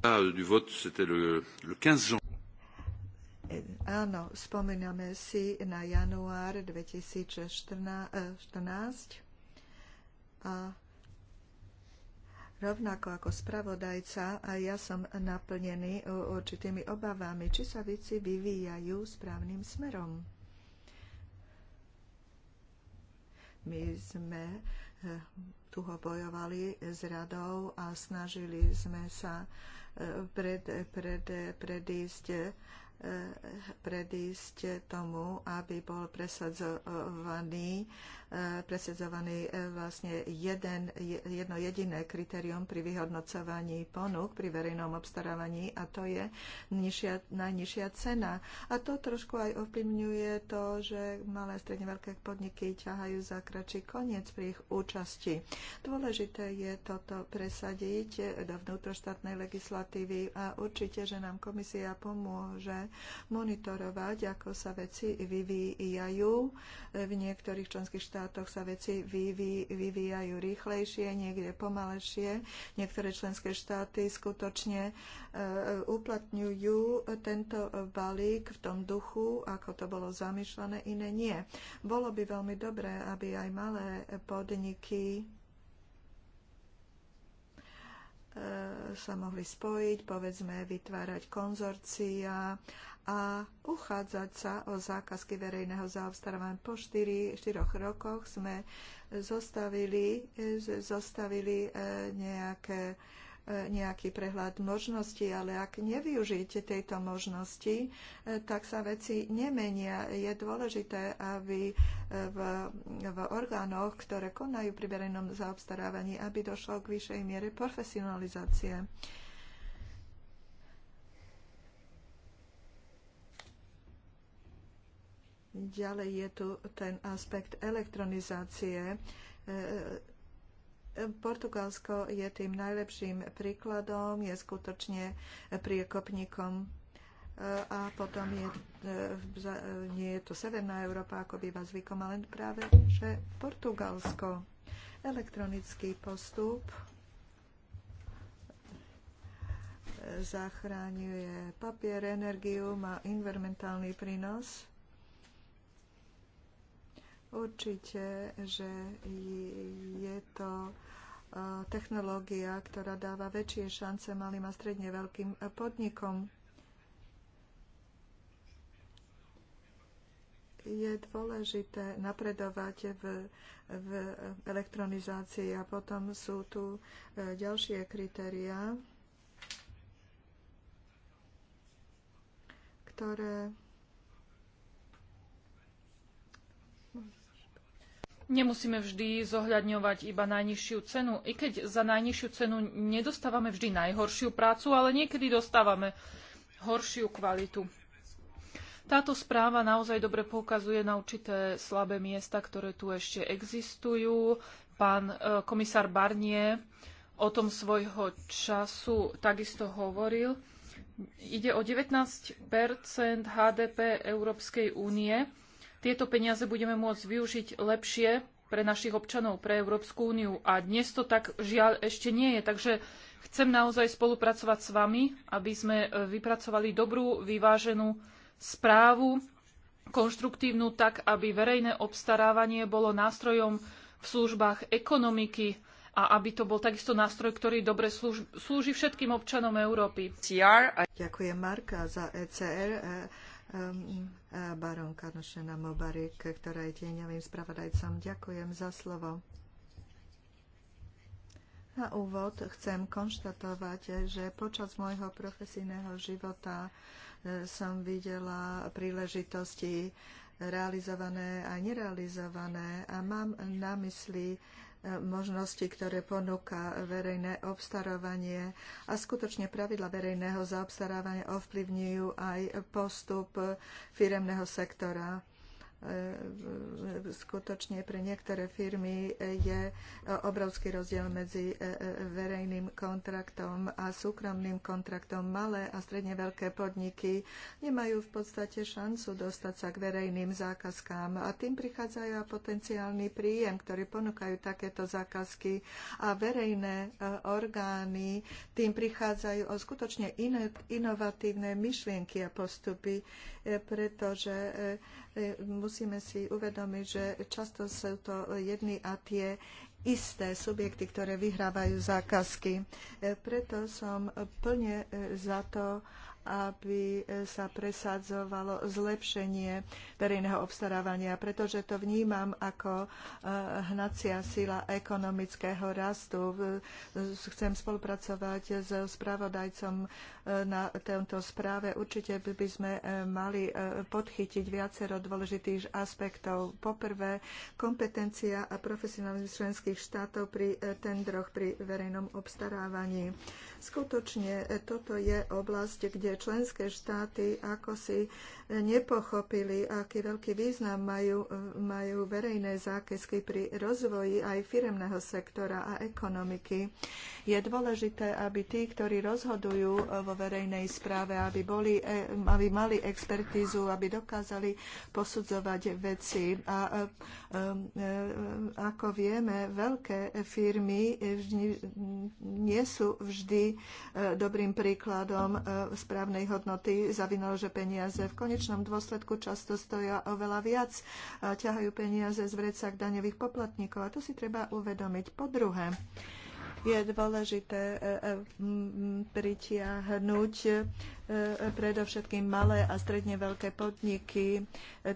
ah, du vote, c'était le, le 15 janvier. Eh, áno, spomíname si na január 2014 a rovnako ako spravodajca a ja som naplnený určitými obavami, či sa veci vyvíjajú správnym smerom. My sme eh, tu ho bojovali s radou a snažili sme sa eh, pred, pred, predísť eh, predísť tomu, aby bol presadzovaný E, presedzovaný e, vlastne jeden, jedno jediné kritérium pri vyhodnocovaní ponúk pri verejnom obstarávaní a to je nižšia, najnižšia cena. A to trošku aj ovplyvňuje to, že malé a stredne veľké podniky ťahajú za kračí koniec pri ich účasti. Dôležité je toto presadiť do vnútroštátnej legislatívy a určite, že nám komisia pomôže monitorovať, ako sa veci vyvíjajú v niektorých členských štátoch štátoch sa veci vyvíjajú rýchlejšie, niekde pomalejšie. Niektoré členské štáty skutočne e, uplatňujú tento balík v tom duchu, ako to bolo zamýšľané, iné nie. Bolo by veľmi dobré, aby aj malé podniky E, sa mohli spojiť, povedzme vytvárať konzorcia a uchádzať sa o zákazky verejného zaobstarávania. Po 4, 4 rokoch sme zostavili, e, zostavili e, nejaké nejaký prehľad možností, ale ak nevyužijete tejto možnosti, e, tak sa veci nemenia. Je dôležité, aby e, v, v orgánoch, ktoré konajú pri verejnom zaobstarávaní, aby došlo k vyššej miere profesionalizácie. Ďalej je tu ten aspekt elektronizácie e, Portugalsko je tým najlepším príkladom, je skutočne priekopníkom e, a potom je, nie e, je to Severná Európa, ako býva zvykom, ale práve, že Portugalsko. Elektronický postup zachráňuje papier, energiu, má environmentálny prínos Určite, že je to e, technológia, ktorá dáva väčšie šance malým a stredne veľkým e, podnikom. Je dôležité napredovať v, v elektronizácii a potom sú tu e, ďalšie kritériá, ktoré Nemusíme vždy zohľadňovať iba najnižšiu cenu, i keď za najnižšiu cenu nedostávame vždy najhoršiu prácu, ale niekedy dostávame horšiu kvalitu. Táto správa naozaj dobre poukazuje na určité slabé miesta, ktoré tu ešte existujú. Pán e, komisár Barnier o tom svojho času takisto hovoril. Ide o 19 HDP Európskej únie tieto peniaze budeme môcť využiť lepšie pre našich občanov, pre Európsku úniu. A dnes to tak žiaľ ešte nie je. Takže chcem naozaj spolupracovať s vami, aby sme e, vypracovali dobrú, vyváženú správu, konštruktívnu, tak aby verejné obstarávanie bolo nástrojom v službách ekonomiky a aby to bol takisto nástroj, ktorý dobre slúži všetkým občanom Európy. Ďakujem Marka za ECR. E, Ehm, baronka Nošena Mobarik, ktorá je tieňovým spravodajcom. Ďakujem za slovo. Na úvod chcem konštatovať, že počas môjho profesijného života e, som videla príležitosti realizované a nerealizované a mám na mysli možnosti, ktoré ponúka verejné obstarovanie a skutočne pravidla verejného zaobstarávania ovplyvňujú aj postup firemného sektora E, e, skutočne pre niektoré firmy je obrovský rozdiel medzi e, verejným kontraktom a súkromným kontraktom. Malé a stredne veľké podniky nemajú v podstate šancu dostať sa k verejným zákazkám a tým prichádzajú a potenciálny príjem, ktorý ponúkajú takéto zákazky a verejné orgány tým prichádzajú o skutočne inovatívne myšlienky a postupy, pretože E, musíme si uvedomiť, že často sú to jedny a tie isté subjekty, ktoré vyhrávajú zákazky. E, preto som plne e, za to, aby e, sa presadzovalo zlepšenie verejného obstarávania, pretože to vnímam ako e, hnacia sila ekonomického rastu. E, chcem spolupracovať s spravodajcom na tento správe. Určite by sme mali podchytiť viacero dôležitých aspektov. Poprvé, kompetencia a profesionalizmus členských štátov pri tendroch pri verejnom obstarávaní. Skutočne toto je oblasť, kde členské štáty ako si nepochopili, aký veľký význam majú, majú verejné zákazky pri rozvoji aj firemného sektora a ekonomiky. Je dôležité, aby tí, ktorí rozhodujú vo verejnej správe, aby, boli, e, aby mali expertízu, aby dokázali posudzovať veci. A e, e, ako vieme, veľké firmy nie sú vždy dobrým príkladom správnej hodnoty za vynaložené peniaze. V konečnom konečnom dôsledku často stoja oveľa viac a ťahajú peniaze z vrecak daňových poplatníkov. A to si treba uvedomiť. Po druhé, je dôležité e, e, pritiahnuť E, predovšetkým malé a stredne veľké podniky. E,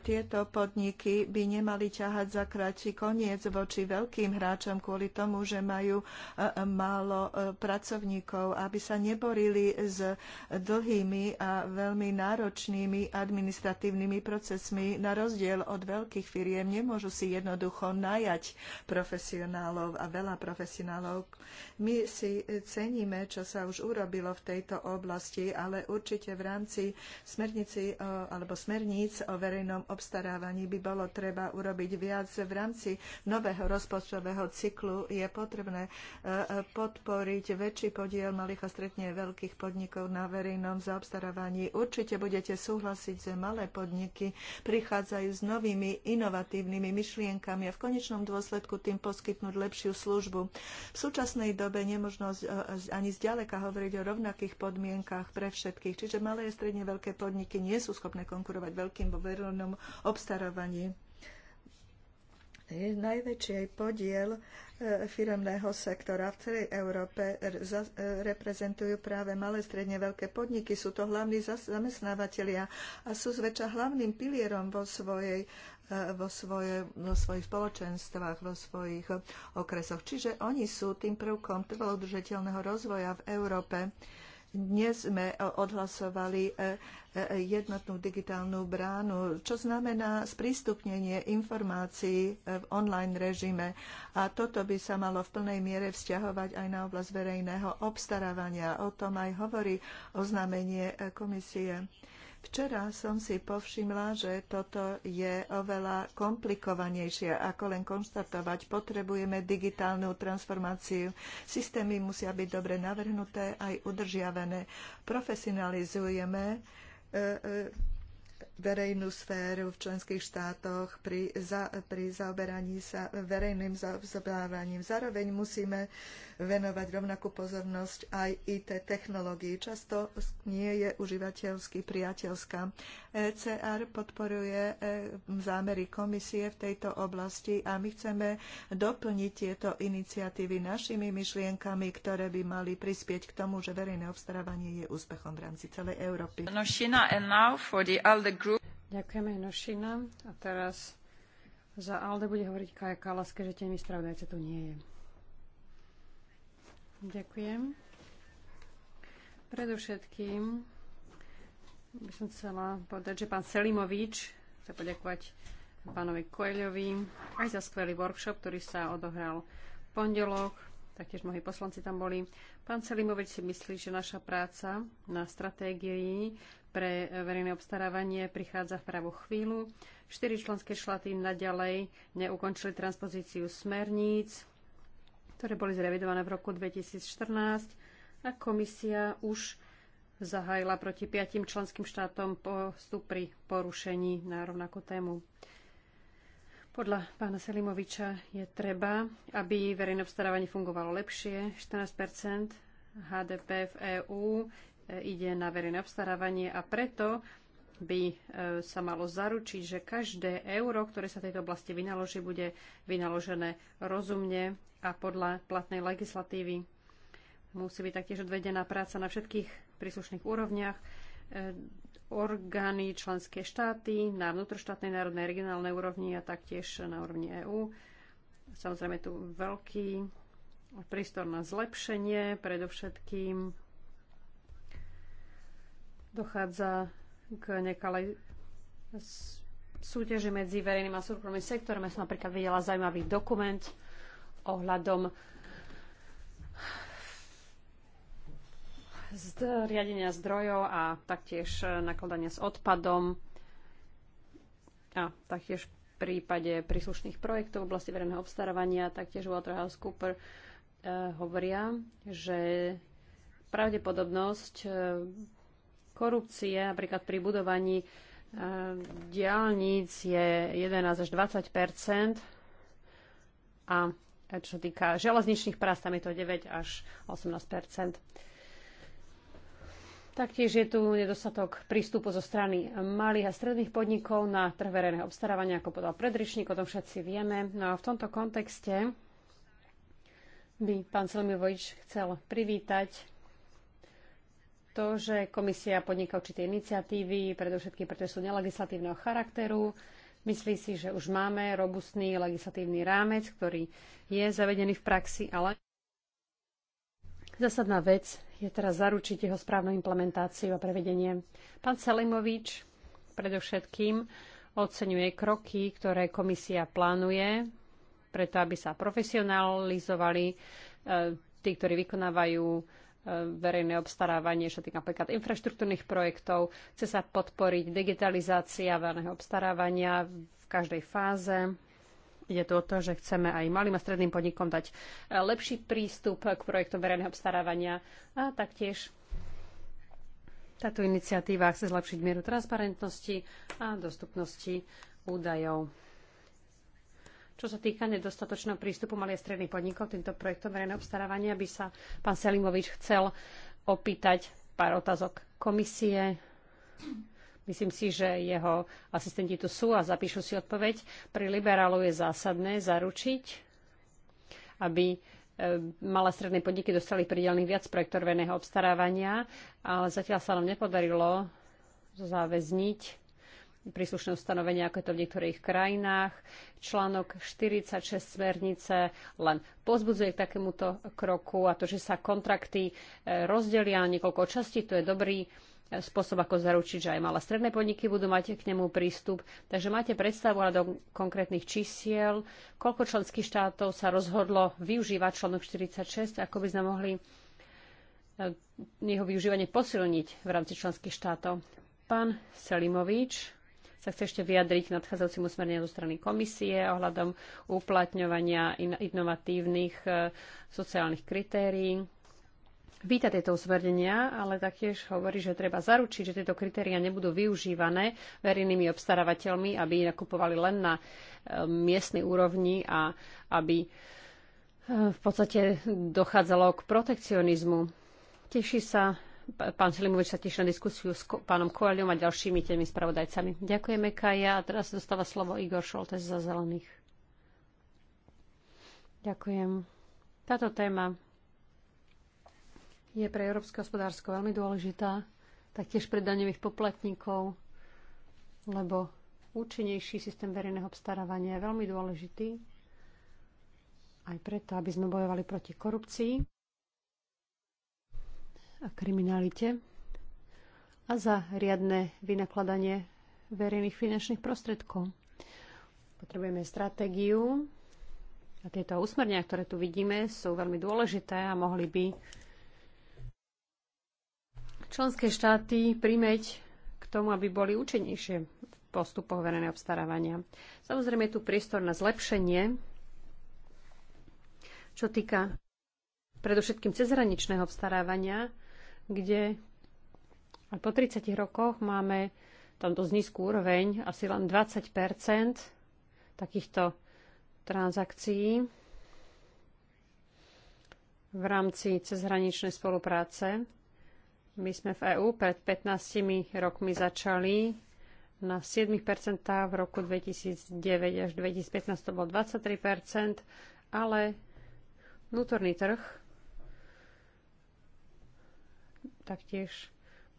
tieto podniky by nemali ťahať za kratší koniec voči veľkým hráčom kvôli tomu, že majú e, málo pracovníkov, aby sa neborili s dlhými a veľmi náročnými administratívnymi procesmi. Na rozdiel od veľkých firiem nemôžu si jednoducho najať profesionálov a veľa profesionálov. My si ceníme, čo sa už urobilo v tejto oblasti, ale určite určite v rámci smernici e, alebo smerníc o verejnom obstarávaní by bolo treba urobiť viac. V rámci nového rozpočtového cyklu je potrebné e, e, podporiť väčší podiel malých a stredne veľkých podnikov na verejnom zaobstarávaní. Určite budete súhlasiť, že malé podniky prichádzajú s novými inovatívnymi myšlienkami a v konečnom dôsledku tým poskytnúť lepšiu službu. V súčasnej dobe nemožno ani zďaleka hovoriť o rovnakých podmienkach pre všetkých dôležitých. Čiže malé a stredne veľké podniky nie sú schopné konkurovať veľkým vo verejnom obstarávaní. Najväčší podiel e, firemného sektora v celej Európe e, reprezentujú práve malé, stredne veľké podniky. Sú to hlavní zamestnávateľia a sú zväčša hlavným pilierom vo, svojej, e, vo, svoje, vo svojich spoločenstvách, vo svojich okresoch. Čiže oni sú tým prvkom trvalodržateľného rozvoja v Európe. Dnes sme e, odhlasovali e, e, jednotnú digitálnu bránu, čo znamená sprístupnenie informácií v online režime. A toto by sa malo v plnej miere vzťahovať aj na oblasť verejného obstarávania. O tom aj hovorí oznámenie komisie. Včera som si povšimla, že toto je oveľa komplikovanejšie, ako len konštatovať. Potrebujeme digitálnu transformáciu. Systémy musia byť dobre navrhnuté aj udržiavané. Profesionalizujeme e, e, verejnú sféru v členských štátoch pri, za, pri zaoberaní sa verejným zaoberaním. Zároveň musíme venovať rovnakú pozornosť aj IT technológií. Často nie je užívateľsky priateľská. ECR podporuje e, zámery komisie v tejto oblasti a my chceme doplniť tieto iniciatívy našimi myšlienkami, ktoré by mali prispieť k tomu, že verejné obstarávanie je úspechom v rámci celej Európy. No, Ďakujeme, Nošina. A teraz za Alde bude hovoriť Kaja Kalas, keďže ten vystravdajce tu nie je. Ďakujem. Predovšetkým by som chcela povedať, že pán Selimovič chce poďakovať pánovi Koeľovi aj za skvelý workshop, ktorý sa odohral v pondelok. Taktiež mnohí poslanci tam boli. Pán Selimovič si myslí, že naša práca na stratégii pre verejné obstarávanie prichádza v pravú chvíľu. Štyri členské štáty naďalej neukončili transpozíciu smerníc, ktoré boli zrevidované v roku 2014 a komisia už zahájila proti piatim členským štátom postup pri porušení na rovnakú tému. Podľa pána Selimoviča je treba, aby verejné obstarávanie fungovalo lepšie. 14 HDP v EÚ ide na verejné obstarávanie a preto by e, sa malo zaručiť, že každé euro, ktoré sa tejto oblasti vynaloží, bude vynaložené rozumne a podľa platnej legislatívy. Musí byť taktiež odvedená práca na všetkých príslušných úrovniach, e, orgány, členské štáty na vnútroštátnej, národnej, regionálnej úrovni a taktiež na úrovni EÚ. Samozrejme tu veľký prístor na zlepšenie, predovšetkým Dochádza k nekalej súťaži medzi verejným a súkromným sektorom. Ja som napríklad videla zaujímavý dokument ohľadom riadenia zdrojov a taktiež nakladania s odpadom a taktiež v prípade príslušných projektov v oblasti verejného obstarávania, taktiež WaterhouseCooper e, eh, hovoria, že pravdepodobnosť eh, korupcie. Napríklad pri budovaní e, diálnic je 11 až 20 a e, čo sa týka železničných prác, tam je to 9 až 18 Taktiež je tu nedostatok prístupu zo strany malých a stredných podnikov na trh verejného obstarávania, ako podal predričník, o tom všetci vieme. No a v tomto kontexte by pán Vojič chcel privítať to, že komisia podniká určité iniciatívy, predovšetkým pretože sú nelegislatívneho charakteru. Myslí si, že už máme robustný legislatívny rámec, ktorý je zavedený v praxi, ale zásadná vec je teraz zaručiť jeho správnu implementáciu a prevedenie. Pán Selimovič predovšetkým oceňuje kroky, ktoré komisia plánuje, preto aby sa profesionalizovali eh, tí, ktorí vykonávajú verejné obstarávanie, čo týka napríklad infraštruktúrnych projektov. Chce sa podporiť digitalizácia verejného obstarávania v každej fáze. Ide tu o to, že chceme aj malým a stredným podnikom dať e, lepší prístup k projektom verejného obstarávania a taktiež táto iniciatíva chce zlepšiť mieru transparentnosti a dostupnosti údajov. Čo sa týka nedostatočného prístupu malých a stredných podnikov týmto projektom verejného obstarávania, by sa pán Selimovič chcel opýtať pár otázok komisie. Myslím si, že jeho asistenti tu sú a zapíšu si odpoveď. Pri liberálu je zásadné zaručiť, aby e, malé stredné podniky dostali pridelených viac projektov verejného obstarávania, ale zatiaľ sa nám nepodarilo záväzniť príslušné ustanovenia, ako je to v niektorých krajinách. Článok 46 smernice len pozbudzuje k takémuto kroku a to, že sa kontrakty e, rozdelia na niekoľko častí, to je dobrý e, spôsob, ako zaručiť, že aj malé stredné podniky budú mať k nemu prístup. Takže máte predstavu do konkrétnych čísiel, koľko členských štátov sa rozhodlo využívať článok 46, ako by sme mohli e, jeho využívanie posilniť v rámci členských štátov. Pán Selimovič sa chce ešte vyjadriť k nadchádzajúcim usmerneniam zo strany komisie ohľadom uplatňovania inovatívnych e, sociálnych kritérií. Víta tieto usmernenia, ale taktiež hovorí, že treba zaručiť, že tieto kritéria nebudú využívané verejnými obstarávateľmi, aby nakupovali len na e, miestnej úrovni a aby e, v podstate dochádzalo k protekcionizmu. Teší sa Pán Selimovič sa tiež na diskusiu s pánom Koaliom a ďalšími tými spravodajcami. Ďakujeme, Kaja. A teraz dostáva slovo Igor Šoltes za zelených. Ďakujem. Táto téma je pre európske hospodársko veľmi dôležitá, taktiež pre daňových poplatníkov, lebo účinnejší systém verejného obstarávania je veľmi dôležitý aj preto, aby sme bojovali proti korupcii a kriminalite a za riadne vynakladanie verejných finančných prostriedkov. Potrebujeme stratégiu a tieto usmernenia, ktoré tu vidíme, sú veľmi dôležité a mohli by členské štáty prímeť k tomu, aby boli účinnejšie v postupoch verejného obstarávania. Samozrejme je tu priestor na zlepšenie, čo týka predovšetkým cezhraničného obstarávania, kde po 30 rokoch máme dosť znízku úroveň asi len 20 takýchto transakcií v rámci cezhraničnej spolupráce. My sme v EÚ pred 15 rokmi začali na 7 v roku 2009 až 2015 to bol 23 ale vnútorný trh taktiež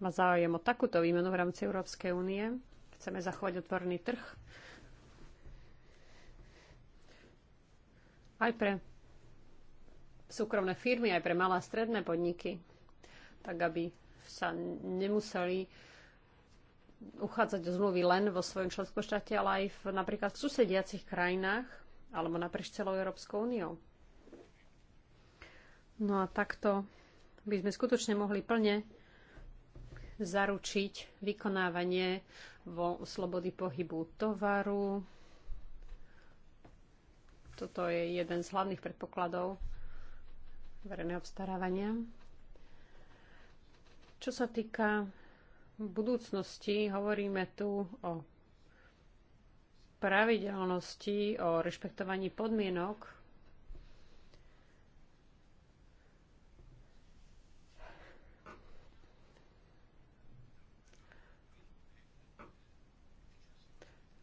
má záujem o takúto výmenu v rámci Európskej únie. Chceme zachovať otvorný trh. Aj pre súkromné firmy, aj pre malé a stredné podniky, tak aby sa nemuseli uchádzať o zmluvy len vo svojom členskom štáte, ale aj v, napríklad v susediacich krajinách alebo naprieč celou Európskou úniou. No a takto by sme skutočne mohli plne zaručiť vykonávanie vo slobody pohybu tovaru. Toto je jeden z hlavných predpokladov verejného obstarávania. Čo sa týka budúcnosti, hovoríme tu o pravidelnosti, o rešpektovaní podmienok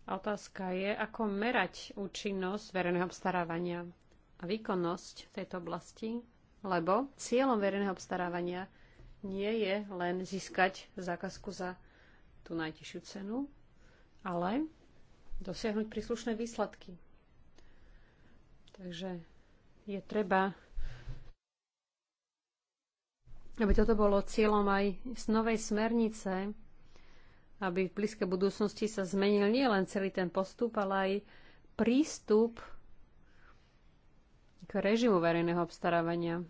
A otázka je, ako merať účinnosť verejného obstarávania a výkonnosť v tejto oblasti, lebo cieľom verejného obstarávania nie je len získať zákazku za tú najtišiu cenu, ale dosiahnuť príslušné výsledky. Takže je treba, aby toto bolo cieľom aj z novej smernice aby v blízkej budúcnosti sa zmenil nielen celý ten postup, ale aj prístup k režimu verejného obstarávania.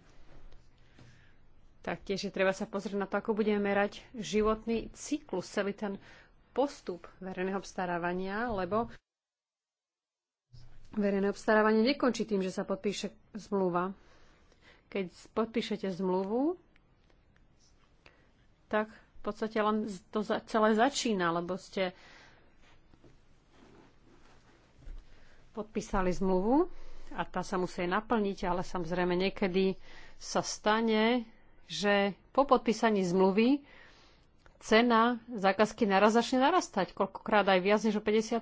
Taktiež je treba sa pozrieť na to, ako budeme merať životný cyklus, celý ten postup verejného obstarávania, lebo verejné obstarávanie nekončí tým, že sa podpíše zmluva. Keď podpíšete zmluvu, tak v podstate len to celé začína, lebo ste podpísali zmluvu a tá sa musí naplniť, ale samozrejme niekedy sa stane, že po podpísaní zmluvy cena zákazky naraz začne narastať, koľkokrát aj viac než o 50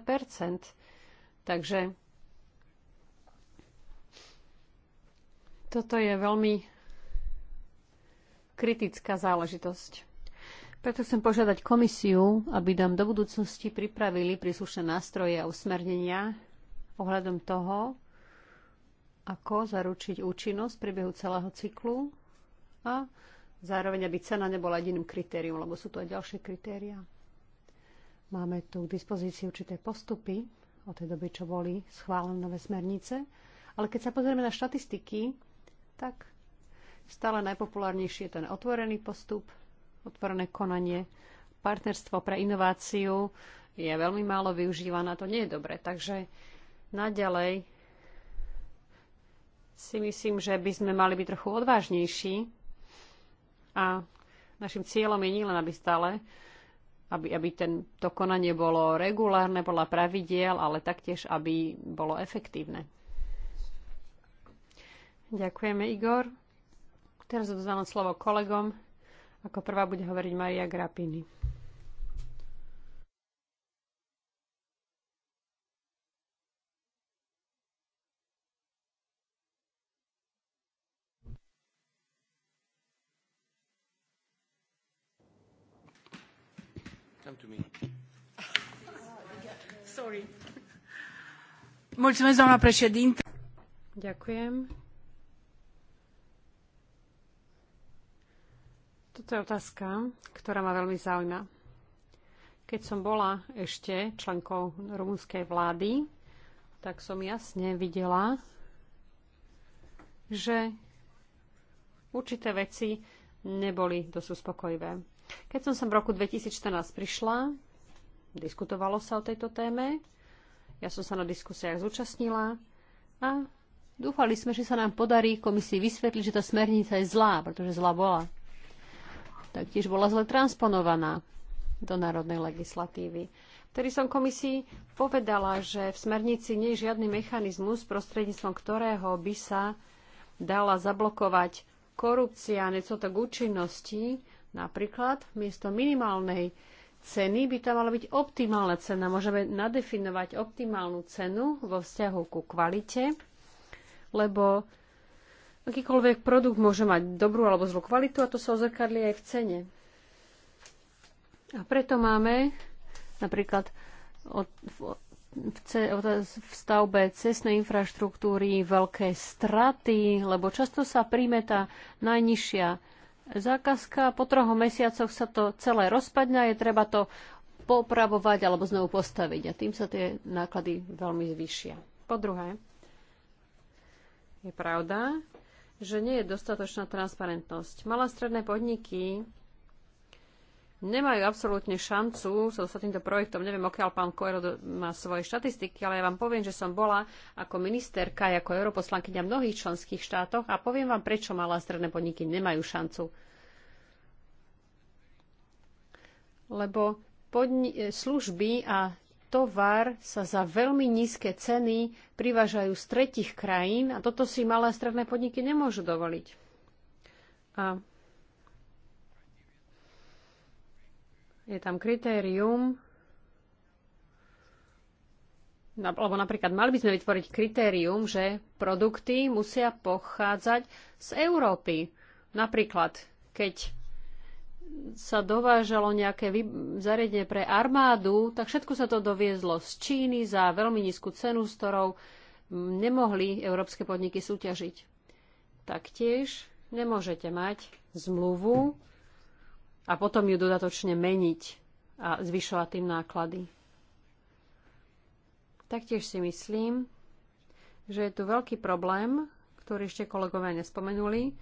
Takže toto je veľmi kritická záležitosť. Preto chcem požiadať komisiu, aby nám do budúcnosti pripravili príslušné nástroje a usmernenia ohľadom toho, ako zaručiť účinnosť priebehu celého cyklu a zároveň, aby cena nebola jediným kritérium, lebo sú to aj ďalšie kritéria. Máme tu k dispozícii určité postupy od tej doby, čo boli schválené nové smernice, ale keď sa pozrieme na štatistiky, tak stále najpopulárnejší je ten otvorený postup, otvorené konanie, partnerstvo pre inováciu je veľmi málo a To nie je dobre. Takže naďalej si myslím, že by sme mali byť trochu odvážnejší a našim cieľom je nielen, aby stále aby, aby ten, to konanie bolo regulárne podľa pravidiel, ale taktiež, aby bolo efektívne. Ďakujeme, Igor. Teraz odozdávam slovo kolegom. Ako prvá bude hovoriť Maria Grapini. doamnă președintă. Ďakujem, To je otázka, ktorá ma veľmi zaujíma. Keď som bola ešte členkou rumúnskej vlády, tak som jasne videla, že určité veci neboli dosť uspokojivé. Keď som sem v roku 2014 prišla, diskutovalo sa o tejto téme, ja som sa na diskusiách zúčastnila a dúfali sme, že sa nám podarí komisii vysvetliť, že tá smernica je zlá, pretože zlá bola taktiež bola zle transponovaná do národnej legislatívy. Vtedy som komisii povedala, že v smernici nie je žiadny mechanizmus, prostredníctvom ktorého by sa dala zablokovať korupcia a necotok účinnosti. Napríklad miesto minimálnej ceny by tam mala byť optimálna cena. Môžeme nadefinovať optimálnu cenu vo vzťahu ku kvalite, lebo Akýkoľvek produkt môže mať dobrú alebo zlú kvalitu a to sa ozrkadlí aj v cene. A preto máme napríklad od, v, v stavbe cestnej infraštruktúry veľké straty, lebo často sa príjme tá najnižšia zákazka. Po troch mesiacoch sa to celé rozpadne a je treba to popravovať alebo znovu postaviť. A tým sa tie náklady veľmi zvýšia. Po druhé, je pravda, že nie je dostatočná transparentnosť. Malé stredné podniky nemajú absolútne šancu so sa týmto projektom. Neviem, okiaľ pán Koero má svoje štatistiky, ale ja vám poviem, že som bola ako ministerka, ako europoslankyňa v mnohých členských štátoch a poviem vám, prečo malé a stredné podniky nemajú šancu. Lebo podni- e, služby a tovar sa za veľmi nízke ceny privážajú z tretich krajín a toto si malé a stredné podniky nemôžu dovoliť. A je tam kritérium, alebo napríklad mali by sme vytvoriť kritérium, že produkty musia pochádzať z Európy. Napríklad, keď sa dovážalo nejaké zariadenie pre armádu, tak všetko sa to doviezlo z Číny za veľmi nízku cenu, s ktorou nemohli európske podniky súťažiť. Taktiež nemôžete mať zmluvu a potom ju dodatočne meniť a zvyšovať tým náklady. Taktiež si myslím, že je tu veľký problém, ktorý ešte kolegovia nespomenuli,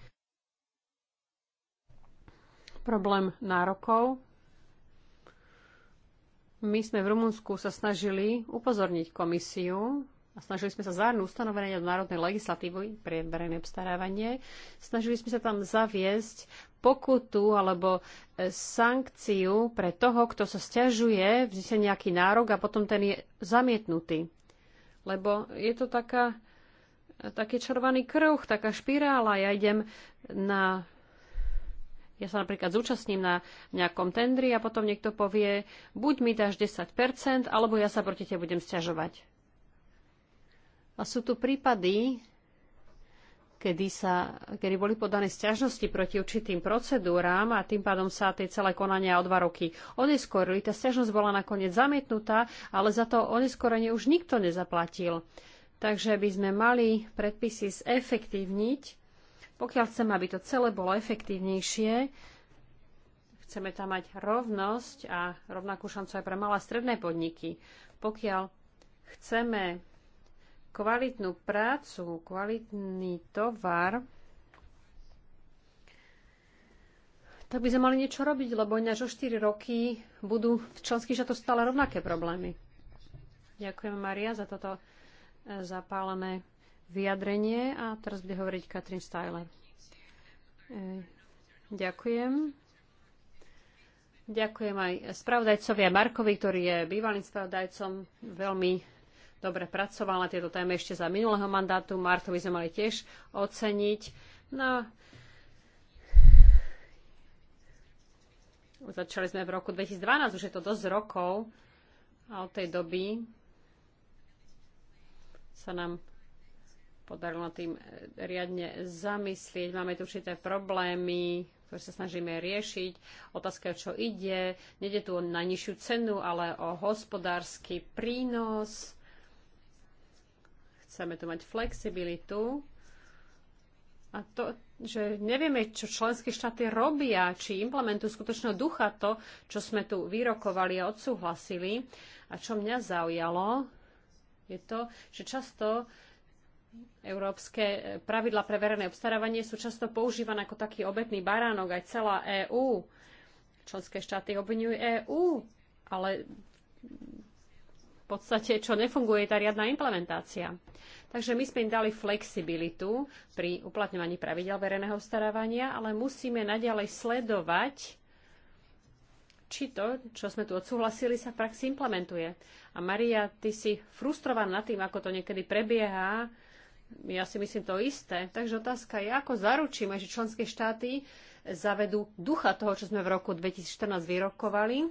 problém nárokov. My sme v Rumunsku sa snažili upozorniť komisiu a snažili sme sa zahrnúť ustanovenia do národnej legislatívy pre verejné obstarávanie. Snažili sme sa tam zaviesť pokutu alebo e, sankciu pre toho, kto sa stiažuje, vznikne nejaký nárok a potom ten je zamietnutý. Lebo je to taká, e, taký červaný kruh, taká špirála. Ja idem na ja sa napríklad zúčastním na nejakom tendri a potom niekto povie, buď mi dáš 10%, alebo ja sa proti tebe budem sťažovať. A sú tu prípady, kedy, sa, kedy boli podané sťažnosti proti určitým procedúram a tým pádom sa tie celé konania o dva roky oneskorili. Tá sťažnosť bola nakoniec zamietnutá, ale za to oneskorenie už nikto nezaplatil. Takže by sme mali predpisy zefektívniť pokiaľ chceme, aby to celé bolo efektívnejšie, chceme tam mať rovnosť a rovnakú šancu aj pre malé a stredné podniky. Pokiaľ chceme kvalitnú prácu, kvalitný tovar, tak by sme mali niečo robiť, lebo než o 4 roky budú v členských štátoch stále rovnaké problémy. Ďakujem, Maria, za toto e, zapálené vyjadrenie a teraz bude hovoriť Katrin Styler. E, ďakujem. Ďakujem aj spravodajcovi a Markovi, ktorý je bývalým spravodajcom. Veľmi dobre pracoval na tieto téme ešte za minulého mandátu. Martovi sme mali tiež oceniť. No, začali sme v roku 2012, už je to dosť rokov a od tej doby sa nám podarilo na tým e, riadne zamyslieť. Máme tu určité problémy, ktoré sa snažíme riešiť. Otázka čo ide. Nede tu o najnižšiu cenu, ale o hospodársky prínos. Chceme tu mať flexibilitu. A to, že nevieme, čo členské štáty robia, či implementujú skutočného ducha to, čo sme tu vyrokovali a odsúhlasili. A čo mňa zaujalo, je to, že často Európske e, pravidla pre verejné obstarávanie sú často používané ako taký obetný baránok aj celá EÚ. Členské štáty obvinujú EÚ, ale v podstate, čo nefunguje, je tá riadna implementácia. Takže my sme im dali flexibilitu pri uplatňovaní pravidel verejného starávania, ale musíme naďalej sledovať, či to, čo sme tu odsúhlasili, sa v praxi implementuje. A Maria, ty si frustrovaná nad tým, ako to niekedy prebieha, ja si myslím to isté. Takže otázka je, ako zaručíme, že členské štáty zavedú ducha toho, čo sme v roku 2014 vyrokovali.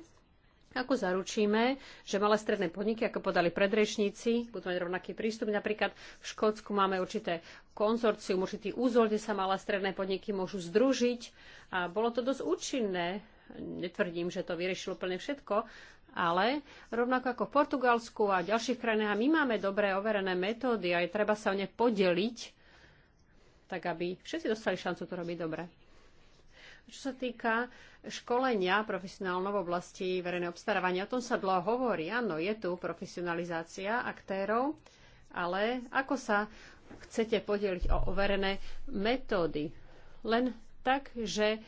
Ako zaručíme, že malé stredné podniky, ako podali predrečníci, budú mať rovnaký prístup. Napríklad v Škótsku máme určité konzorcium, určitý úzol, kde sa malé stredné podniky môžu združiť. A bolo to dosť účinné netvrdím, že to vyriešilo úplne všetko, ale rovnako ako v Portugalsku a ďalších krajinách, my máme dobré overené metódy a je treba sa o ne podeliť, tak aby všetci dostali šancu to robiť dobre. Čo sa týka školenia profesionálno v oblasti verejného obstarávania, o tom sa dlho hovorí. Áno, je tu profesionalizácia aktérov, ale ako sa chcete podeliť o overené metódy? Len tak, že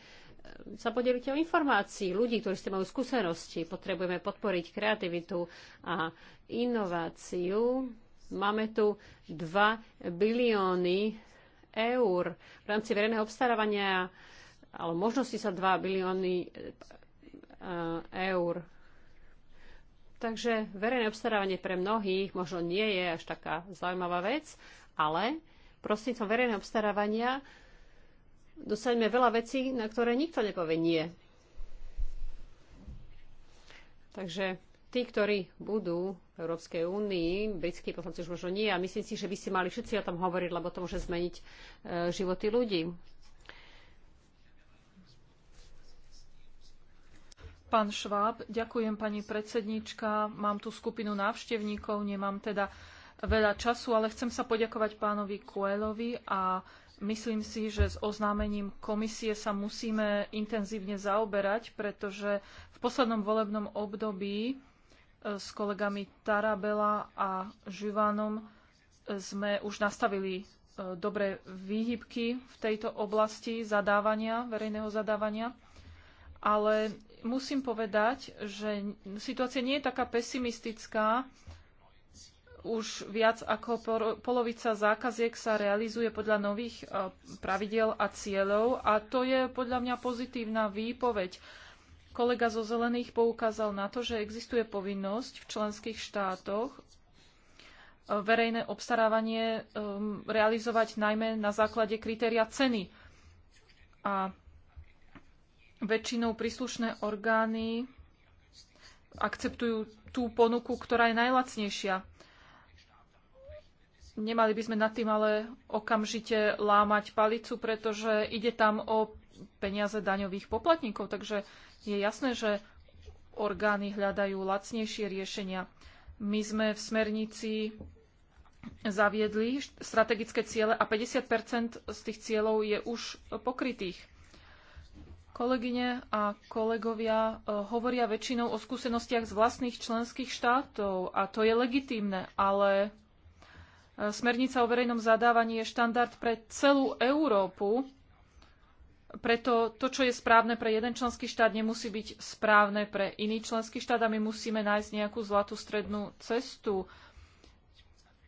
sa podelíte o informácií ľudí, ktorí ste majú skúsenosti. Potrebujeme podporiť kreativitu a inováciu. Máme tu 2 bilióny eur v rámci verejného obstarávania, ale možnosti sa 2 bilióny e, eur. Takže verejné obstarávanie pre mnohých možno nie je až taká zaujímavá vec, ale prostredníctvom verejného obstarávania dostaneme veľa vecí, na ktoré nikto nepovie nie. Takže tí, ktorí budú v Európskej únii, britskí poslanci už možno nie, a myslím si, že by si mali všetci o tom hovoriť, lebo to môže zmeniť e, životy ľudí. Pán Šváb, ďakujem pani predsednička. Mám tu skupinu návštevníkov, nemám teda veľa času, ale chcem sa poďakovať pánovi Kuelovi a Myslím si, že s oznámením komisie sa musíme intenzívne zaoberať, pretože v poslednom volebnom období e, s kolegami Tarabela a Živanom e, sme už nastavili e, dobré výhybky v tejto oblasti zadávania, verejného zadávania. Ale musím povedať, že situácia nie je taká pesimistická, už viac ako polovica zákaziek sa realizuje podľa nových e, pravidel a cieľov a to je podľa mňa pozitívna výpoveď. Kolega zo Zelených poukázal na to, že existuje povinnosť v členských štátoch e, verejné obstarávanie e, realizovať najmä na základe kritéria ceny. A väčšinou príslušné orgány akceptujú tú ponuku, ktorá je najlacnejšia. Nemali by sme nad tým ale okamžite lámať palicu, pretože ide tam o peniaze daňových poplatníkov, takže je jasné, že orgány hľadajú lacnejšie riešenia. My sme v smernici zaviedli strategické ciele a 50 z tých cieľov je už pokrytých. Kolegyne a kolegovia eh, hovoria väčšinou o skúsenostiach z vlastných členských štátov a to je legitímne, ale Smernica o verejnom zadávaní je štandard pre celú Európu, preto to, čo je správne pre jeden členský štát, nemusí byť správne pre iný členský štát a my musíme nájsť nejakú zlatú strednú cestu.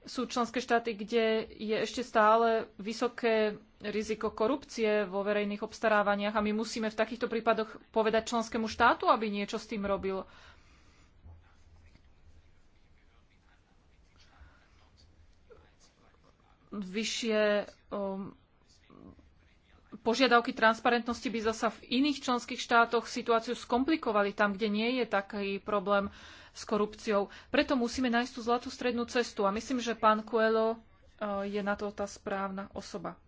Sú členské štáty, kde je ešte stále vysoké riziko korupcie vo verejných obstarávaniach a my musíme v takýchto prípadoch povedať členskému štátu, aby niečo s tým robil. vyššie um, požiadavky transparentnosti by zasa v iných členských štátoch situáciu skomplikovali tam, kde nie je taký problém s korupciou. Preto musíme nájsť tú zlatú strednú cestu a myslím, že pán Coelho uh, je na to tá správna osoba.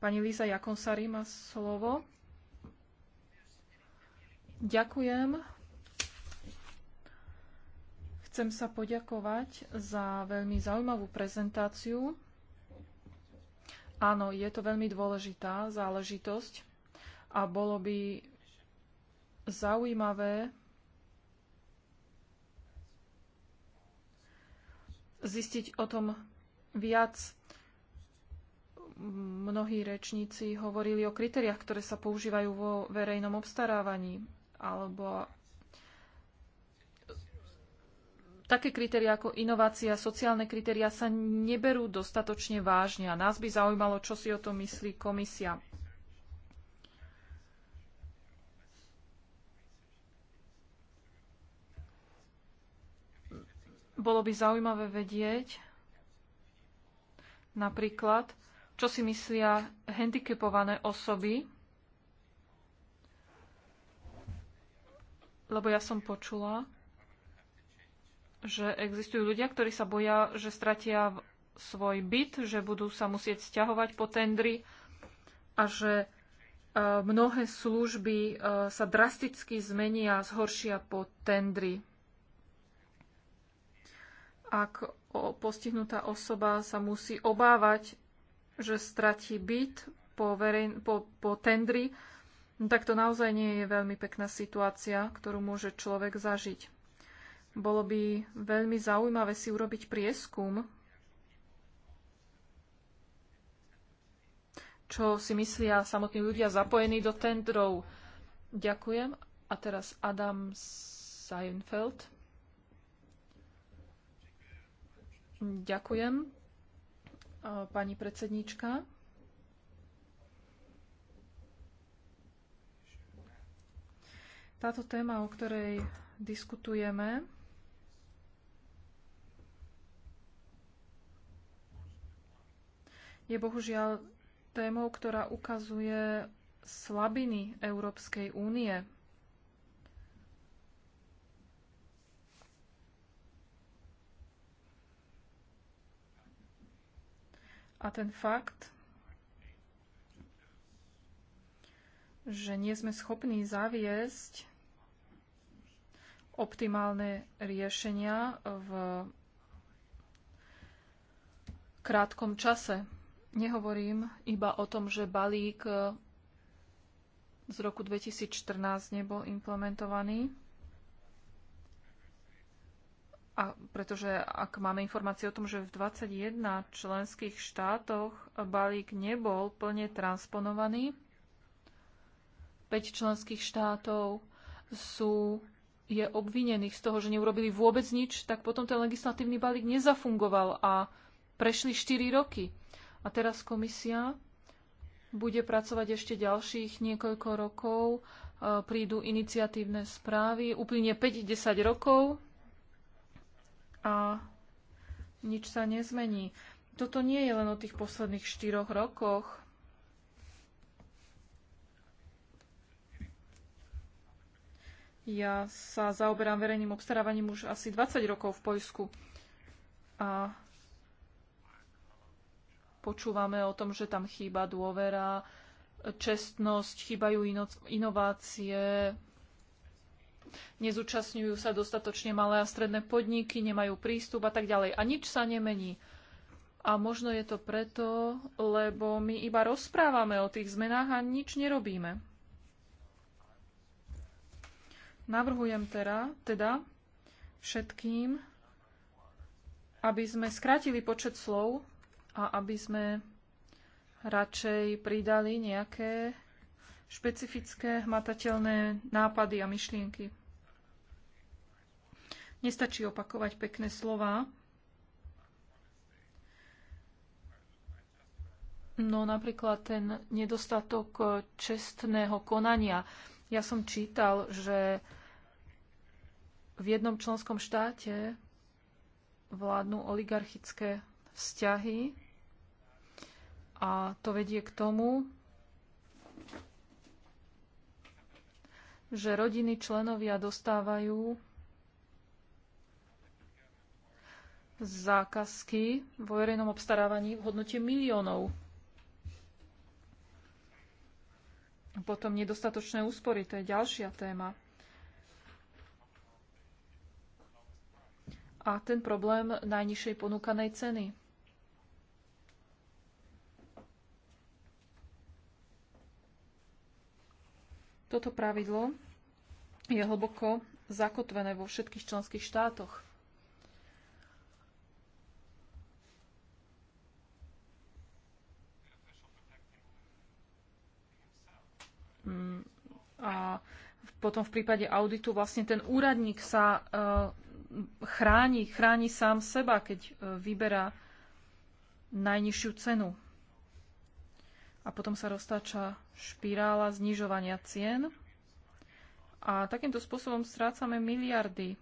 Pani Líza Jakonsari má slovo. Ďakujem. Chcem sa poďakovať za veľmi zaujímavú prezentáciu. Áno, je to veľmi dôležitá záležitosť a bolo by zaujímavé zistiť o tom viac. Mnohí rečníci hovorili o kritériách, ktoré sa používajú vo verejnom obstarávaní alebo Také kritéria ako inovácia, sociálne kritéria sa neberú dostatočne vážne a nás by zaujímalo, čo si o tom myslí komisia. Bolo by zaujímavé vedieť napríklad, čo si myslia handicapované osoby, lebo ja som počula, že existujú ľudia, ktorí sa boja, že stratia svoj byt, že budú sa musieť stiahovať po tendri a že e, mnohé služby e, sa drasticky zmenia, a zhoršia po tendri. Ak postihnutá osoba sa musí obávať, že stratí byt po, verej, po, po tendri, no tak to naozaj nie je veľmi pekná situácia, ktorú môže človek zažiť. Bolo by veľmi zaujímavé si urobiť prieskum, čo si myslia samotní ľudia zapojení do tendrov. Ďakujem. A teraz Adam Seinfeld. Ďakujem, pani predsedníčka. Táto téma, o ktorej diskutujeme, je bohužiaľ témou, ktorá ukazuje slabiny Európskej únie. A ten fakt, že nie sme schopní zaviesť optimálne riešenia v krátkom čase. Nehovorím iba o tom, že balík e, z roku 2014 nebol implementovaný. A pretože ak máme informácie o tom, že v 21 členských štátoch balík nebol plne transponovaný, 5 členských štátov sú, je obvinených z toho, že neurobili vôbec nič, tak potom ten legislatívny balík nezafungoval a prešli 4 roky. A teraz komisia bude pracovať ešte ďalších niekoľko rokov, e, prídu iniciatívne správy, úplne 5-10 rokov a nič sa nezmení. Toto nie je len o tých posledných 4 rokoch. Ja sa zaoberám verejným obstarávaním už asi 20 rokov v Poľsku. A Počúvame o tom, že tam chýba dôvera, čestnosť, chýbajú inovácie, nezúčastňujú sa dostatočne malé a stredné podniky, nemajú prístup a tak ďalej. A nič sa nemení. A možno je to preto, lebo my iba rozprávame o tých zmenách a nič nerobíme. Navrhujem teda, teda všetkým, aby sme skrátili počet slov a aby sme radšej pridali nejaké špecifické hmatateľné nápady a myšlienky. Nestačí opakovať pekné slova. No napríklad ten nedostatok čestného konania. Ja som čítal, že v jednom členskom štáte vládnu oligarchické vzťahy a to vedie k tomu, že rodiny členovia dostávajú zákazky vo verejnom obstarávaní v hodnote miliónov. Potom nedostatočné úspory, to je ďalšia téma. A ten problém najnižšej ponúkanej ceny. Toto pravidlo je hlboko zakotvené vo všetkých členských štátoch. Mm, a potom v prípade auditu vlastne ten úradník sa e, chráni, chráni sám seba, keď e, vyberá najnižšiu cenu a potom sa roztáča špirála znižovania cien a takýmto spôsobom strácame miliardy.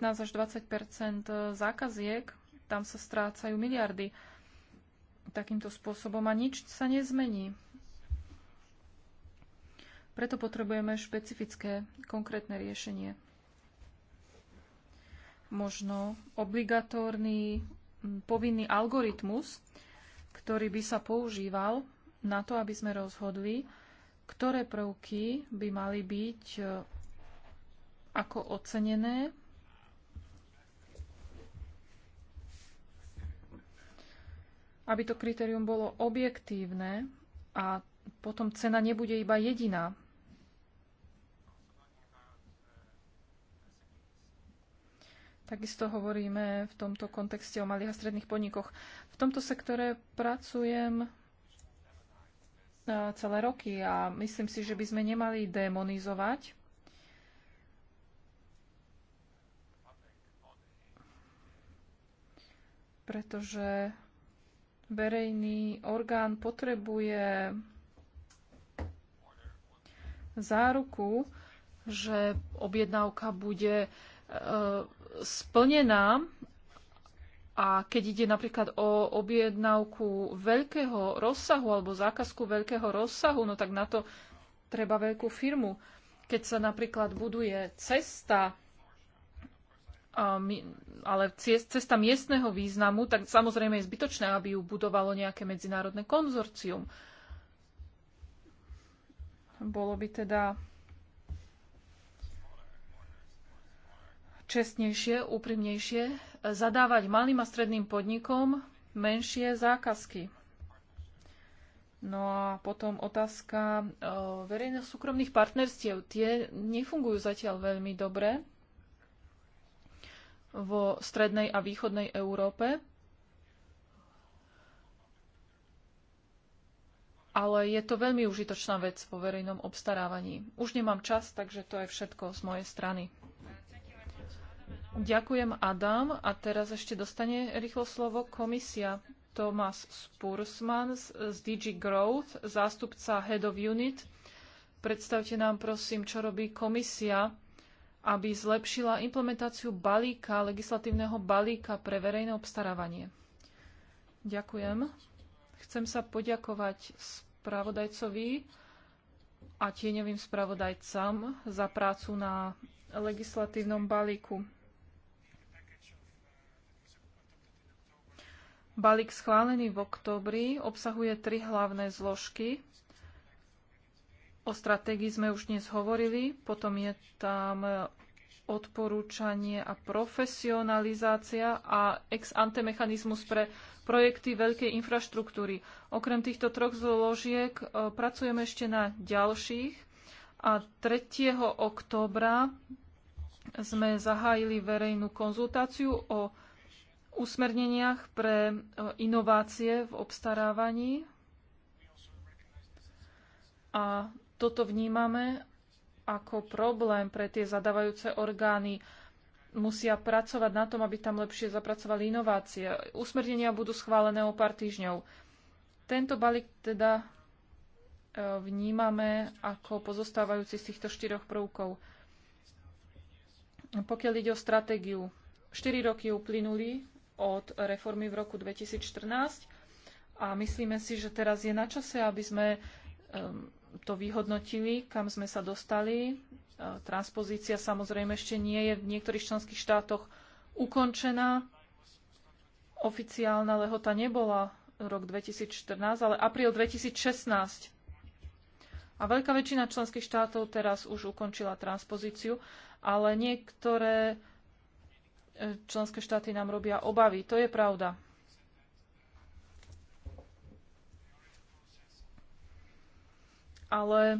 až 20 zákaziek, tam sa strácajú miliardy. Takýmto spôsobom a nič sa nezmení. Preto potrebujeme špecifické, konkrétne riešenie. Možno obligatórny, povinný algoritmus, ktorý by sa používal na to, aby sme rozhodli, ktoré prvky by mali byť e, ako ocenené aby to kritérium bolo objektívne a potom cena nebude iba jediná. Takisto hovoríme v tomto kontexte o malých a stredných podnikoch. V tomto sektore pracujem e, celé roky a myslím si, že by sme nemali demonizovať pretože verejný orgán potrebuje záruku, že objednávka bude e, splnená. A keď ide napríklad o objednávku veľkého rozsahu alebo zákazku veľkého rozsahu, no tak na to treba veľkú firmu. Keď sa napríklad buduje cesta, ale cesta miestneho významu, tak samozrejme je zbytočné, aby ju budovalo nejaké medzinárodné konzorcium. Uh, bolo by teda čestnejšie, úprimnejšie zadávať malým a stredným podnikom menšie zákazky. No a potom otázka e, verejno-súkromných partnerstiev. Tie nefungujú zatiaľ veľmi dobre vo strednej a východnej Európe. ale je to veľmi užitočná vec vo verejnom obstarávaní. Už nemám čas, takže to je všetko z mojej strany. Ďakujem, Adam. A teraz ešte dostane rýchlo slovo komisia. Thomas Spursman z DG Growth, zástupca Head of Unit. Predstavte nám prosím, čo robí komisia, aby zlepšila implementáciu balíka, legislatívneho balíka pre verejné obstarávanie. Ďakujem. Chcem sa poďakovať spravodajcovi a tieňovým spravodajcam za prácu na legislatívnom balíku. Balík schválený v oktobri obsahuje tri hlavné zložky. O stratégii sme už dnes hovorili, potom je tam odporúčanie a profesionalizácia a ex ante mechanizmus pre projekty veľkej infraštruktúry. Okrem týchto troch zložiek e, pracujeme ešte na ďalších a 3. októbra sme zahájili verejnú konzultáciu o usmerneniach pre e, inovácie v obstarávaní. A toto vnímame ako problém pre tie zadávajúce orgány. Musia pracovať na tom, aby tam lepšie zapracovali inovácie. Usmernenia budú schválené o pár týždňov. Tento balík teda e, vnímame ako pozostávajúci z týchto štyroch prvkov. Pokiaľ ide o stratégiu, 4 roky uplynuli od reformy v roku 2014 a myslíme si, že teraz je na čase, aby sme e, to vyhodnotili, kam sme sa dostali. E, transpozícia samozrejme ešte nie je v niektorých členských štátoch ukončená. Oficiálna lehota nebola rok 2014, ale apríl 2016. A veľká väčšina členských štátov teraz už ukončila transpozíciu, ale niektoré e, členské štáty nám robia obavy. To je pravda. ale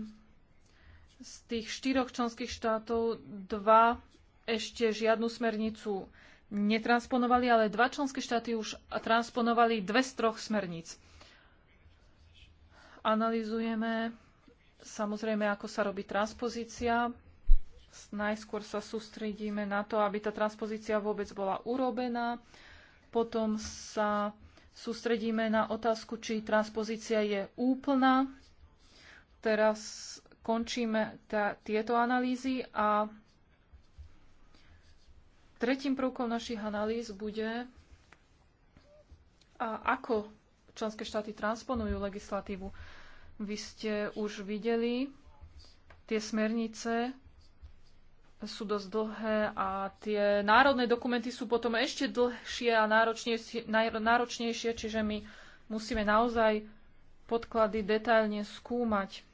z tých štyroch členských štátov dva ešte žiadnu smernicu netransponovali, ale dva členské štáty už transponovali dve z troch smerníc. Analizujeme samozrejme, ako sa robí transpozícia. Najskôr sa sústredíme na to, aby tá transpozícia vôbec bola urobená. Potom sa sústredíme na otázku, či transpozícia je úplná Teraz končíme tieto analýzy a tretím prvkom našich analýz bude, a ako členské štáty transponujú legislatívu. Vy ste už videli, tie smernice sú dosť dlhé a tie národné dokumenty sú potom ešte dlhšie a náročnejšie, náročnejšie čiže my musíme naozaj podklady detailne skúmať.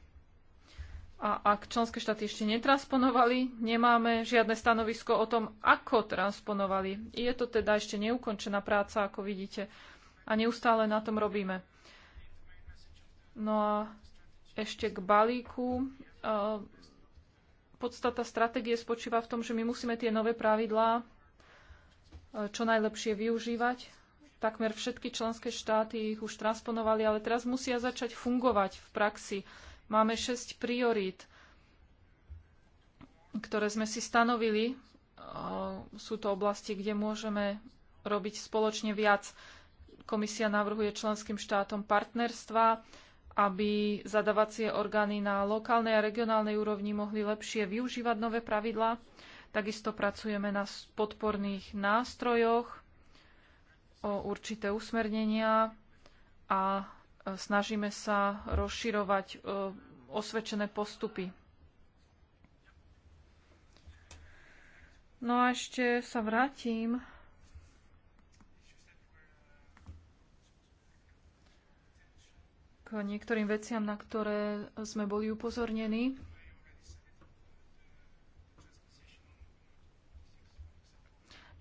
A ak členské štáty ešte netransponovali, nemáme žiadne stanovisko o tom, ako transponovali. Je to teda ešte neukončená práca, ako vidíte. A neustále na tom robíme. No a ešte k balíku. Podstata stratégie spočíva v tom, že my musíme tie nové pravidlá čo najlepšie využívať. Takmer všetky členské štáty ich už transponovali, ale teraz musia začať fungovať v praxi Máme šesť priorít, ktoré sme si stanovili. Sú to oblasti, kde môžeme robiť spoločne viac. Komisia navrhuje členským štátom partnerstva, aby zadavacie orgány na lokálnej a regionálnej úrovni mohli lepšie využívať nové pravidlá. Takisto pracujeme na podporných nástrojoch, o určité usmernenia a Snažíme sa rozširovať e, osvedčené postupy. No a ešte sa vrátim k niektorým veciam, na ktoré sme boli upozornení.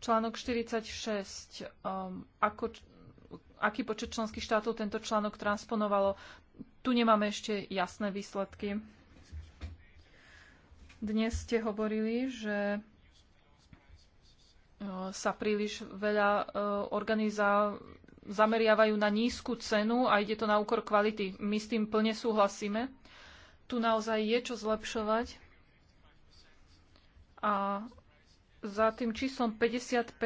Článok 46. Um, ehm, ako aký počet členských štátov tento článok transponovalo. Tu nemáme ešte jasné výsledky. Dnes ste hovorili, že e, sa príliš veľa e, organizá zameriavajú na nízku cenu a ide to na úkor kvality. My s tým plne súhlasíme. Tu naozaj je čo zlepšovať. A za tým číslom 55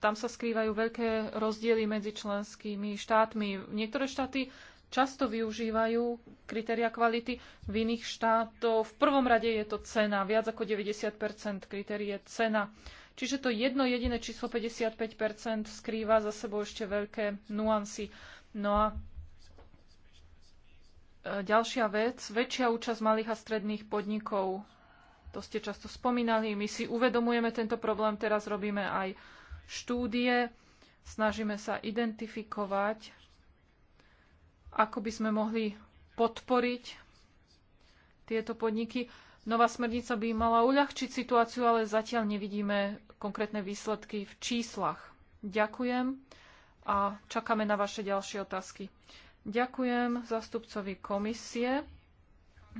tam sa skrývajú veľké rozdiely medzi členskými štátmi. Niektoré štáty často využívajú kritéria kvality, v iných štátoch v prvom rade je to cena, viac ako 90 kritérií je cena. Čiže to jedno jediné číslo 55 skrýva za sebou ešte veľké nuancy. No a e, ďalšia vec, väčšia účasť malých a stredných podnikov to ste často spomínali. My si uvedomujeme tento problém, teraz robíme aj štúdie, snažíme sa identifikovať, ako by sme mohli podporiť tieto podniky. Nová smernica by mala uľahčiť situáciu, ale zatiaľ nevidíme konkrétne výsledky v číslach. Ďakujem a čakáme na vaše ďalšie otázky. Ďakujem zastupcovi komisie.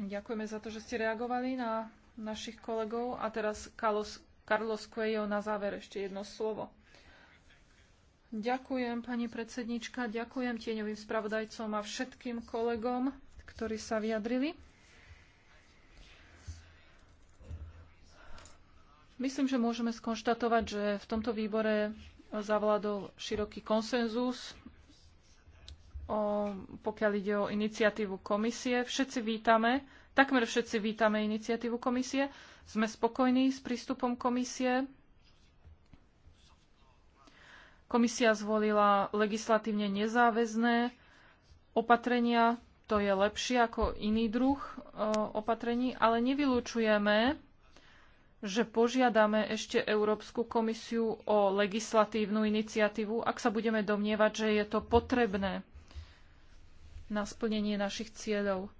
Ďakujeme za to, že ste reagovali na našich kolegov. A teraz Carlos, Carlos Cuello na záver ešte jedno slovo. Ďakujem, pani predsednička, ďakujem tieňovým spravodajcom a všetkým kolegom, ktorí sa vyjadrili. Myslím, že môžeme skonštatovať, že v tomto výbore zavládol široký konsenzus, o, pokiaľ ide o iniciatívu komisie. Všetci vítame Takmer všetci vítame iniciatívu komisie. Sme spokojní s prístupom komisie. Komisia zvolila legislatívne nezáväzné opatrenia. To je lepšie ako iný druh e, opatrení, ale nevylučujeme, že požiadame ešte Európsku komisiu o legislatívnu iniciatívu, ak sa budeme domnievať, že je to potrebné na splnenie našich cieľov.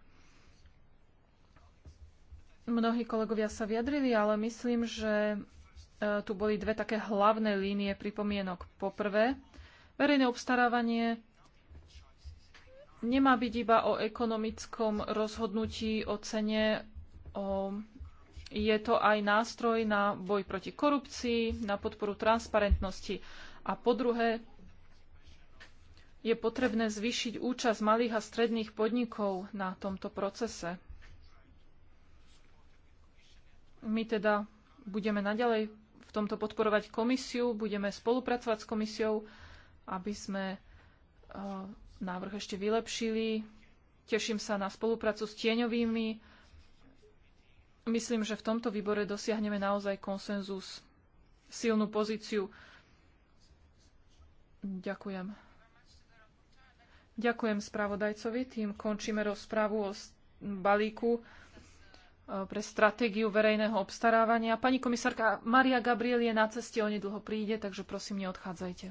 Mnohí kolegovia sa vyjadrili, ale myslím, že e, tu boli dve také hlavné línie pripomienok. Poprvé, verejné obstarávanie nemá byť iba o ekonomickom rozhodnutí, o cene, o je to aj nástroj na boj proti korupcii, na podporu transparentnosti. A po druhé, je potrebné zvýšiť účasť malých a stredných podnikov na tomto procese. My teda budeme naďalej v tomto podporovať komisiu, budeme spolupracovať s komisiou, aby sme e, návrh ešte vylepšili. Teším sa na spoluprácu s tieňovými. Myslím, že v tomto výbore dosiahneme naozaj konsenzus, silnú pozíciu. Ďakujem. Ďakujem spravodajcovi. Tým končíme rozprávu o balíku Eh, pre stratégiu verejného obstarávania. Pani komisárka Maria Gabriel je na ceste, onedlho príde, takže prosím, neodchádzajte.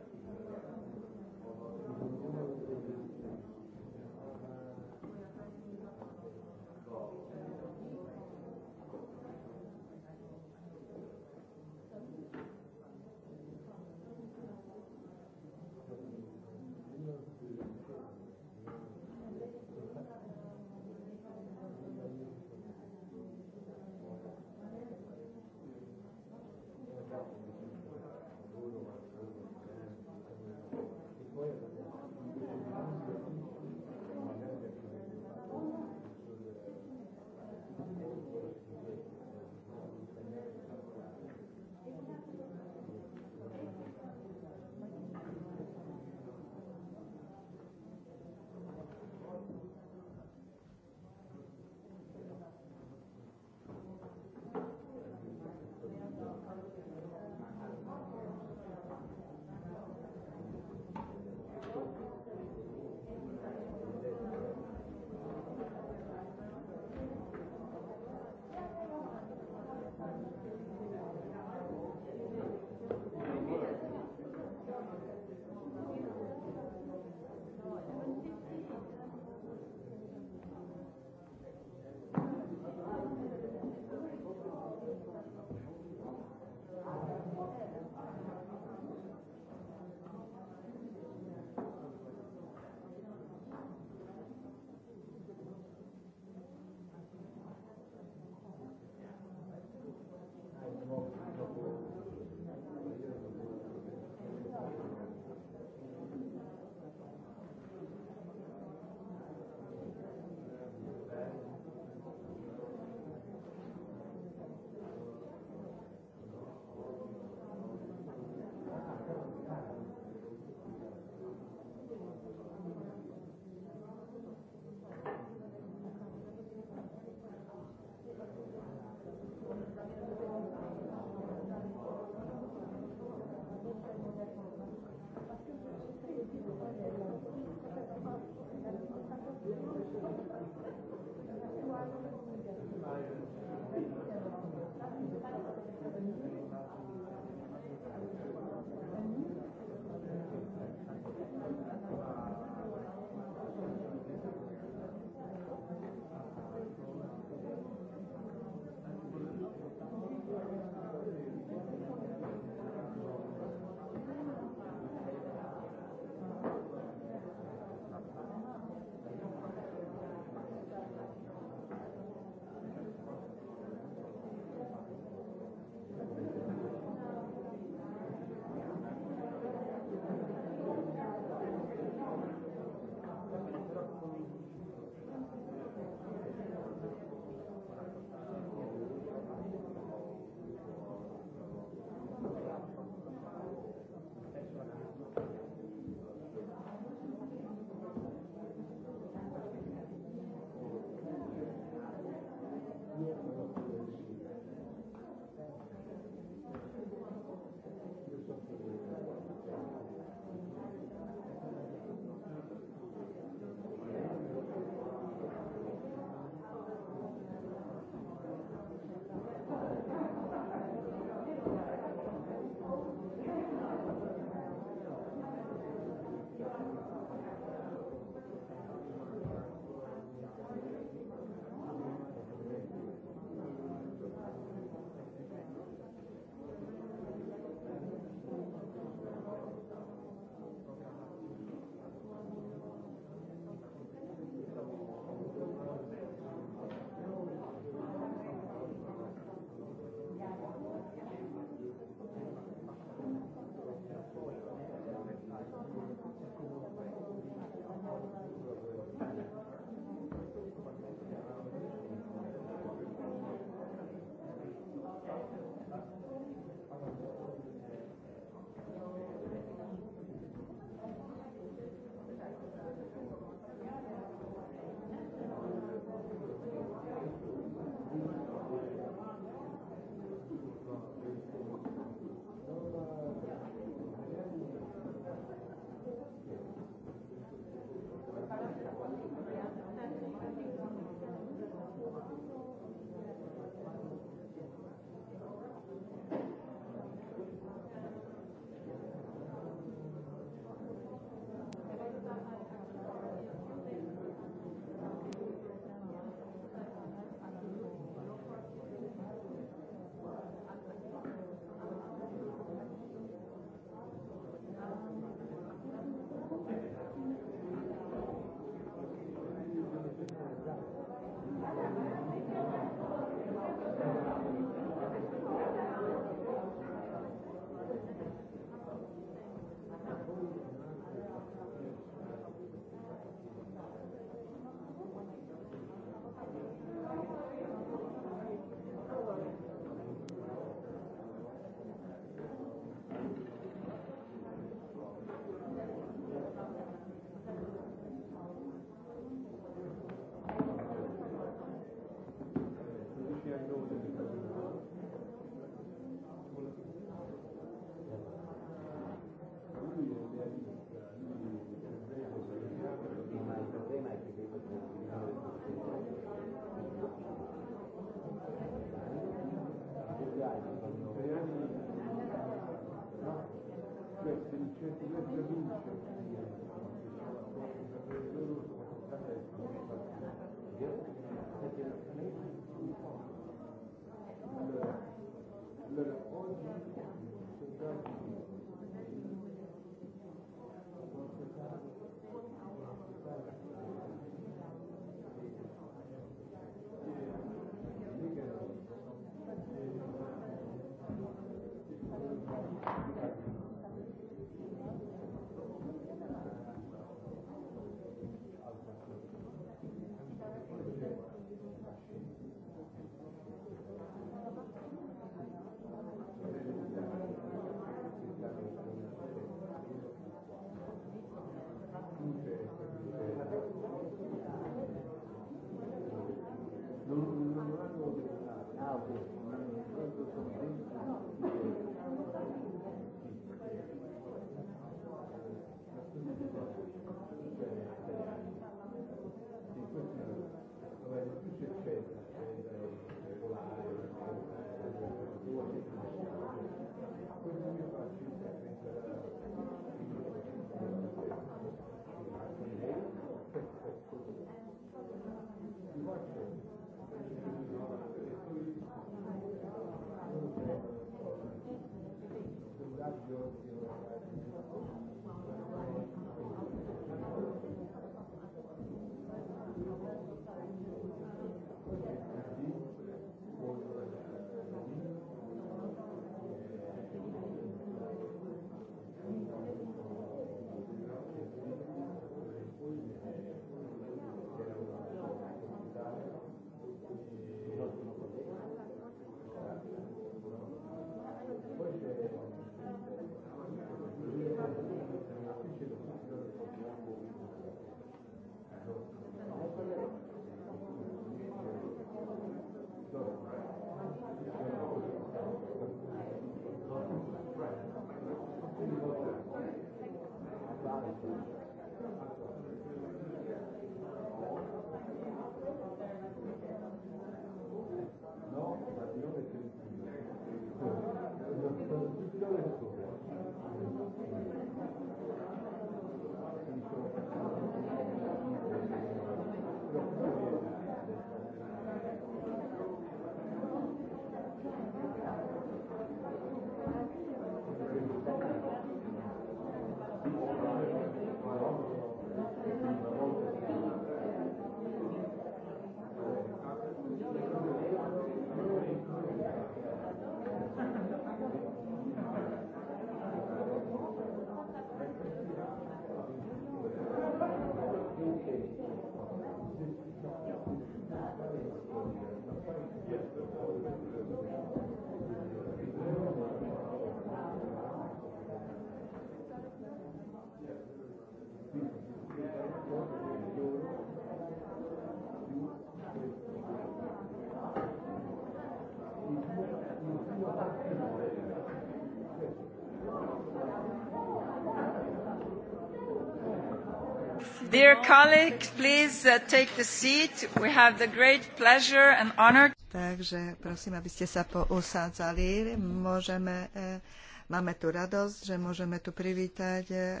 Dear colleagues, please uh, take the seat. We have the great pleasure and honor. Takže prosím, aby ste sa pousádzali. Môžeme, eh, máme tu radosť, že môžeme tu privítať eh, eh,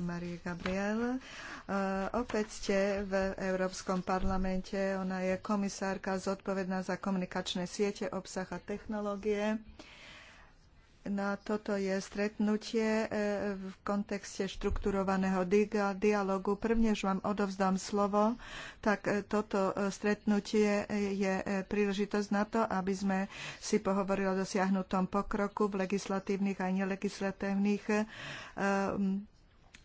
Marie Gabriel. Opäť ste v Európskom parlamente. Ona je komisárka zodpovedná za komunikačné siete, obsah a technológie na toto je stretnutie e, v kontexte štrukturovaného dialogu. že vám odovzdám slovo, tak e, toto e, stretnutie je príležitosť na to, aby sme si pohovorili o dosiahnutom pokroku v legislatívnych aj nelegislatívnych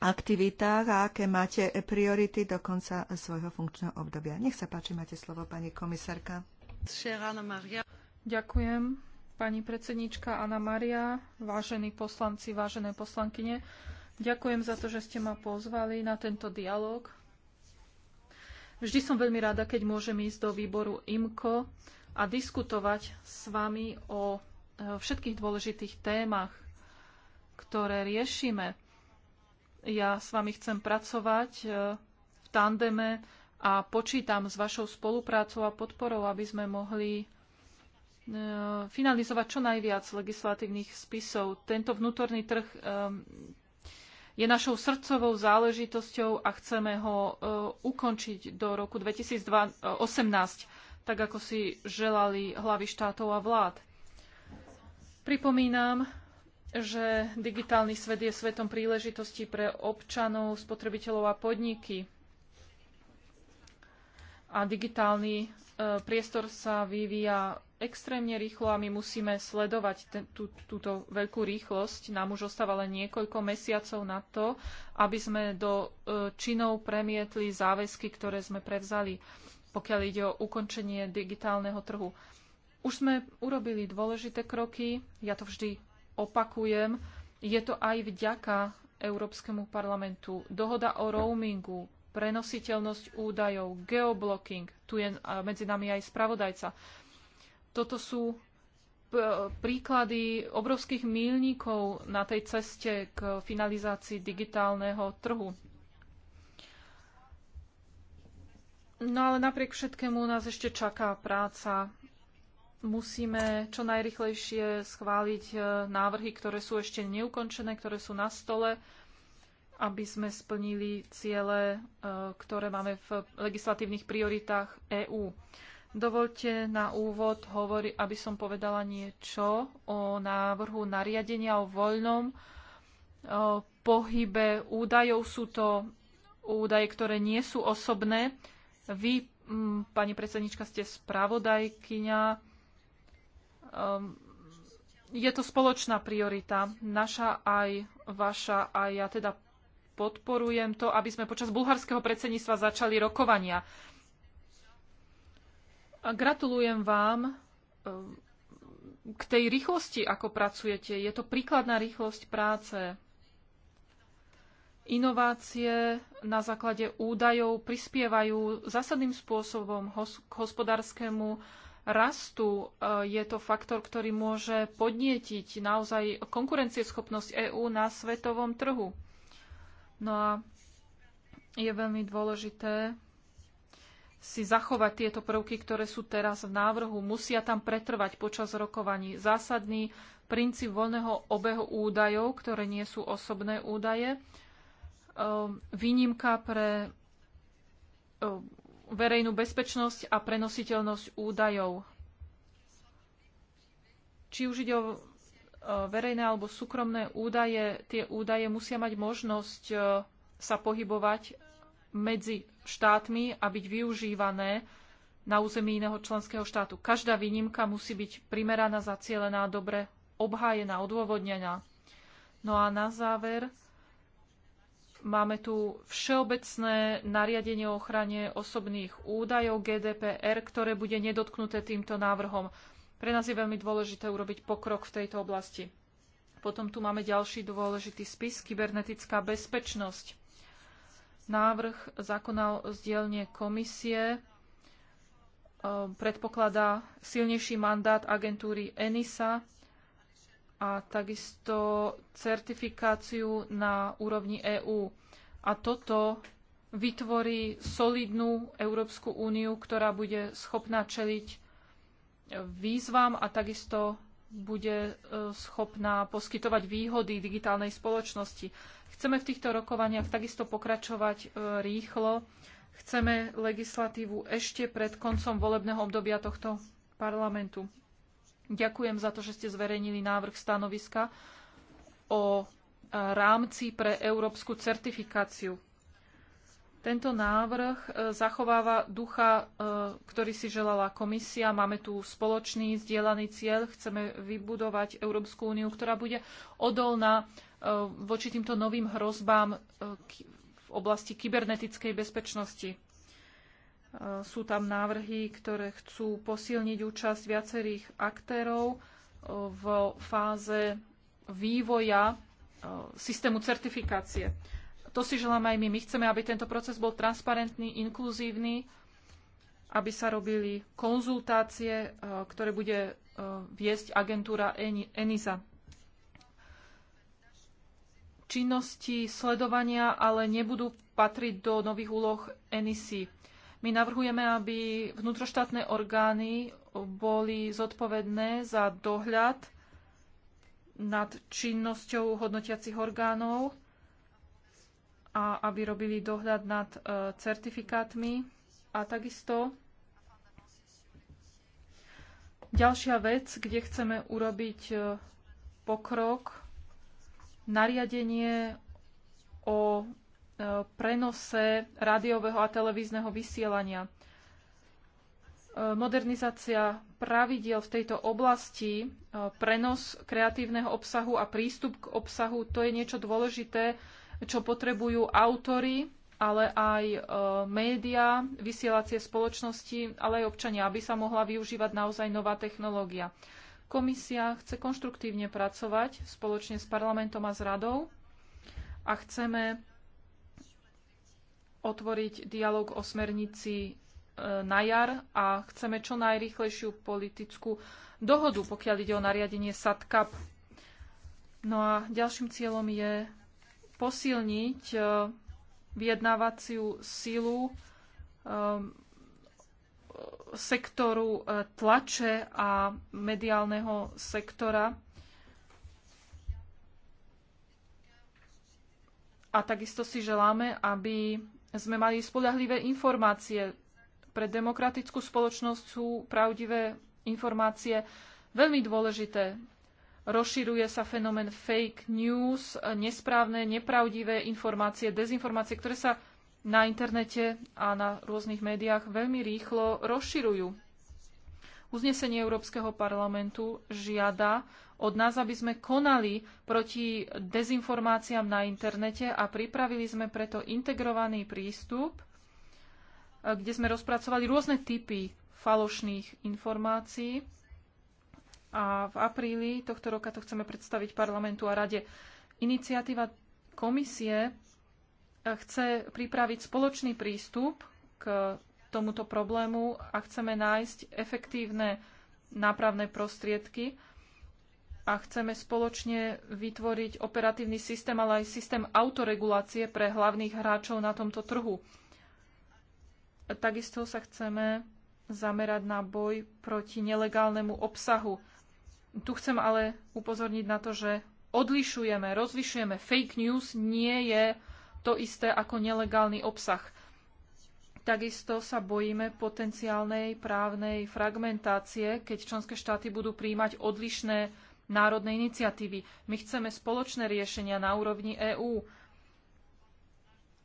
aktivitách a aké máte priority do konca svojho funkčného obdobia. Nech sa páči, máte slovo, pani komisárka. Ďakujem. Pani predsedníčka Anna Maria, vážení poslanci, vážené poslankyne, ďakujem za to, že ste ma pozvali na tento dialog. Vždy som veľmi rada, keď môžem ísť do výboru IMKO a diskutovať s vami o e, všetkých dôležitých témach, ktoré riešime. Ja s vami chcem pracovať e, v tandeme a počítam s vašou spoluprácou a podporou, aby sme mohli E, finalizovať čo najviac legislatívnych spisov. Tento vnútorný trh e, je našou srdcovou záležitosťou a chceme ho e, ukončiť do roku 2018, tak ako si želali hlavy štátov a vlád. Pripomínam, že digitálny svet je svetom príležitosti pre občanov, spotrebiteľov a podniky. A digitálny priestor sa vyvíja extrémne rýchlo a my musíme sledovať ten, tú, túto veľkú rýchlosť. Nám už ostáva len niekoľko mesiacov na to, aby sme do e, činov premietli záväzky, ktoré sme prevzali, pokiaľ ide o ukončenie digitálneho trhu. Už sme urobili dôležité kroky, ja to vždy opakujem. Je to aj vďaka Európskemu parlamentu. Dohoda o roamingu, prenositeľnosť údajov, geoblocking, tu je medzi nami aj spravodajca. Toto sú e, príklady obrovských mílnikov na tej ceste k finalizácii digitálneho trhu. No ale napriek všetkému nás ešte čaká práca. Musíme čo najrychlejšie schváliť e, návrhy, ktoré sú ešte neukončené, ktoré sú na stole, aby sme splnili ciele, e, ktoré máme v legislatívnych prioritách EÚ. Dovolte na úvod, hovori, aby som povedala niečo o návrhu nariadenia o voľnom pohybe údajov. Sú to údaje, ktoré nie sú osobné. Vy, pani predsednička, ste spravodajkyňa. Ehm, je to spoločná priorita, naša aj vaša, a ja teda podporujem to, aby sme počas bulharského predsedníctva začali rokovania. A gratulujem vám ehm, k tej rýchlosti, ako pracujete. Je to príkladná rýchlosť práce. Inovácie na základe údajov prispievajú zásadným spôsobom k hospodárskému rastu. E, je to faktor, ktorý môže podnietiť naozaj konkurencieschopnosť EÚ na svetovom trhu. No a je veľmi dôležité si zachovať tieto prvky, ktoré sú teraz v návrhu. Musia tam pretrvať počas rokovaní zásadný princíp voľného obehu údajov, ktoré nie sú osobné údaje, ehm, výnimka pre ehm, verejnú bezpečnosť a prenositeľnosť údajov. Či už ide o e, verejné alebo súkromné údaje, tie údaje musia mať možnosť e, sa pohybovať medzi štátmi a byť využívané na území iného členského štátu. Každá výnimka musí byť primeraná, zacielená, dobre obhájená, odôvodnená. No a na záver máme tu všeobecné nariadenie o ochrane osobných údajov GDPR, ktoré bude nedotknuté týmto návrhom. Pre nás je veľmi dôležité urobiť pokrok v tejto oblasti. Potom tu máme ďalší dôležitý spis, kybernetická bezpečnosť. Návrh zákona z dielne komisie e, predpokladá silnejší mandát agentúry ENISA a takisto certifikáciu na úrovni EÚ. A toto vytvorí solidnú Európsku úniu, ktorá bude schopná čeliť výzvam a takisto bude e, schopná poskytovať výhody digitálnej spoločnosti. Chceme v týchto rokovaniach takisto pokračovať e, rýchlo. Chceme legislatívu ešte pred koncom volebného obdobia tohto parlamentu. Ďakujem za to, že ste zverejnili návrh stanoviska o e, rámci pre európsku certifikáciu. Tento návrh e, zachováva ducha, e, ktorý si želala komisia. Máme tu spoločný zdieľaný cieľ. Chceme vybudovať Európsku úniu, ktorá bude odolná e, voči týmto novým hrozbám v oblasti kybernetickej bezpečnosti. Sú tam návrhy, ktoré chcú posilniť účasť viacerých aktérov v fáze vývoja systému certifikácie to si želáme aj my. My chceme, aby tento proces bol transparentný, inkluzívny, aby sa robili konzultácie, e, ktoré bude e, viesť agentúra ENISA. Činnosti sledovania ale nebudú patriť do nových úloh ENISI. My navrhujeme, aby vnútroštátne orgány boli zodpovedné za dohľad nad činnosťou hodnotiacich orgánov a aby robili dohľad nad e, certifikátmi. A takisto ďalšia vec, kde chceme urobiť e, pokrok, nariadenie o e, prenose rádiového a televízneho vysielania. Modernizácia pravidiel v tejto oblasti, prenos kreatívneho obsahu a prístup k obsahu, to je niečo dôležité, čo potrebujú autory, ale aj e, médiá, vysielacie spoločnosti, ale aj občania, aby sa mohla využívať naozaj nová technológia. Komisia chce konštruktívne pracovať spoločne s parlamentom a s radou a chceme otvoriť dialog o smernici e, na jar a chceme čo najrýchlejšiu politickú dohodu, pokiaľ ide o nariadenie SATCAP. No a ďalším cieľom je posilniť e, vyjednávaciu silu e, sektoru e, tlače a mediálneho sektora. A takisto si želáme, aby sme mali spolahlivé informácie. Pre demokratickú spoločnosť sú pravdivé informácie veľmi dôležité. Rozširuje sa fenomén fake news, nesprávne, nepravdivé informácie, dezinformácie, ktoré sa na internete a na rôznych médiách veľmi rýchlo rozširujú. Uznesenie Európskeho parlamentu žiada od nás, aby sme konali proti dezinformáciám na internete a pripravili sme preto integrovaný prístup, eh, kde sme rozpracovali rôzne typy falošných informácií a v apríli tohto roka to chceme predstaviť parlamentu a rade. Iniciatíva komisie e, chce pripraviť spoločný prístup k tomuto problému a chceme nájsť efektívne nápravné prostriedky a chceme spoločne vytvoriť operatívny systém, ale aj systém autoregulácie pre hlavných hráčov na tomto trhu. Takisto sa chceme zamerať na boj proti nelegálnemu obsahu tu chcem ale upozorniť na to, že odlišujeme, rozlišujeme. Fake news nie je to isté ako nelegálny obsah. Takisto sa bojíme potenciálnej právnej fragmentácie, keď členské štáty budú príjmať odlišné národné iniciatívy. My chceme spoločné riešenia na úrovni EÚ.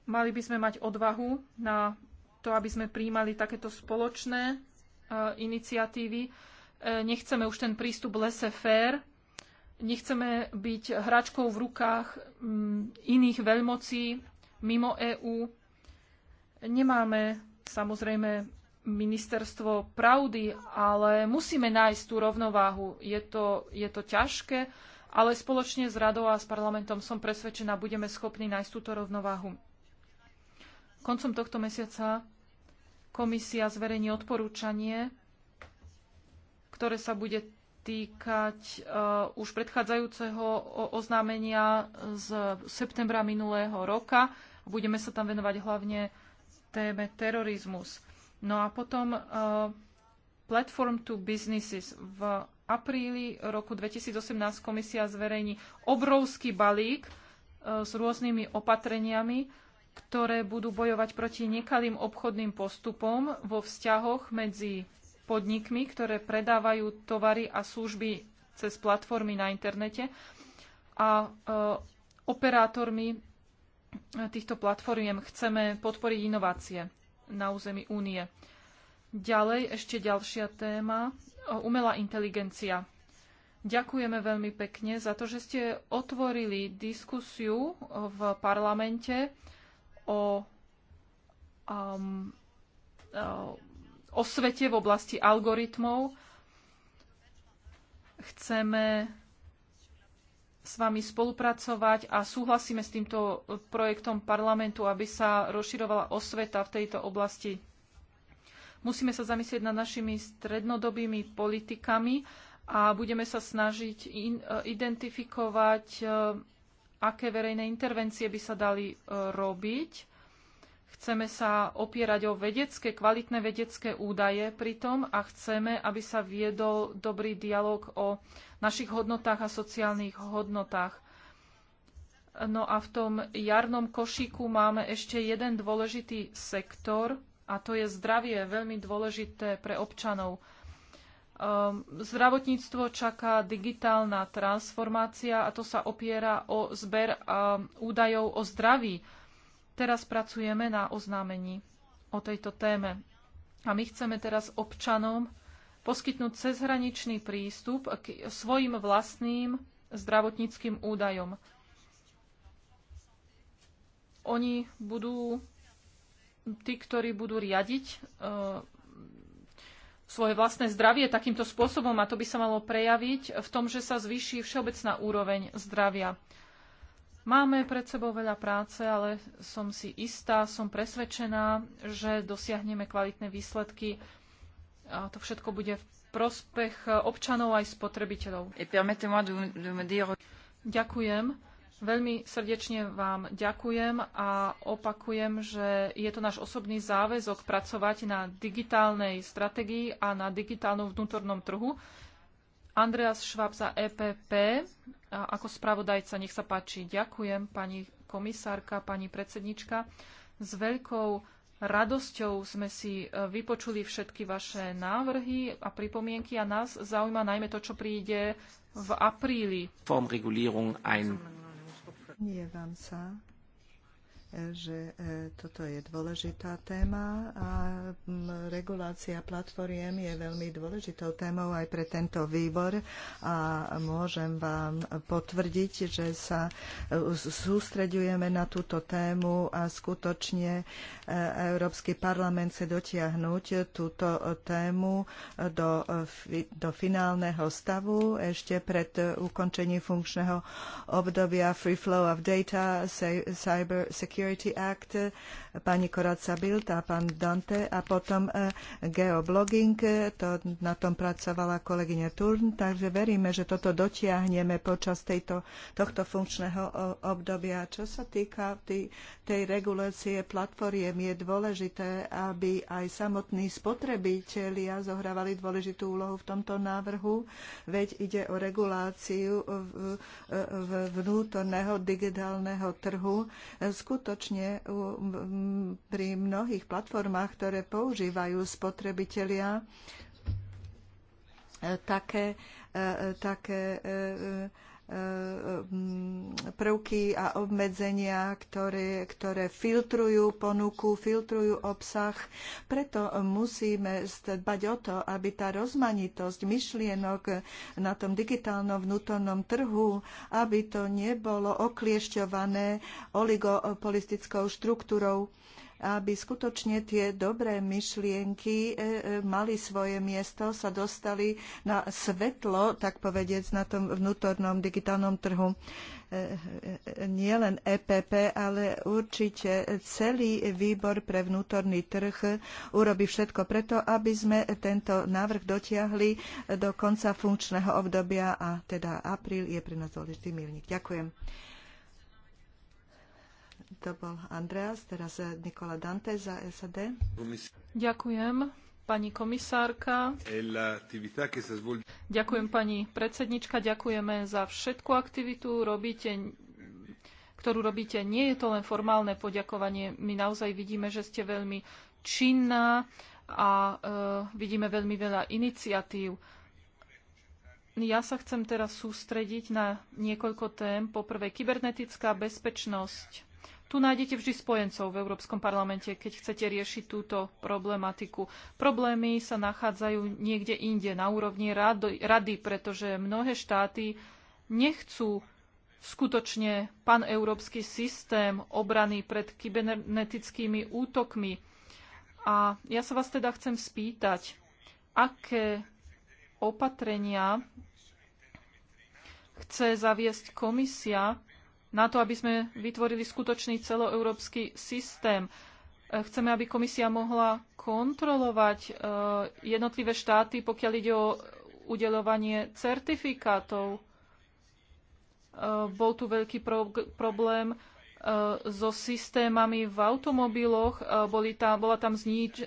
Mali by sme mať odvahu na to, aby sme príjmali takéto spoločné uh, iniciatívy E, nechceme už ten prístup laissez-faire, nechceme byť hračkou v rukách mm, iných veľmocí mimo EÚ. Nemáme samozrejme ministerstvo pravdy, ale musíme nájsť tú rovnováhu. Je to, je to ťažké, ale spoločne s radou a s parlamentom som presvedčená, budeme schopní nájsť túto rovnováhu. Koncom tohto mesiaca komisia zverejní odporúčanie ktoré sa bude týkať uh, už predchádzajúceho oznámenia z septembra minulého roka. Budeme sa tam venovať hlavne téme terorizmus. No a potom uh, Platform to Businesses. V apríli roku 2018 komisia zverejní obrovský balík uh, s rôznymi opatreniami, ktoré budú bojovať proti nekalým obchodným postupom vo vzťahoch medzi podnikmi, ktoré predávajú tovary a služby cez platformy na internete a e, operátormi e, týchto platformiem chceme podporiť inovácie na území únie. Ďalej ešte ďalšia téma, e, umelá inteligencia. Ďakujeme veľmi pekne za to, že ste otvorili diskusiu v parlamente o um, o osvete v oblasti algoritmov. Chceme s vami spolupracovať a súhlasíme s týmto projektom parlamentu, aby sa rozširovala osveta v tejto oblasti. Musíme sa zamyslieť nad našimi strednodobými politikami a budeme sa snažiť e, identifikovať, e, aké verejné intervencie by sa dali e, robiť Chceme sa opierať o vedecké, kvalitné vedecké údaje pritom a chceme, aby sa viedol dobrý dialog o našich hodnotách a sociálnych hodnotách. No a v tom jarnom košíku máme ešte jeden dôležitý sektor a to je zdravie, veľmi dôležité pre občanov. Ehm, zdravotníctvo čaká digitálna transformácia a to sa opiera o zber údajov o zdraví Teraz pracujeme na oznámení o tejto téme. A my chceme teraz občanom poskytnúť cezhraničný prístup k svojim vlastným zdravotníckým údajom. Oni budú tí, ktorí budú riadiť e, svoje vlastné zdravie takýmto spôsobom a to by sa malo prejaviť v tom, že sa zvýši všeobecná úroveň zdravia. Máme pred sebou veľa práce, ale som si istá, som presvedčená, že dosiahneme kvalitné výsledky a to všetko bude v prospech občanov aj spotrebiteľov. Ďakujem. Veľmi srdečne vám ďakujem a opakujem, že je to náš osobný záväzok pracovať na digitálnej stratégii a na digitálnom vnútornom trhu. Andreas Schwab za EPP ako spravodajca. Nech sa páči. Ďakujem, pani komisárka, pani predsednička. S veľkou radosťou sme si e, vypočuli všetky vaše návrhy a pripomienky a nás zaujíma najmä to, čo príde v apríli. sa že e, toto je dôležitá téma a regulácia platformiem je veľmi dôležitou témou aj pre tento výbor a môžem vám potvrdiť, že sa e, sústreďujeme na túto tému a skutočne e, Európsky parlament chce dotiahnuť túto tému do, do finálneho stavu ešte pred ukončením funkčného obdobia Free Flow of Data, Cyber Security Security Act, pani Koraca Bild a pán Dante a potom e, geoblogging, e, to, na tom pracovala kolegyňa Turn, takže veríme, že toto dotiahneme počas tejto, tohto funkčného obdobia. Čo sa týka tý, tej regulácie platformiem, je dôležité, aby aj samotní spotrebitelia zohrávali dôležitú úlohu v tomto návrhu, veď ide o reguláciu v, v vnútorného digitálneho trhu. Skut skutočne pri mnohých platformách, ktoré používajú spotrebitelia, e, také, e, e, také Eh, eh, prvky a obmedzenia, ktoré, ktoré filtrujú ponuku, filtrujú obsah. Preto musíme dbať o to, aby tá rozmanitosť myšlienok na tom digitálnom vnútornom trhu, aby to nebolo okliešťované oligopolistickou štruktúrou aby skutočne tie dobré myšlienky e, e, mali svoje miesto, sa dostali na svetlo, tak povediec, na tom vnútornom digitálnom trhu. E, Nie len EPP, ale určite celý výbor pre vnútorný trh urobí všetko preto, aby sme tento návrh dotiahli do konca funkčného obdobia a teda apríl je pre nás dôležitý milník. Ďakujem. To bol Andreas, teraz eh, Nikola Dante za SAD. Ďakujem, pani komisárka. Ďakujem, pani predsednička. Ďakujeme za všetku aktivitu, robíte, ktorú robíte. Nie je to len formálne poďakovanie. My naozaj vidíme, že ste veľmi činná a e, vidíme veľmi veľa iniciatív. Ja sa chcem teraz sústrediť na niekoľko tém. Poprvé, kybernetická bezpečnosť. Tu nájdete vždy spojencov v Európskom parlamente, keď chcete riešiť túto problematiku. Problémy sa nachádzajú niekde inde, na úrovni rady, pretože mnohé štáty nechcú skutočne paneurópsky systém obrany pred kybernetickými útokmi. A ja sa vás teda chcem spýtať, aké opatrenia chce zaviesť komisia, na to, aby sme vytvorili skutočný celoeurópsky systém. E, chceme, aby komisia mohla kontrolovať e, jednotlivé štáty, pokiaľ ide o udelovanie certifikátov. E, bol tu veľký problém so systémami v automobiloch. Boli tam, bola tam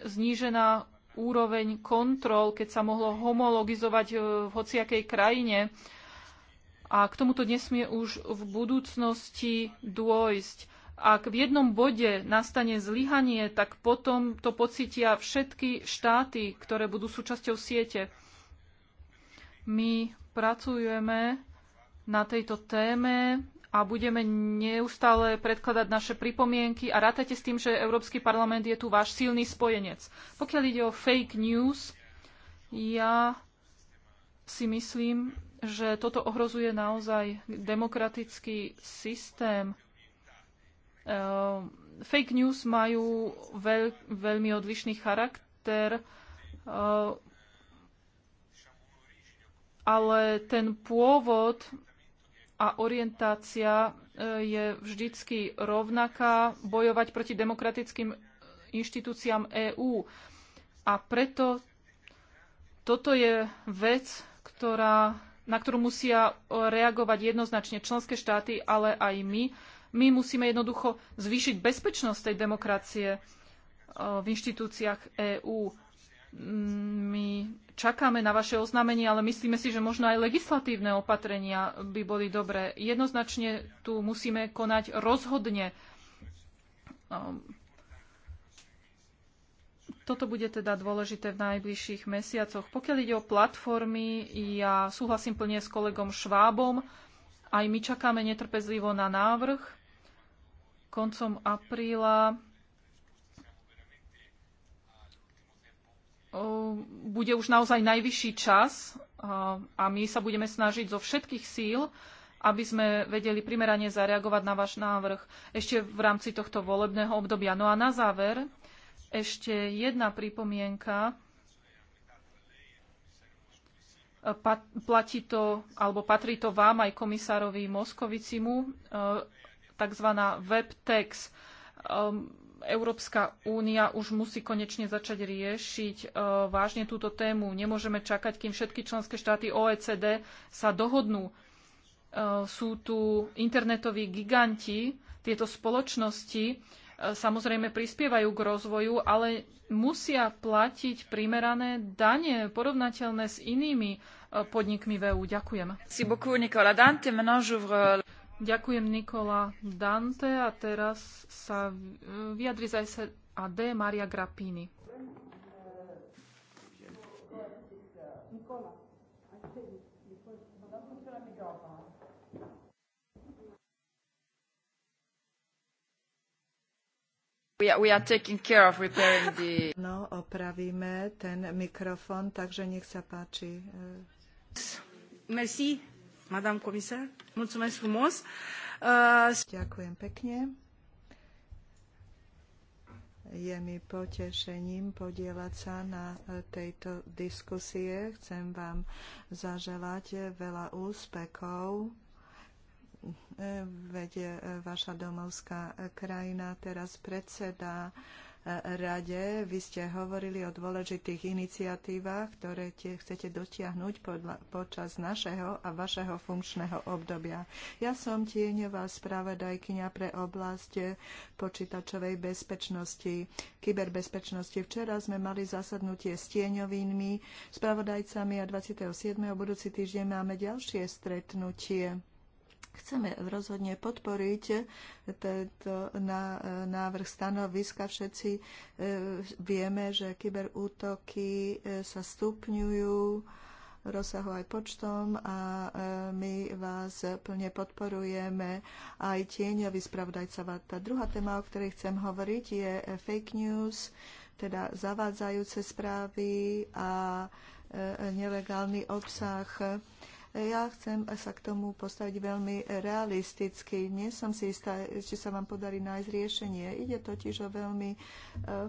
znížená úroveň kontrol, keď sa mohlo homologizovať v hociakej krajine. A k tomuto nesmie už v budúcnosti dôjsť. Ak v jednom bode nastane zlyhanie, tak potom to pocitia všetky štáty, ktoré budú súčasťou siete. My pracujeme na tejto téme a budeme neustále predkladať naše pripomienky a rátajte s tým, že Európsky parlament je tu váš silný spojenec. Pokiaľ ide o fake news, ja si myslím, že toto ohrozuje naozaj demokratický systém. Ehm, fake news majú veľ, veľmi odlišný charakter, ehm, ale ten pôvod a orientácia ehm, je vždycky rovnaká bojovať proti demokratickým inštitúciám EÚ. A preto toto je vec, ktorá na ktorú musia e, reagovať jednoznačne členské štáty, ale aj my. My musíme jednoducho zvýšiť bezpečnosť tej demokracie e, v inštitúciách EÚ. My čakáme na vaše oznámenie, ale myslíme si, že možno aj legislatívne opatrenia by boli dobré. Jednoznačne tu musíme konať rozhodne e, toto bude teda dôležité v najbližších mesiacoch. Pokiaľ ide o platformy, ja súhlasím plne s kolegom Švábom. Aj my čakáme netrpezlivo na návrh. Koncom apríla bude už naozaj najvyšší čas a my sa budeme snažiť zo všetkých síl, aby sme vedeli primerane zareagovať na váš návrh ešte v rámci tohto volebného obdobia. No a na záver ešte jedna pripomienka. Pat, platí to, alebo patrí to vám aj komisárovi Moskovicimu, e, takzvaná WebTex. E, Európska únia už musí konečne začať riešiť e, vážne túto tému. Nemôžeme čakať, kým všetky členské štáty OECD sa dohodnú. Sú tu internetoví giganti, tieto spoločnosti, samozrejme prispievajú k rozvoju, ale musia platiť primerané dane porovnateľné s inými e, podnikmi v EU. Ďakujem. Ďakujem Nikola Dante a teraz sa vyjadri za SAD Maria Grappini. We are taking care of repairing the... No, opravíme ten mikrofon, takže nech sa páči. Eh. Merci, madame comisar. Mulțumesc frumos. Uh... Ďakujem pekne. Je mi potešením podielať sa na eh, tejto diskusie. Chcem vám zaželať veľa úspechov veď e, vaša domovská krajina teraz predseda e, rade. Vy ste hovorili o dôležitých iniciatívach, ktoré tie chcete dotiahnuť podľa, počas našeho a vašeho funkčného obdobia. Ja som tieňová spravodajkynia pre oblasť počítačovej bezpečnosti, kyberbezpečnosti. Včera sme mali zasadnutie s tieňovými spravodajcami a 27. budúci týždeň máme ďalšie stretnutie Chceme rozhodne podporiť tento návrh stanoviska. Všetci e, vieme, že kyberútoky e, sa stupňujú rozsahu aj počtom a e, my vás plne podporujeme aj tieňový spravdajca. Tá druhá téma, o ktorej chcem hovoriť, je fake news, teda zavádzajúce správy a nelegálny obsah ja chcem sa k tomu postaviť veľmi realisticky. Nie som si istá, či sa vám podarí nájsť riešenie. Ide totiž o veľmi eh,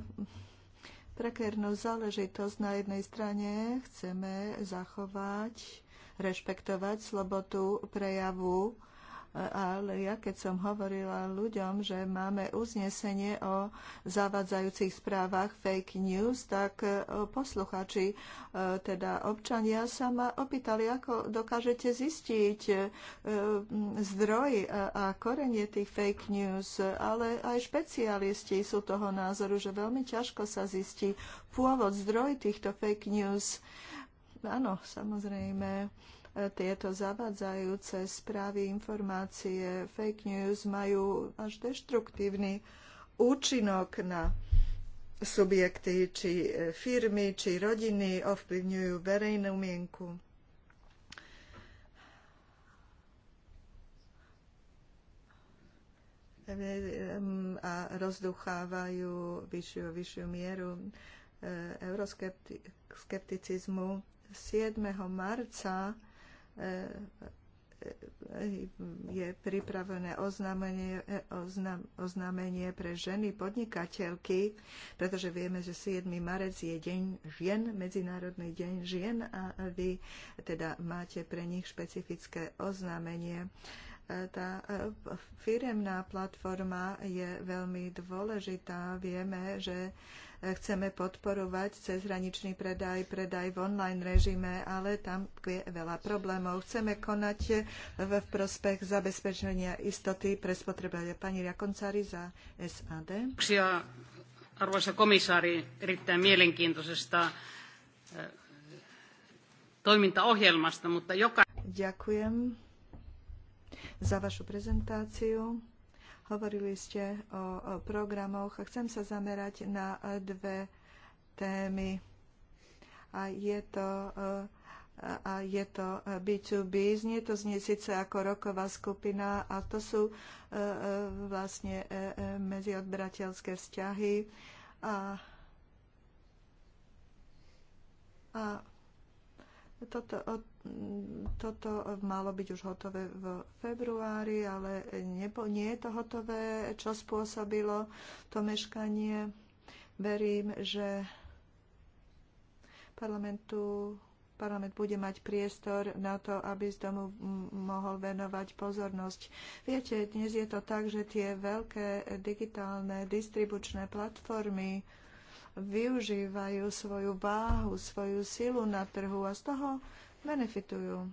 prekernú záležitosť. Na jednej strane chceme zachovať, rešpektovať slobodu prejavu ale ja keď som hovorila ľuďom, že máme uznesenie o zavadzajúcich správach fake news, tak e, posluchači, e, teda občania sa ma opýtali, ako dokážete zistiť e, zdroj a korenie tých fake news, ale aj špecialisti sú toho názoru, že veľmi ťažko sa zistí pôvod, zdroj týchto fake news. Áno, samozrejme tieto zavadzajúce správy, informácie, fake news majú až deštruktívny účinok na subjekty, či e, firmy, či rodiny ovplyvňujú verejnú mienku. E, a rozduchávajú vyššiu, vyššiu mieru e, euroskepticizmu. 7. marca E, e, e, je pripravené oznámenie, oznám, oznámenie pre ženy podnikateľky, pretože vieme, že 7. marec je deň žien, Medzinárodný deň žien a vy teda máte pre nich špecifické oznámenie. Tá firemná platforma je veľmi dôležitá. Vieme, že chceme podporovať cezhraničný predaj, predaj v online režime, ale tam je veľa problémov. Chceme konať v prospech zabezpečenia istoty pre spotrebovateľa. Pani Riakoncari za SAD. Arvoisa komisári, erittäin mielenkiintoisesta eh, toimintaohjelmasta, mutta joka... Ďakujem za vašu prezentáciu. Hovorili ste o, o programoch. Chcem sa zamerať na e, dve témy. A je to e, a je to B2B. E, znie to znie síce ako roková skupina a to sú vlastne medziodberateľské vzťahy. A, a toto, toto malo byť už hotové v februári, ale nebo, nie je to hotové, čo spôsobilo to meškanie. Verím, že parlamentu, parlament bude mať priestor na to, aby z domu mohol venovať pozornosť. Viete, dnes je to tak, že tie veľké digitálne distribučné platformy, využívajú svoju váhu, svoju silu na trhu a z toho benefitujú.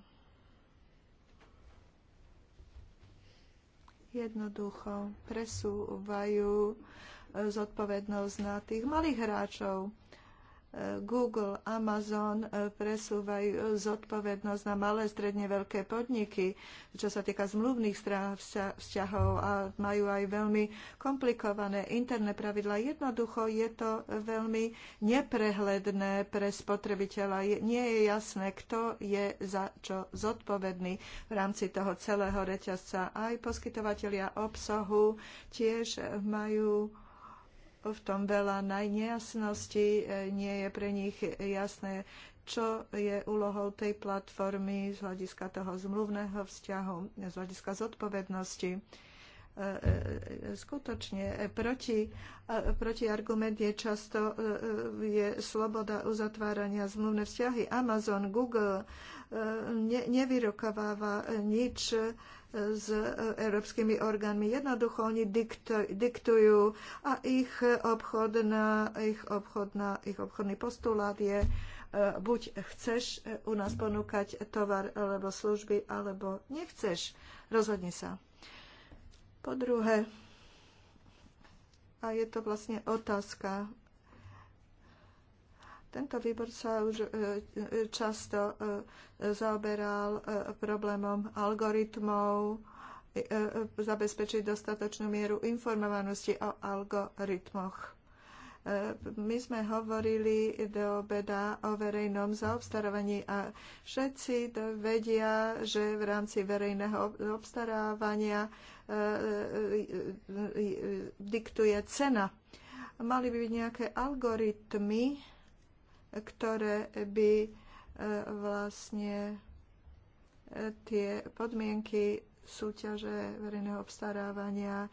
Jednoducho presúvajú e, zodpovednosť na tých malých hráčov Google, Amazon e, presúvajú zodpovednosť na malé, stredne veľké podniky, čo sa týka zmluvných strán vzťahov a majú aj veľmi komplikované interné pravidla. Jednoducho je to veľmi neprehledné pre spotrebiteľa. Nie je jasné, kto je za čo zodpovedný v rámci toho celého reťazca. Aj poskytovateľia obsahu tiež majú v tom veľa nejasností, e, nie je pre nich jasné, čo je úlohou tej platformy z hľadiska toho zmluvného vzťahu, z hľadiska zodpovednosti. E, e, skutočne proti, proti argument je často je sloboda uzatvárania zmluvné vzťahy. Amazon, Google ne, nevyrokováva nič s e, európskymi orgánmi. Jednoducho oni diktujú a ich, obchodná, ich, obchodná, ich obchodný postulát je e, buď chceš e, u nás ponúkať tovar alebo služby, alebo nechceš. Rozhodni sa. Po druhé, a je to vlastne otázka tento výbor sa už e, e, často e, zaoberal problémom algoritmov, zabezpečiť dostatočnú mieru informovanosti o algoritmoch. My sme hovorili do obeda o verejnom zaobstarávaní a všetci vedia, že v rámci verejného obstarávania diktuje cena. Mali by byť nejaké algoritmy, ktoré by e, vlastne e, tie podmienky súťaže verejného obstarávania e,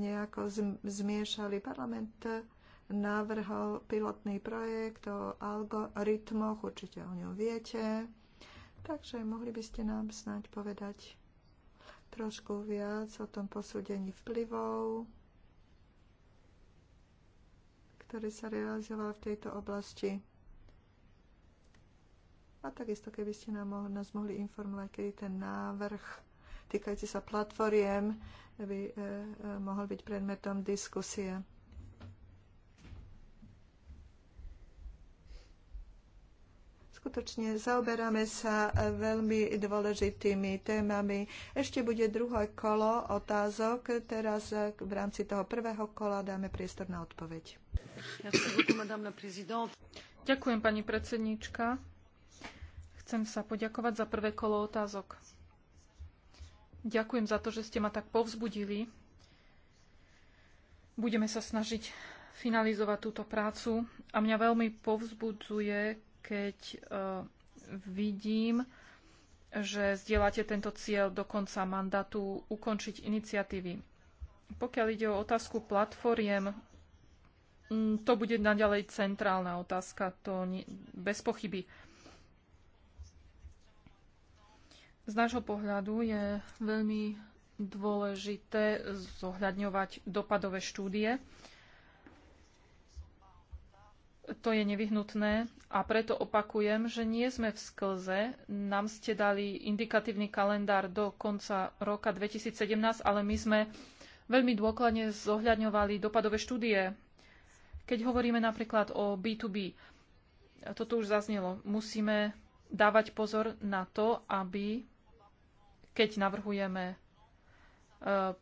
nejako zmiešali. Parlament navrhol pilotný projekt o algoritmoch, určite o ňom viete. Takže mohli by ste nám snáď povedať trošku viac o tom posúdení vplyvov, ktorý sa realizoval v tejto oblasti. A takisto, keby ste nám mohli, nás mohli informovať, kedy ten návrh týkajúci sa platformiem by e, e mohol byť predmetom diskusie. Skutočne zaoberáme sa e, veľmi dôležitými témami. Ešte bude druhé kolo otázok. Teraz e, v rámci toho prvého kola dáme priestor na odpoveď. Ďakujem, pani predsednička. Chcem sa poďakovať za prvé kolo otázok. Ďakujem za to, že ste ma tak povzbudili. Budeme sa snažiť finalizovať túto prácu a mňa veľmi povzbudzuje, keď uh, vidím, že zdieľate tento cieľ do konca mandátu ukončiť iniciatívy. Pokiaľ ide o otázku platformiem, mm, to bude naďalej centrálna otázka, to nie, bez pochyby. Z nášho pohľadu je veľmi dôležité zohľadňovať dopadové štúdie. To je nevyhnutné a preto opakujem, že nie sme v sklze. Nám ste dali indikatívny kalendár do konca roka 2017, ale my sme veľmi dôkladne zohľadňovali dopadové štúdie. Keď hovoríme napríklad o B2B, toto už zaznelo, musíme dávať pozor na to, aby keď navrhujeme e,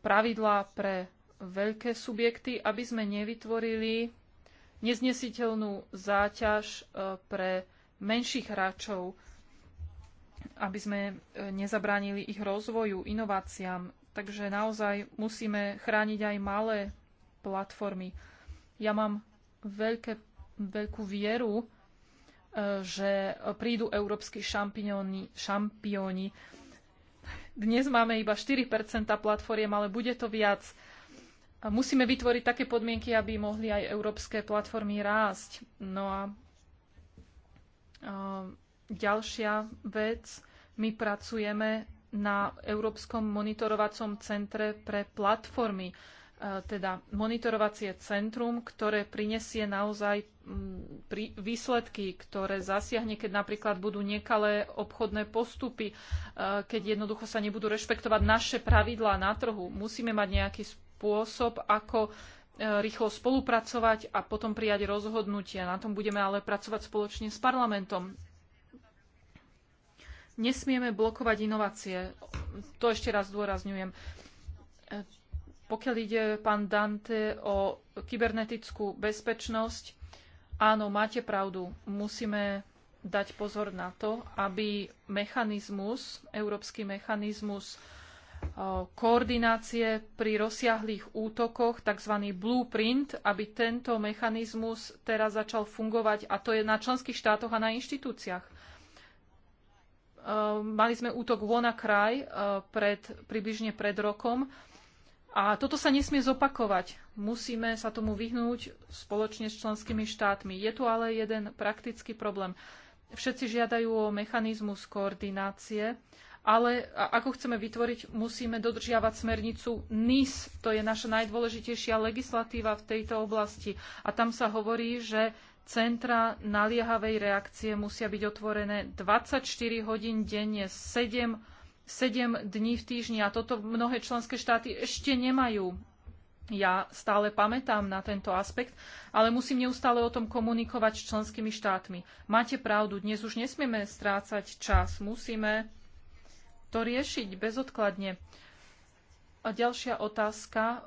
pravidlá pre veľké subjekty, aby sme nevytvorili neznesiteľnú záťaž e, pre menších hráčov, aby sme e, nezabránili ich rozvoju, inováciám. Takže naozaj musíme chrániť aj malé platformy. Ja mám veľké, veľkú vieru, že prídu európsky šampióni, šampióni dnes máme iba 4 platformiem, ale bude to viac. Musíme vytvoriť také podmienky, aby mohli aj európske platformy rásť. No a ďalšia vec, my pracujeme na Európskom monitorovacom centre pre platformy. E, teda monitorovacie centrum, ktoré prinesie naozaj mm, výsledky, ktoré zasiahne, keď napríklad budú nekalé obchodné postupy, e, keď jednoducho sa nebudú rešpektovať naše pravidlá na trhu. Musíme mať nejaký spôsob, ako e, rýchlo spolupracovať a potom prijať rozhodnutia. Na tom budeme ale pracovať spoločne s parlamentom. Nesmieme blokovať inovácie. To ešte raz zdôrazňujem. Pokiaľ ide, pán Dante, o kybernetickú bezpečnosť, áno, máte pravdu. Musíme dať pozor na to, aby mechanizmus, európsky mechanizmus koordinácie pri rozsiahlých útokoch, tzv. blueprint, aby tento mechanizmus teraz začal fungovať, a to je na členských štátoch a na inštitúciách. Mali sme útok WannaCry pred, približne pred rokom a toto sa nesmie zopakovať. Musíme sa tomu vyhnúť spoločne s členskými štátmi. Je tu ale jeden praktický problém. Všetci žiadajú o mechanizmus koordinácie, ale ako chceme vytvoriť, musíme dodržiavať smernicu NIS. To je naša najdôležitejšia legislatíva v tejto oblasti. A tam sa hovorí, že centra naliehavej reakcie musia byť otvorené 24 hodín denne, 7 7 dní v týždni a toto mnohé členské štáty ešte nemajú. Ja stále pamätám na tento aspekt, ale musím neustále o tom komunikovať s členskými štátmi. Máte pravdu, dnes už nesmieme strácať čas, musíme to riešiť bezodkladne. A ďalšia otázka, e,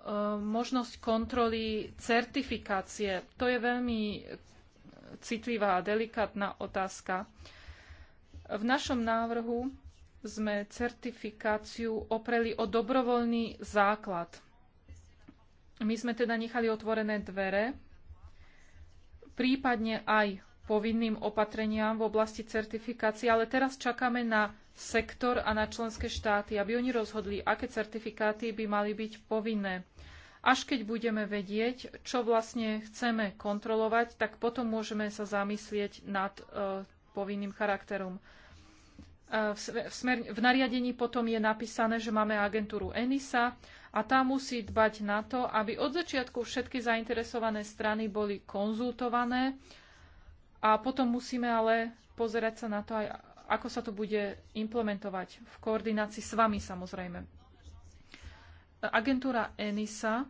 možnosť kontroly certifikácie. To je veľmi citlivá a delikátna otázka. V našom návrhu sme certifikáciu opreli o dobrovoľný základ. My sme teda nechali otvorené dvere, prípadne aj povinným opatreniam v oblasti certifikácie, ale teraz čakáme na sektor a na členské štáty, aby oni rozhodli, aké certifikáty by mali byť povinné. Až keď budeme vedieť, čo vlastne chceme kontrolovať, tak potom môžeme sa zamyslieť nad e, povinným charakterom. E, v, smer, v nariadení potom je napísané, že máme agentúru ENISA a tá musí dbať na to, aby od začiatku všetky zainteresované strany boli konzultované a potom musíme ale pozerať sa na to aj, ako sa to bude implementovať v koordinácii s vami samozrejme. Agentúra ENISA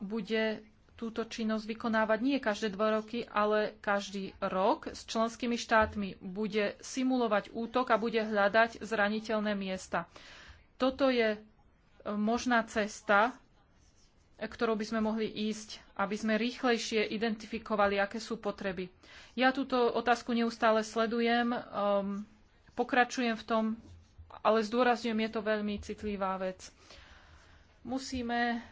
bude túto činnosť vykonávať nie každé dva roky, ale každý rok s členskými štátmi bude simulovať útok a bude hľadať zraniteľné miesta. Toto je e, možná cesta, e, ktorou by sme mohli ísť, aby sme rýchlejšie identifikovali, aké sú potreby. Ja túto otázku neustále sledujem, um, pokračujem v tom, ale zdôrazňujem, je to veľmi citlivá vec. Musíme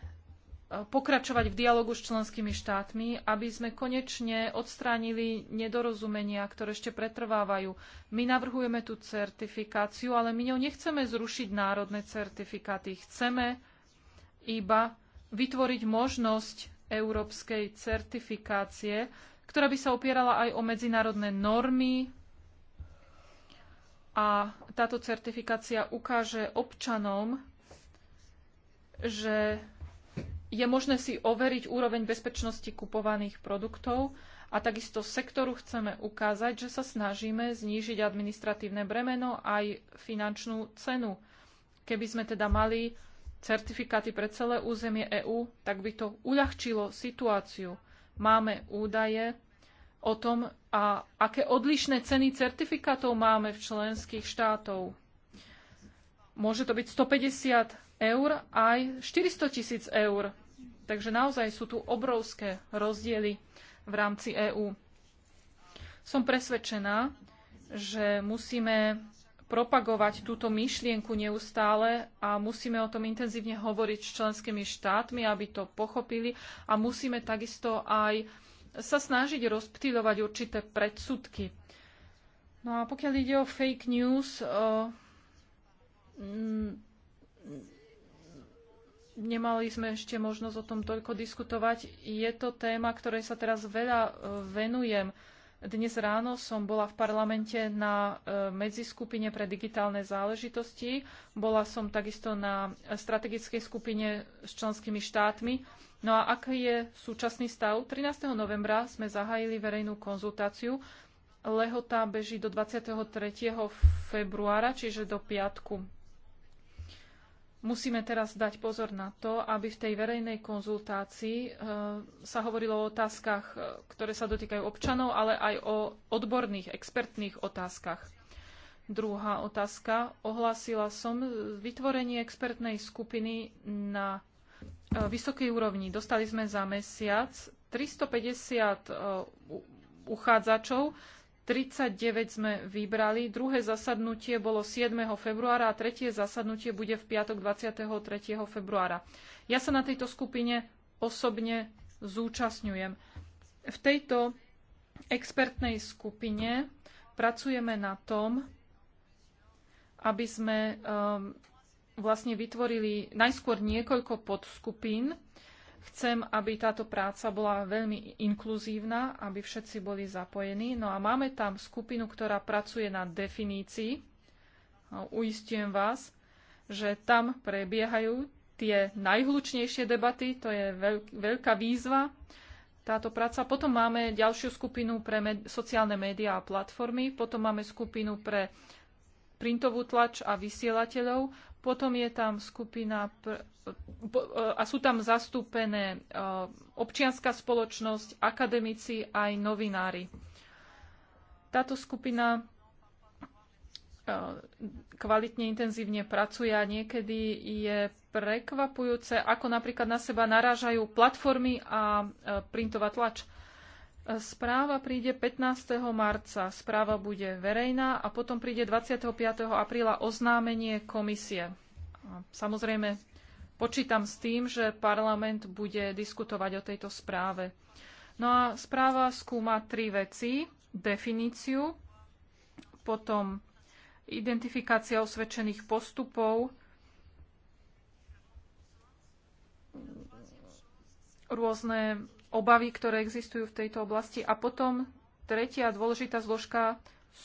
pokračovať v dialogu s členskými štátmi, aby sme konečne odstránili nedorozumenia, ktoré ešte pretrvávajú. My navrhujeme tú certifikáciu, ale my ňou nechceme zrušiť národné certifikáty. Chceme iba vytvoriť možnosť európskej certifikácie, ktorá by sa opierala aj o medzinárodné normy, a táto certifikácia ukáže občanom, že je možné si overiť úroveň bezpečnosti kupovaných produktov a takisto sektoru chceme ukázať, že sa snažíme znížiť administratívne bremeno aj finančnú cenu. Keby sme teda mali certifikáty pre celé územie EÚ, tak by to uľahčilo situáciu. Máme údaje o tom, a aké odlišné ceny certifikátov máme v členských štátov. Môže to byť 150 eur aj 400 tisíc eur Takže naozaj sú tu obrovské rozdiely v rámci EÚ. Som presvedčená, že musíme propagovať túto myšlienku neustále a musíme o tom intenzívne hovoriť s členskými štátmi, aby to pochopili a musíme takisto aj sa snažiť rozptýľovať určité predsudky. No a pokiaľ ide o fake news, eh, Nemali sme ešte možnosť o tom toľko diskutovať. Je to téma, ktorej sa teraz veľa e, venujem. Dnes ráno som bola v parlamente na e, medziskupine pre digitálne záležitosti. Bola som takisto na strategickej skupine s členskými štátmi. No a aký je súčasný stav? 13. novembra sme zahájili verejnú konzultáciu. Lehota beží do 23. februára, čiže do piatku Musíme teraz dať pozor na to, aby v tej verejnej konzultácii eh, sa hovorilo o otázkach, eh, ktoré sa dotýkajú občanov, ale aj o odborných, expertných otázkach. Druhá otázka. Ohlásila som vytvorenie expertnej skupiny na eh, vysokej úrovni. Dostali sme za mesiac 350 uchádzačov 39 sme vybrali, druhé zasadnutie bolo 7. februára a tretie zasadnutie bude v piatok 23. februára. Ja sa na tejto skupine osobne zúčastňujem. V tejto expertnej skupine pracujeme na tom, aby sme um, vlastne vytvorili najskôr niekoľko podskupín Chcem, aby táto práca bola veľmi inkluzívna, aby všetci boli zapojení. No a máme tam skupinu, ktorá pracuje na definícii. Uistujem vás, že tam prebiehajú tie najhlučnejšie debaty, to je veľká výzva táto práca. Potom máme ďalšiu skupinu pre sociálne médiá a platformy, potom máme skupinu pre printovú tlač a vysielateľov, potom je tam skupina e, a sú tam zastúpené e, občianská spoločnosť, akademici aj novinári. Táto skupina e, kvalitne, intenzívne pracuje a niekedy je prekvapujúce, ako napríklad na seba narážajú platformy a printová tlač. Správa príde 15. marca, správa bude verejná a potom príde 25. apríla oznámenie komisie. Samozrejme, počítam s tým, že parlament bude diskutovať o tejto správe. No a správa skúma tri veci. Definíciu, potom identifikácia osvedčených postupov, rôzne obavy, ktoré existujú v tejto oblasti. A potom tretia dôležitá zložka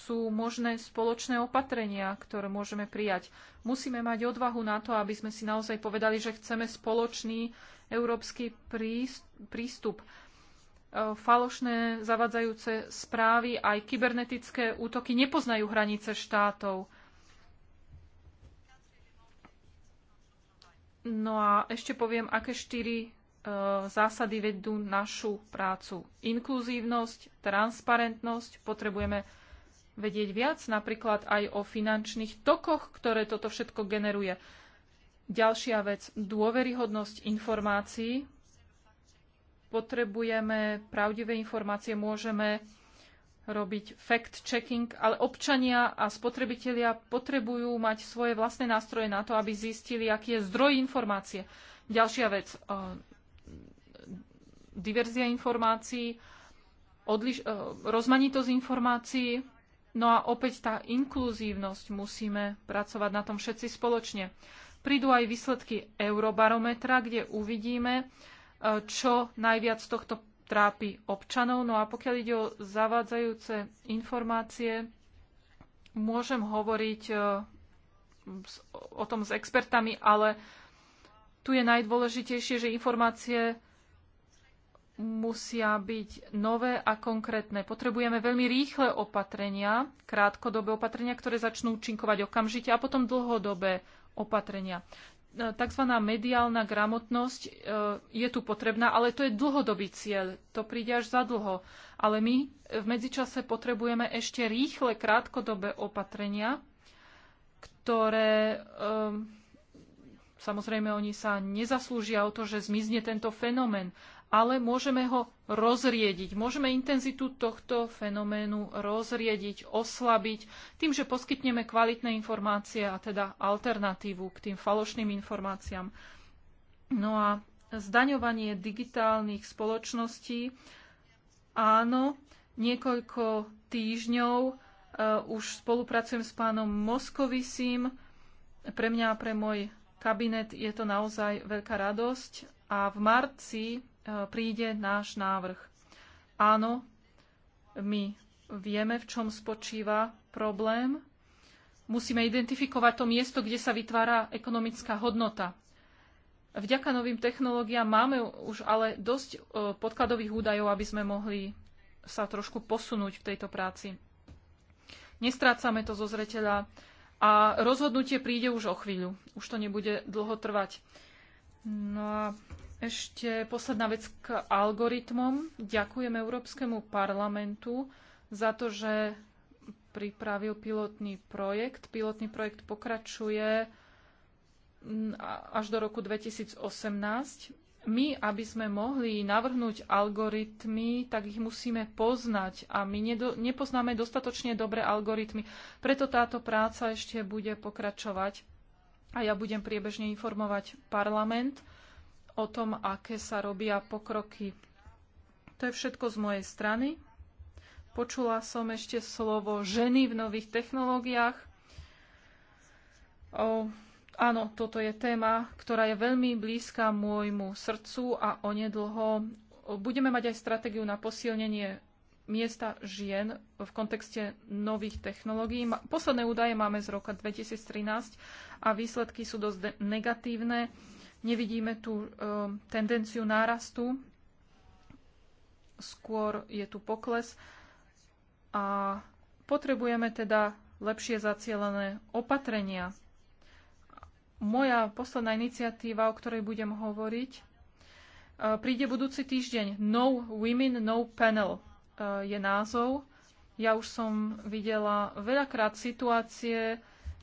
sú možné spoločné opatrenia, ktoré môžeme prijať. Musíme mať odvahu na to, aby sme si naozaj povedali, že chceme spoločný európsky prístup. E, falošné zavadzajúce správy aj kybernetické útoky nepoznajú hranice štátov. No a ešte poviem, aké štyri zásady vedú našu prácu. Inkluzívnosť, transparentnosť, potrebujeme vedieť viac napríklad aj o finančných tokoch, ktoré toto všetko generuje. Ďalšia vec, dôveryhodnosť informácií. Potrebujeme pravdivé informácie, môžeme robiť fact-checking, ale občania a spotrebitelia potrebujú mať svoje vlastné nástroje na to, aby zistili, aký je zdroj informácie. Ďalšia vec, diverzia informácií, odliš- e, rozmanitosť informácií. No a opäť tá inkluzívnosť musíme pracovať na tom všetci spoločne. Prídu aj výsledky Eurobarometra, kde uvidíme, e, čo najviac tohto trápi občanov. No a pokiaľ ide o zavádzajúce informácie, môžem hovoriť e, o tom s expertami, ale tu je najdôležitejšie, že informácie musia byť nové a konkrétne. Potrebujeme veľmi rýchle opatrenia, krátkodobé opatrenia, ktoré začnú účinkovať okamžite a potom dlhodobé opatrenia. E, takzvaná mediálna gramotnosť e, je tu potrebná, ale to je dlhodobý cieľ. To príde až za dlho. Ale my e, v medzičase potrebujeme ešte rýchle krátkodobé opatrenia, ktoré Samozrejme, oni sa nezaslúžia o to, že zmizne tento fenomén, ale môžeme ho rozriediť. Môžeme intenzitu tohto fenoménu rozriediť, oslabiť tým, že poskytneme kvalitné informácie a teda alternatívu k tým falošným informáciám. No a zdaňovanie digitálnych spoločností. Áno, niekoľko týždňov uh, už spolupracujem s pánom Moskovisím. Pre mňa a pre môj kabinet je to naozaj veľká radosť. A v marci E, príde náš návrh. Áno, my vieme, v čom spočíva problém. Musíme identifikovať to miesto, kde sa vytvára ekonomická hodnota. Vďaka novým technológiám máme už ale dosť e, podkladových údajov, aby sme mohli sa trošku posunúť v tejto práci. Nestrácame to zo zreteľa a rozhodnutie príde už o chvíľu. Už to nebude dlho trvať. No a ešte posledná vec k algoritmom. Ďakujem Európskemu parlamentu za to, že pripravil pilotný projekt. Pilotný projekt pokračuje mm, až do roku 2018. My, aby sme mohli navrhnúť algoritmy, tak ich musíme poznať a my nedo, nepoznáme dostatočne dobre algoritmy. Preto táto práca ešte bude pokračovať a ja budem priebežne informovať parlament o tom, aké sa robia pokroky. To je všetko z mojej strany. Počula som ešte slovo ženy v nových technológiách. O, áno, toto je téma, ktorá je veľmi blízka môjmu srdcu a onedlho budeme mať aj stratégiu na posilnenie miesta žien v kontexte nových technológií. Posledné údaje máme z roka 2013 a výsledky sú dosť negatívne. Nevidíme tu e, tendenciu nárastu, skôr je tu pokles a potrebujeme teda lepšie zacielené opatrenia. Moja posledná iniciatíva, o ktorej budem hovoriť, e, príde budúci týždeň. No Women, No Panel e, je názov. Ja už som videla veľakrát situácie,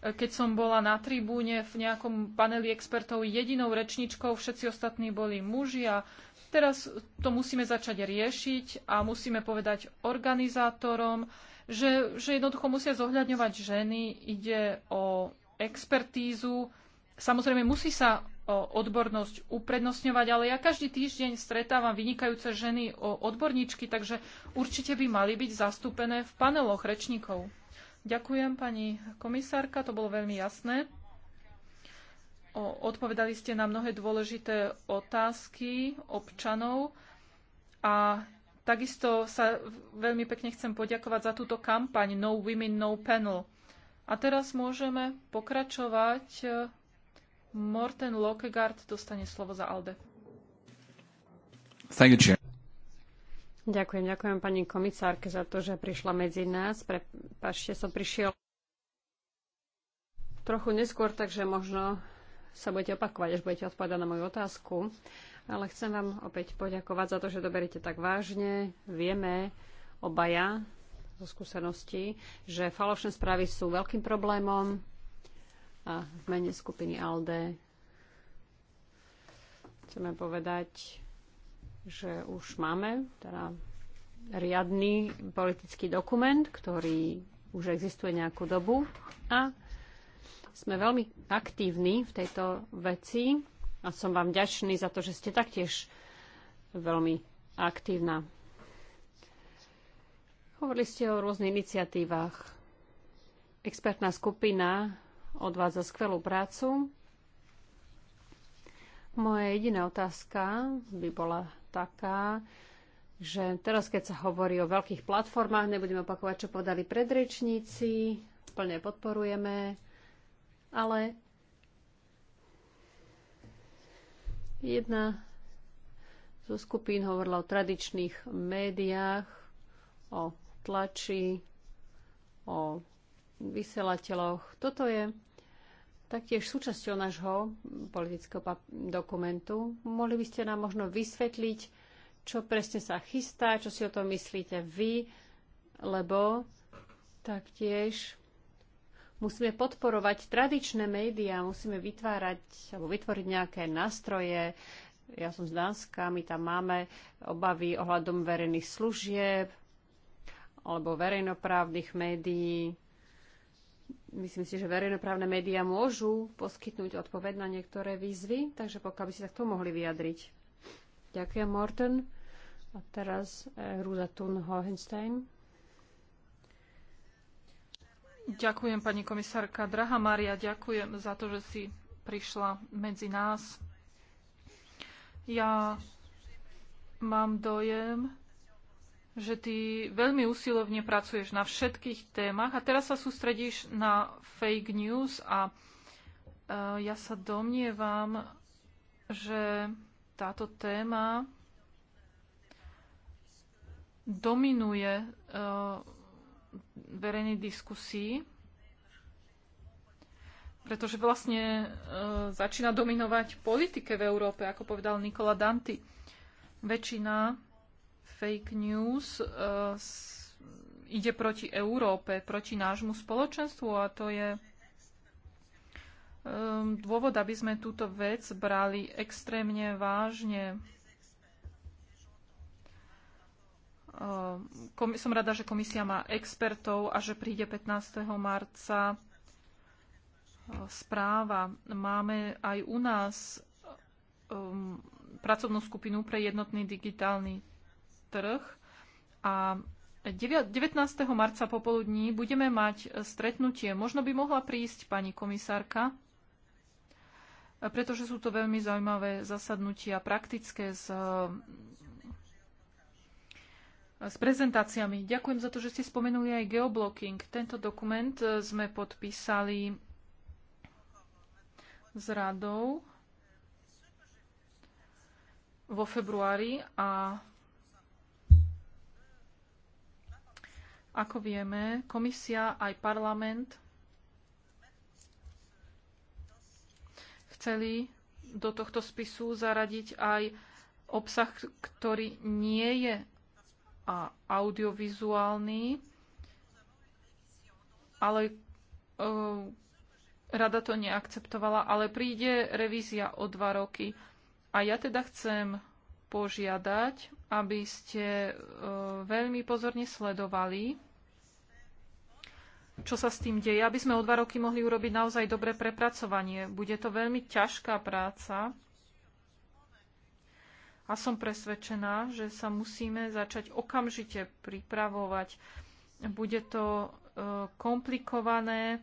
keď som bola na tribúne v nejakom paneli expertov jedinou rečničkou, všetci ostatní boli muži a teraz to musíme začať riešiť a musíme povedať organizátorom, že, že jednoducho musia zohľadňovať ženy, ide o expertízu. Samozrejme, musí sa odbornosť uprednostňovať, ale ja každý týždeň stretávam vynikajúce ženy o odborníčky, takže určite by mali byť zastúpené v paneloch rečníkov. Ďakujem, pani komisárka, to bolo veľmi jasné. O, odpovedali ste na mnohé dôležité otázky občanov a takisto sa veľmi pekne chcem poďakovať za túto kampaň No Women, No Panel. A teraz môžeme pokračovať. Morten Lokegaard dostane slovo za ALDE. Thank you, Ďakujem, ďakujem pani komisárke za to, že prišla medzi nás. Prepašte, som prišiel trochu neskôr, takže možno sa budete opakovať, až budete odpovedať na moju otázku. Ale chcem vám opäť poďakovať za to, že to tak vážne. Vieme obaja zo skúseností, že falošné správy sú veľkým problémom a v mene skupiny ALDE chceme povedať, že už máme teda riadny politický dokument, ktorý už existuje nejakú dobu a sme veľmi aktívni v tejto veci a som vám ďačný za to, že ste taktiež veľmi aktívna. Hovorili ste o rôznych iniciatívach. Expertná skupina odvádza skvelú prácu. Moja jediná otázka by bola taká, že teraz, keď sa hovorí o veľkých platformách, nebudeme opakovať, čo podali predrečníci, plne podporujeme, ale jedna zo skupín hovorila o tradičných médiách, o tlači, o vysielateľoch. Toto je taktiež súčasťou nášho politického dokumentu. Mohli by ste nám možno vysvetliť, čo presne sa chystá, čo si o tom myslíte vy, lebo taktiež musíme podporovať tradičné médiá, musíme vytvárať alebo vytvoriť nejaké nástroje. Ja som z Dánska, my tam máme obavy ohľadom verejných služieb alebo verejnoprávnych médií myslím si, že verejnoprávne médiá môžu poskytnúť odpoveď na niektoré výzvy, takže pokiaľ by si takto mohli vyjadriť. Ďakujem, Morten. A teraz eh, Rúza Thun Hohenstein. Ďakujem, pani komisárka. Drahá Maria, ďakujem za to, že si prišla medzi nás. Ja mám dojem, že ty veľmi usilovne pracuješ na všetkých témach a teraz sa sústredíš na fake news a e, ja sa domnievam, že táto téma dominuje e, verejnej diskusii, pretože vlastne e, začína dominovať politike v Európe, ako povedal Nikola Danti. Väčšina fake news e, ide proti Európe, proti nášmu spoločenstvu a to je dôvod, aby sme túto vec brali extrémne vážne. E, som rada, že komisia má expertov a že príde 15. marca e, správa. Máme aj u nás pracovnú skupinu pre jednotný digitálny trh a 19. marca popoludní budeme mať stretnutie. Možno by mohla prísť pani komisárka, pretože sú to veľmi zaujímavé zasadnutia praktické s, s prezentáciami. Ďakujem za to, že ste spomenuli aj geoblocking. Tento dokument sme podpísali s radou vo februári a Ako vieme, komisia aj parlament chceli do tohto spisu zaradiť aj obsah, ktorý nie je audiovizuálny, ale e, rada to neakceptovala, ale príde revízia o dva roky. A ja teda chcem požiadať aby ste e, veľmi pozorne sledovali, čo sa s tým deje, aby sme o dva roky mohli urobiť naozaj dobré prepracovanie. Bude to veľmi ťažká práca a som presvedčená, že sa musíme začať okamžite pripravovať. Bude to e, komplikované,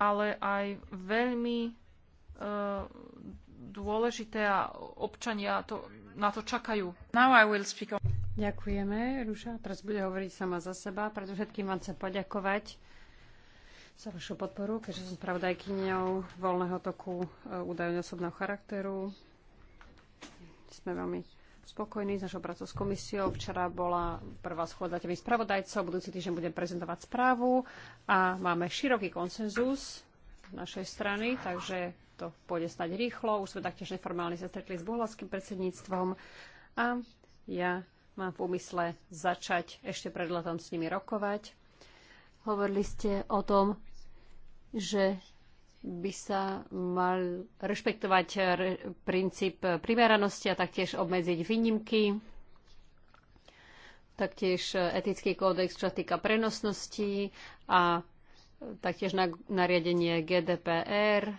ale aj veľmi e, dôležité a občania to, na to čakajú. Now I will speak on... Ďakujeme, Ruša. Teraz bude hovoriť sama za seba. Predovšetkým vám chcem poďakovať za vašu podporu, keďže som spravodajkyňou voľného toku e, údajne osobného charakteru. Sme veľmi spokojní s našou pracou s komisiou. Včera bola prvá schôdza tebých spravodajcov, budúci týždeň budem prezentovať správu a máme široký konsenzus našej strany, takže to pôjde stať rýchlo. Už sme taktiež neformálne sa stretli s bulharským predsedníctvom a ja mám v úmysle začať ešte pred letom s nimi rokovať. Hovorili ste o tom, že by sa mal rešpektovať re, princíp primeranosti a taktiež obmedziť výnimky, taktiež etický kódex, čo týka prenosnosti a taktiež na nariadenie GDPR,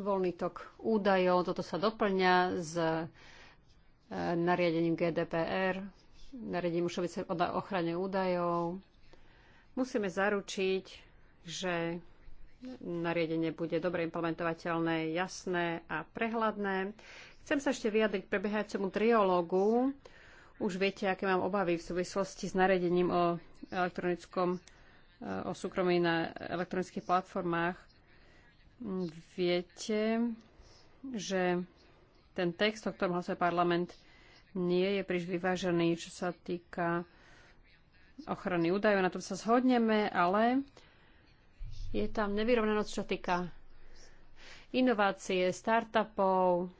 voľný tok údajov, toto sa doplňa s e, nariadením GDPR, nariadením Ušovice o ochrane údajov. Musíme zaručiť, že nariadenie bude dobre implementovateľné, jasné a prehľadné. Chcem sa ešte vyjadriť k prebiehajúcemu triológu. Už viete, aké mám obavy v súvislosti s nariadením o elektronickom, eh, o súkromí na elektronických platformách. Viete, že ten text, o ktorom hlasuje parlament, nie je príliš vyvážený, čo sa týka ochrany údajov. Na tom sa zhodneme, ale je tam nevyrovnanosť, čo týka inovácie, startupov,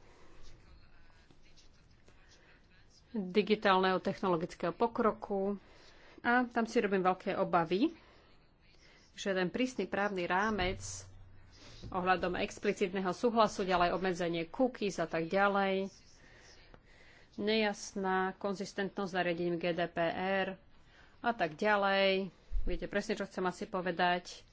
digitálneho technologického pokroku. A tam si robím veľké obavy, že ten prísny právny rámec ohľadom explicitného súhlasu, ďalej obmedzenie cookies a tak ďalej, nejasná konzistentnosť zariadením GDPR a tak ďalej. Viete presne, čo chcem asi povedať.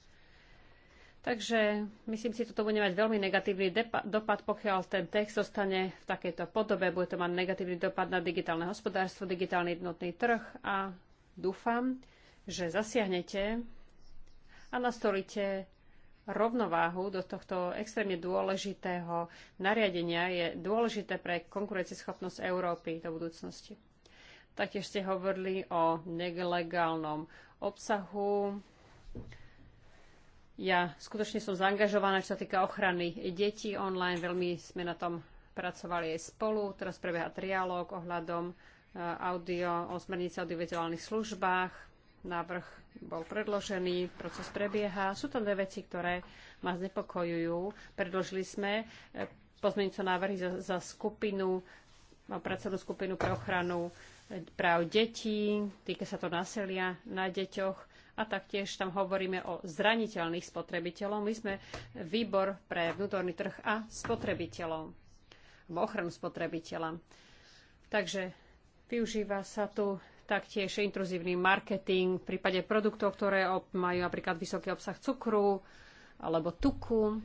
Takže myslím si, toto bude mať veľmi negatívny dopad, pokiaľ ten text zostane v takejto podobe. Bude to mať negatívny dopad na digitálne hospodárstvo, digitálny jednotný trh a Dúfam, že zasiahnete a nastolíte rovnováhu do tohto extrémne dôležitého nariadenia je dôležité pre konkurencieschopnosť Európy do budúcnosti. Taktiež ste hovorili o nelegálnom obsahu. Ja skutočne som zaangažovaná, čo sa týka ochrany detí online. Veľmi sme na tom pracovali aj spolu. Teraz prebieha trialóg ohľadom audio, o smernici o audiovizuálnych službách. Návrh bol predložený, proces prebieha. Sú tam dve veci, ktoré ma znepokojujú. Predložili sme eh, pozmeňujúce návrhy za, za skupinu, pracovnú skupinu pre ochranu eh, práv detí, týka sa to násilia na deťoch a taktiež tam hovoríme o zraniteľných spotrebiteľov. My sme výbor pre vnútorný trh a spotrebiteľov, alebo ochranu spotrebiteľa. Takže Využíva sa tu taktiež intruzívny marketing v prípade produktov, ktoré majú napríklad vysoký obsah cukru alebo tuku.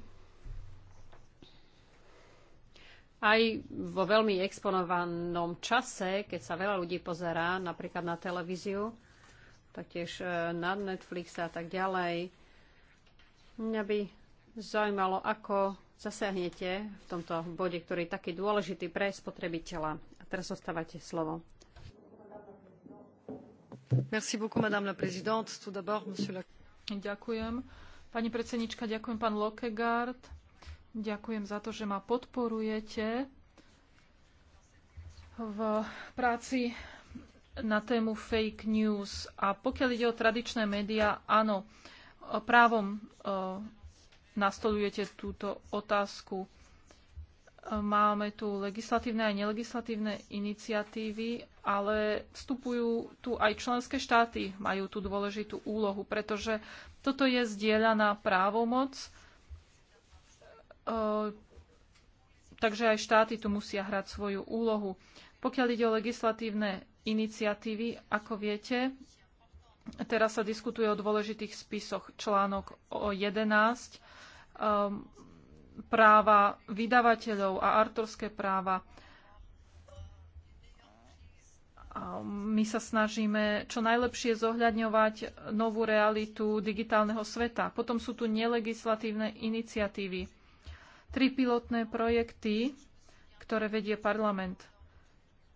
Aj vo veľmi exponovanom čase, keď sa veľa ľudí pozerá napríklad na televíziu, taktiež e, na Netflix a tak ďalej, mňa by zaujímalo, ako zasiahnete v tomto bode, ktorý je taký dôležitý pre spotrebiteľa. A teraz ostávate slovo. Ďakujem. Pani predsedníčka ďakujem pán lkkegaard Ďakujem za to, že ma podporujete v práci na tému fake news. A pokiaľ ide o tradičné médiá, áno, právom eh, nastolujete túto otázku. Máme tu legislatívne a nelegislatívne iniciatívy, ale vstupujú tu aj členské štáty, majú tu dôležitú úlohu, pretože toto je zdieľaná právomoc, e, takže aj štáty tu musia hrať svoju úlohu. Pokiaľ ide o legislatívne iniciatívy, ako viete, teraz sa diskutuje o dôležitých spisoch. Článok o 11 práva vydavateľov a autorské práva. My sa snažíme čo najlepšie zohľadňovať novú realitu digitálneho sveta. Potom sú tu nelegislatívne iniciatívy. Tri pilotné projekty, ktoré vedie parlament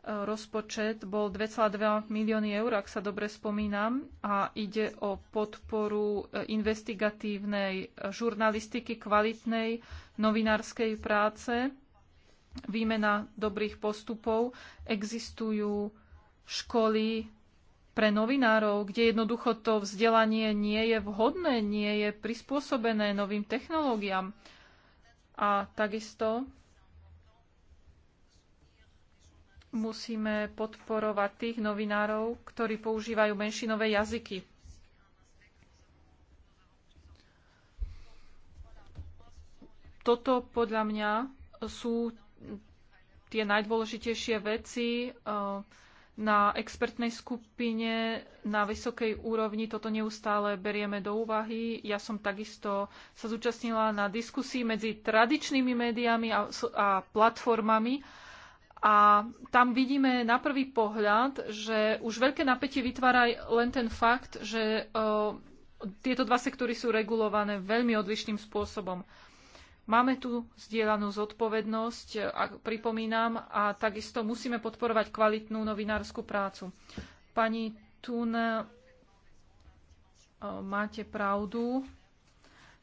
rozpočet bol 2,2 milióny eur, ak sa dobre spomínam, a ide o podporu e, investigatívnej e, žurnalistiky, kvalitnej novinárskej práce, výmena dobrých postupov. Existujú školy pre novinárov, kde jednoducho to vzdelanie nie je vhodné, nie je prispôsobené novým technológiám. A takisto musíme podporovať tých novinárov, ktorí používajú menšinové jazyky. Toto podľa mňa sú tie najdôležitejšie veci eh, na expertnej skupine na vysokej úrovni. Toto neustále berieme do úvahy. Ja som takisto sa zúčastnila na diskusii medzi tradičnými médiami a, a platformami a tam vidíme na prvý pohľad, že už veľké napätie vytvára aj len ten fakt, že o, tieto dva sektory sú regulované veľmi odlišným spôsobom. Máme tu zdieľanú zodpovednosť, ak pripomínam, a takisto musíme podporovať kvalitnú novinárskú prácu. Pani Tun, máte pravdu.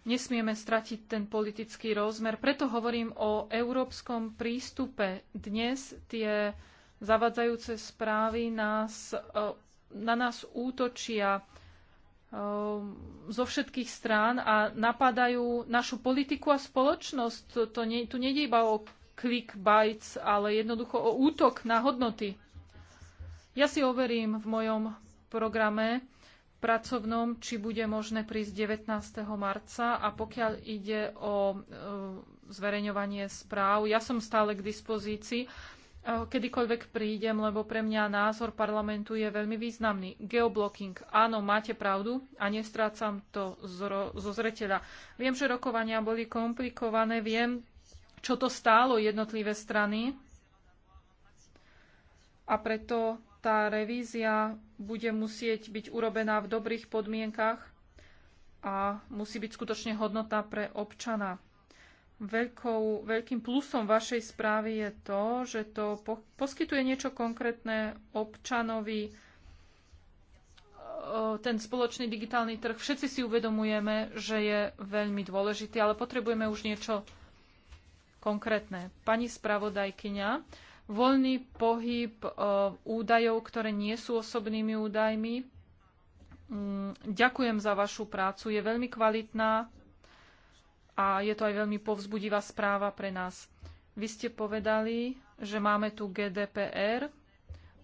Nesmieme stratiť ten politický rozmer. Preto hovorím o európskom prístupe. Dnes tie zavadzajúce správy nás, e, na nás útočia e, zo všetkých strán a napadajú našu politiku a spoločnosť. To nie, tu nejde iba o click clickbites, ale jednoducho o útok na hodnoty. Ja si overím v mojom programe pracovnom, či bude možné prísť 19. marca a pokiaľ ide o e, zverejňovanie správ, ja som stále k dispozícii. E, kedykoľvek prídem, lebo pre mňa názor parlamentu je veľmi významný. Geoblocking. Áno, máte pravdu a nestrácam to zo zreteľa. Viem, že rokovania boli komplikované, viem, čo to stálo jednotlivé strany a preto tá revízia bude musieť byť urobená v dobrých podmienkach a musí byť skutočne hodnotná pre občana. Veľkou, veľkým plusom vašej správy je to, že to po, poskytuje niečo konkrétne občanovi, e, ten spoločný digitálny trh. Všetci si uvedomujeme, že je veľmi dôležitý, ale potrebujeme už niečo konkrétne. Pani spravodajkyňa, voľný pohyb eh, údajov, ktoré nie sú osobnými údajmi. Mm, ďakujem za vašu prácu, je veľmi kvalitná a je to aj veľmi povzbudivá správa pre nás. Vy ste povedali, že máme tu GDPR,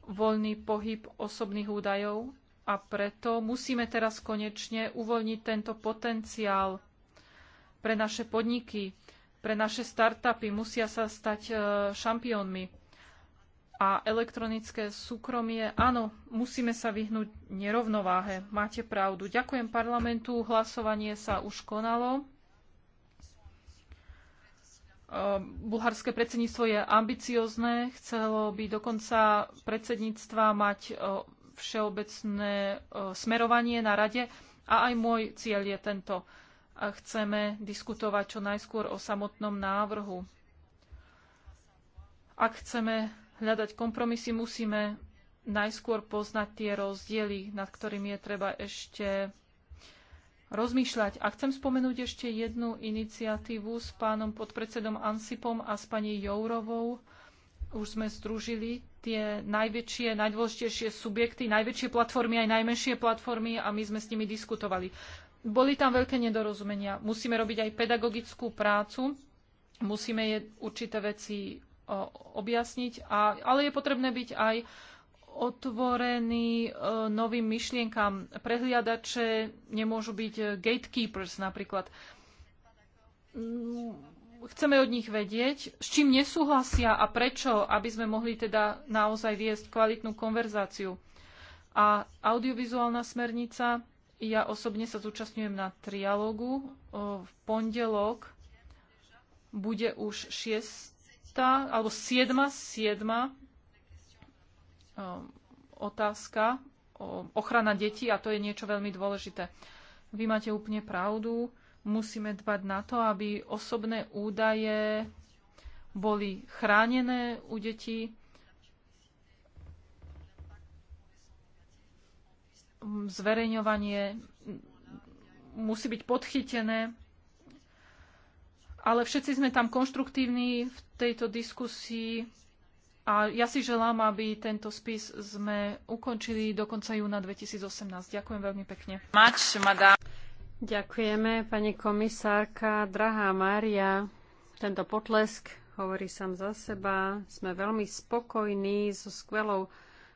voľný pohyb osobných údajov a preto musíme teraz konečne uvoľniť tento potenciál pre naše podniky, pre naše startupy. Musia sa stať eh, šampiónmi a elektronické súkromie. Áno, musíme sa vyhnúť nerovnováhe. Máte pravdu. Ďakujem parlamentu. Hlasovanie sa už konalo. Ehm, bulharské predsedníctvo je ambiciozne. Chcelo by do konca predsedníctva mať e, všeobecné e, smerovanie na rade. A aj môj cieľ je tento. Chceme diskutovať čo najskôr o samotnom návrhu. Ak chceme hľadať kompromisy, musíme najskôr poznať tie rozdiely, nad ktorými je treba ešte rozmýšľať. A chcem spomenúť ešte jednu iniciatívu s pánom podpredsedom Ansipom a s pani Jourovou. Už sme združili tie najväčšie, najdôležitejšie subjekty, najväčšie platformy aj najmenšie platformy a my sme s nimi diskutovali. Boli tam veľké nedorozumenia. Musíme robiť aj pedagogickú prácu, musíme je určité veci objasniť, a, ale je potrebné byť aj otvorený e, novým myšlienkam. Prehliadače nemôžu byť e, gatekeepers napríklad. Mm, chceme od nich vedieť, s čím nesúhlasia a prečo, aby sme mohli teda naozaj viesť kvalitnú konverzáciu. A audiovizuálna smernica, ja osobne sa zúčastňujem na trialógu. E, v pondelok bude už 6 šiesta alebo siedma, siedma um, otázka, ochrana detí a to je niečo veľmi dôležité. Vy máte úplne pravdu, musíme dbať na to, aby osobné údaje boli chránené u detí. Zverejňovanie musí byť podchytené ale všetci sme tam konštruktívni v tejto diskusii a ja si želám, aby tento spis sme ukončili do konca júna 2018. Ďakujem veľmi pekne. Ďakujeme, pani komisárka. Drahá Mária, tento potlesk hovorí sám za seba. Sme veľmi spokojní so skvelou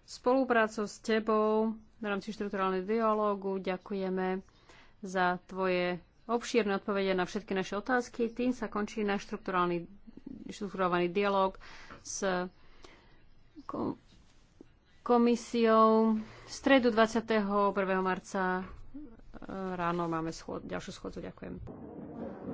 spoluprácou s tebou v rámci štruktúrálneho dialógu. Ďakujeme za tvoje obšírne odpovede na všetky naše otázky. Tým sa končí náš štrukturovaný dialog s komisiou. V stredu 21. marca eh, ráno máme schôd, ďalšiu schôdzu. Ďakujem.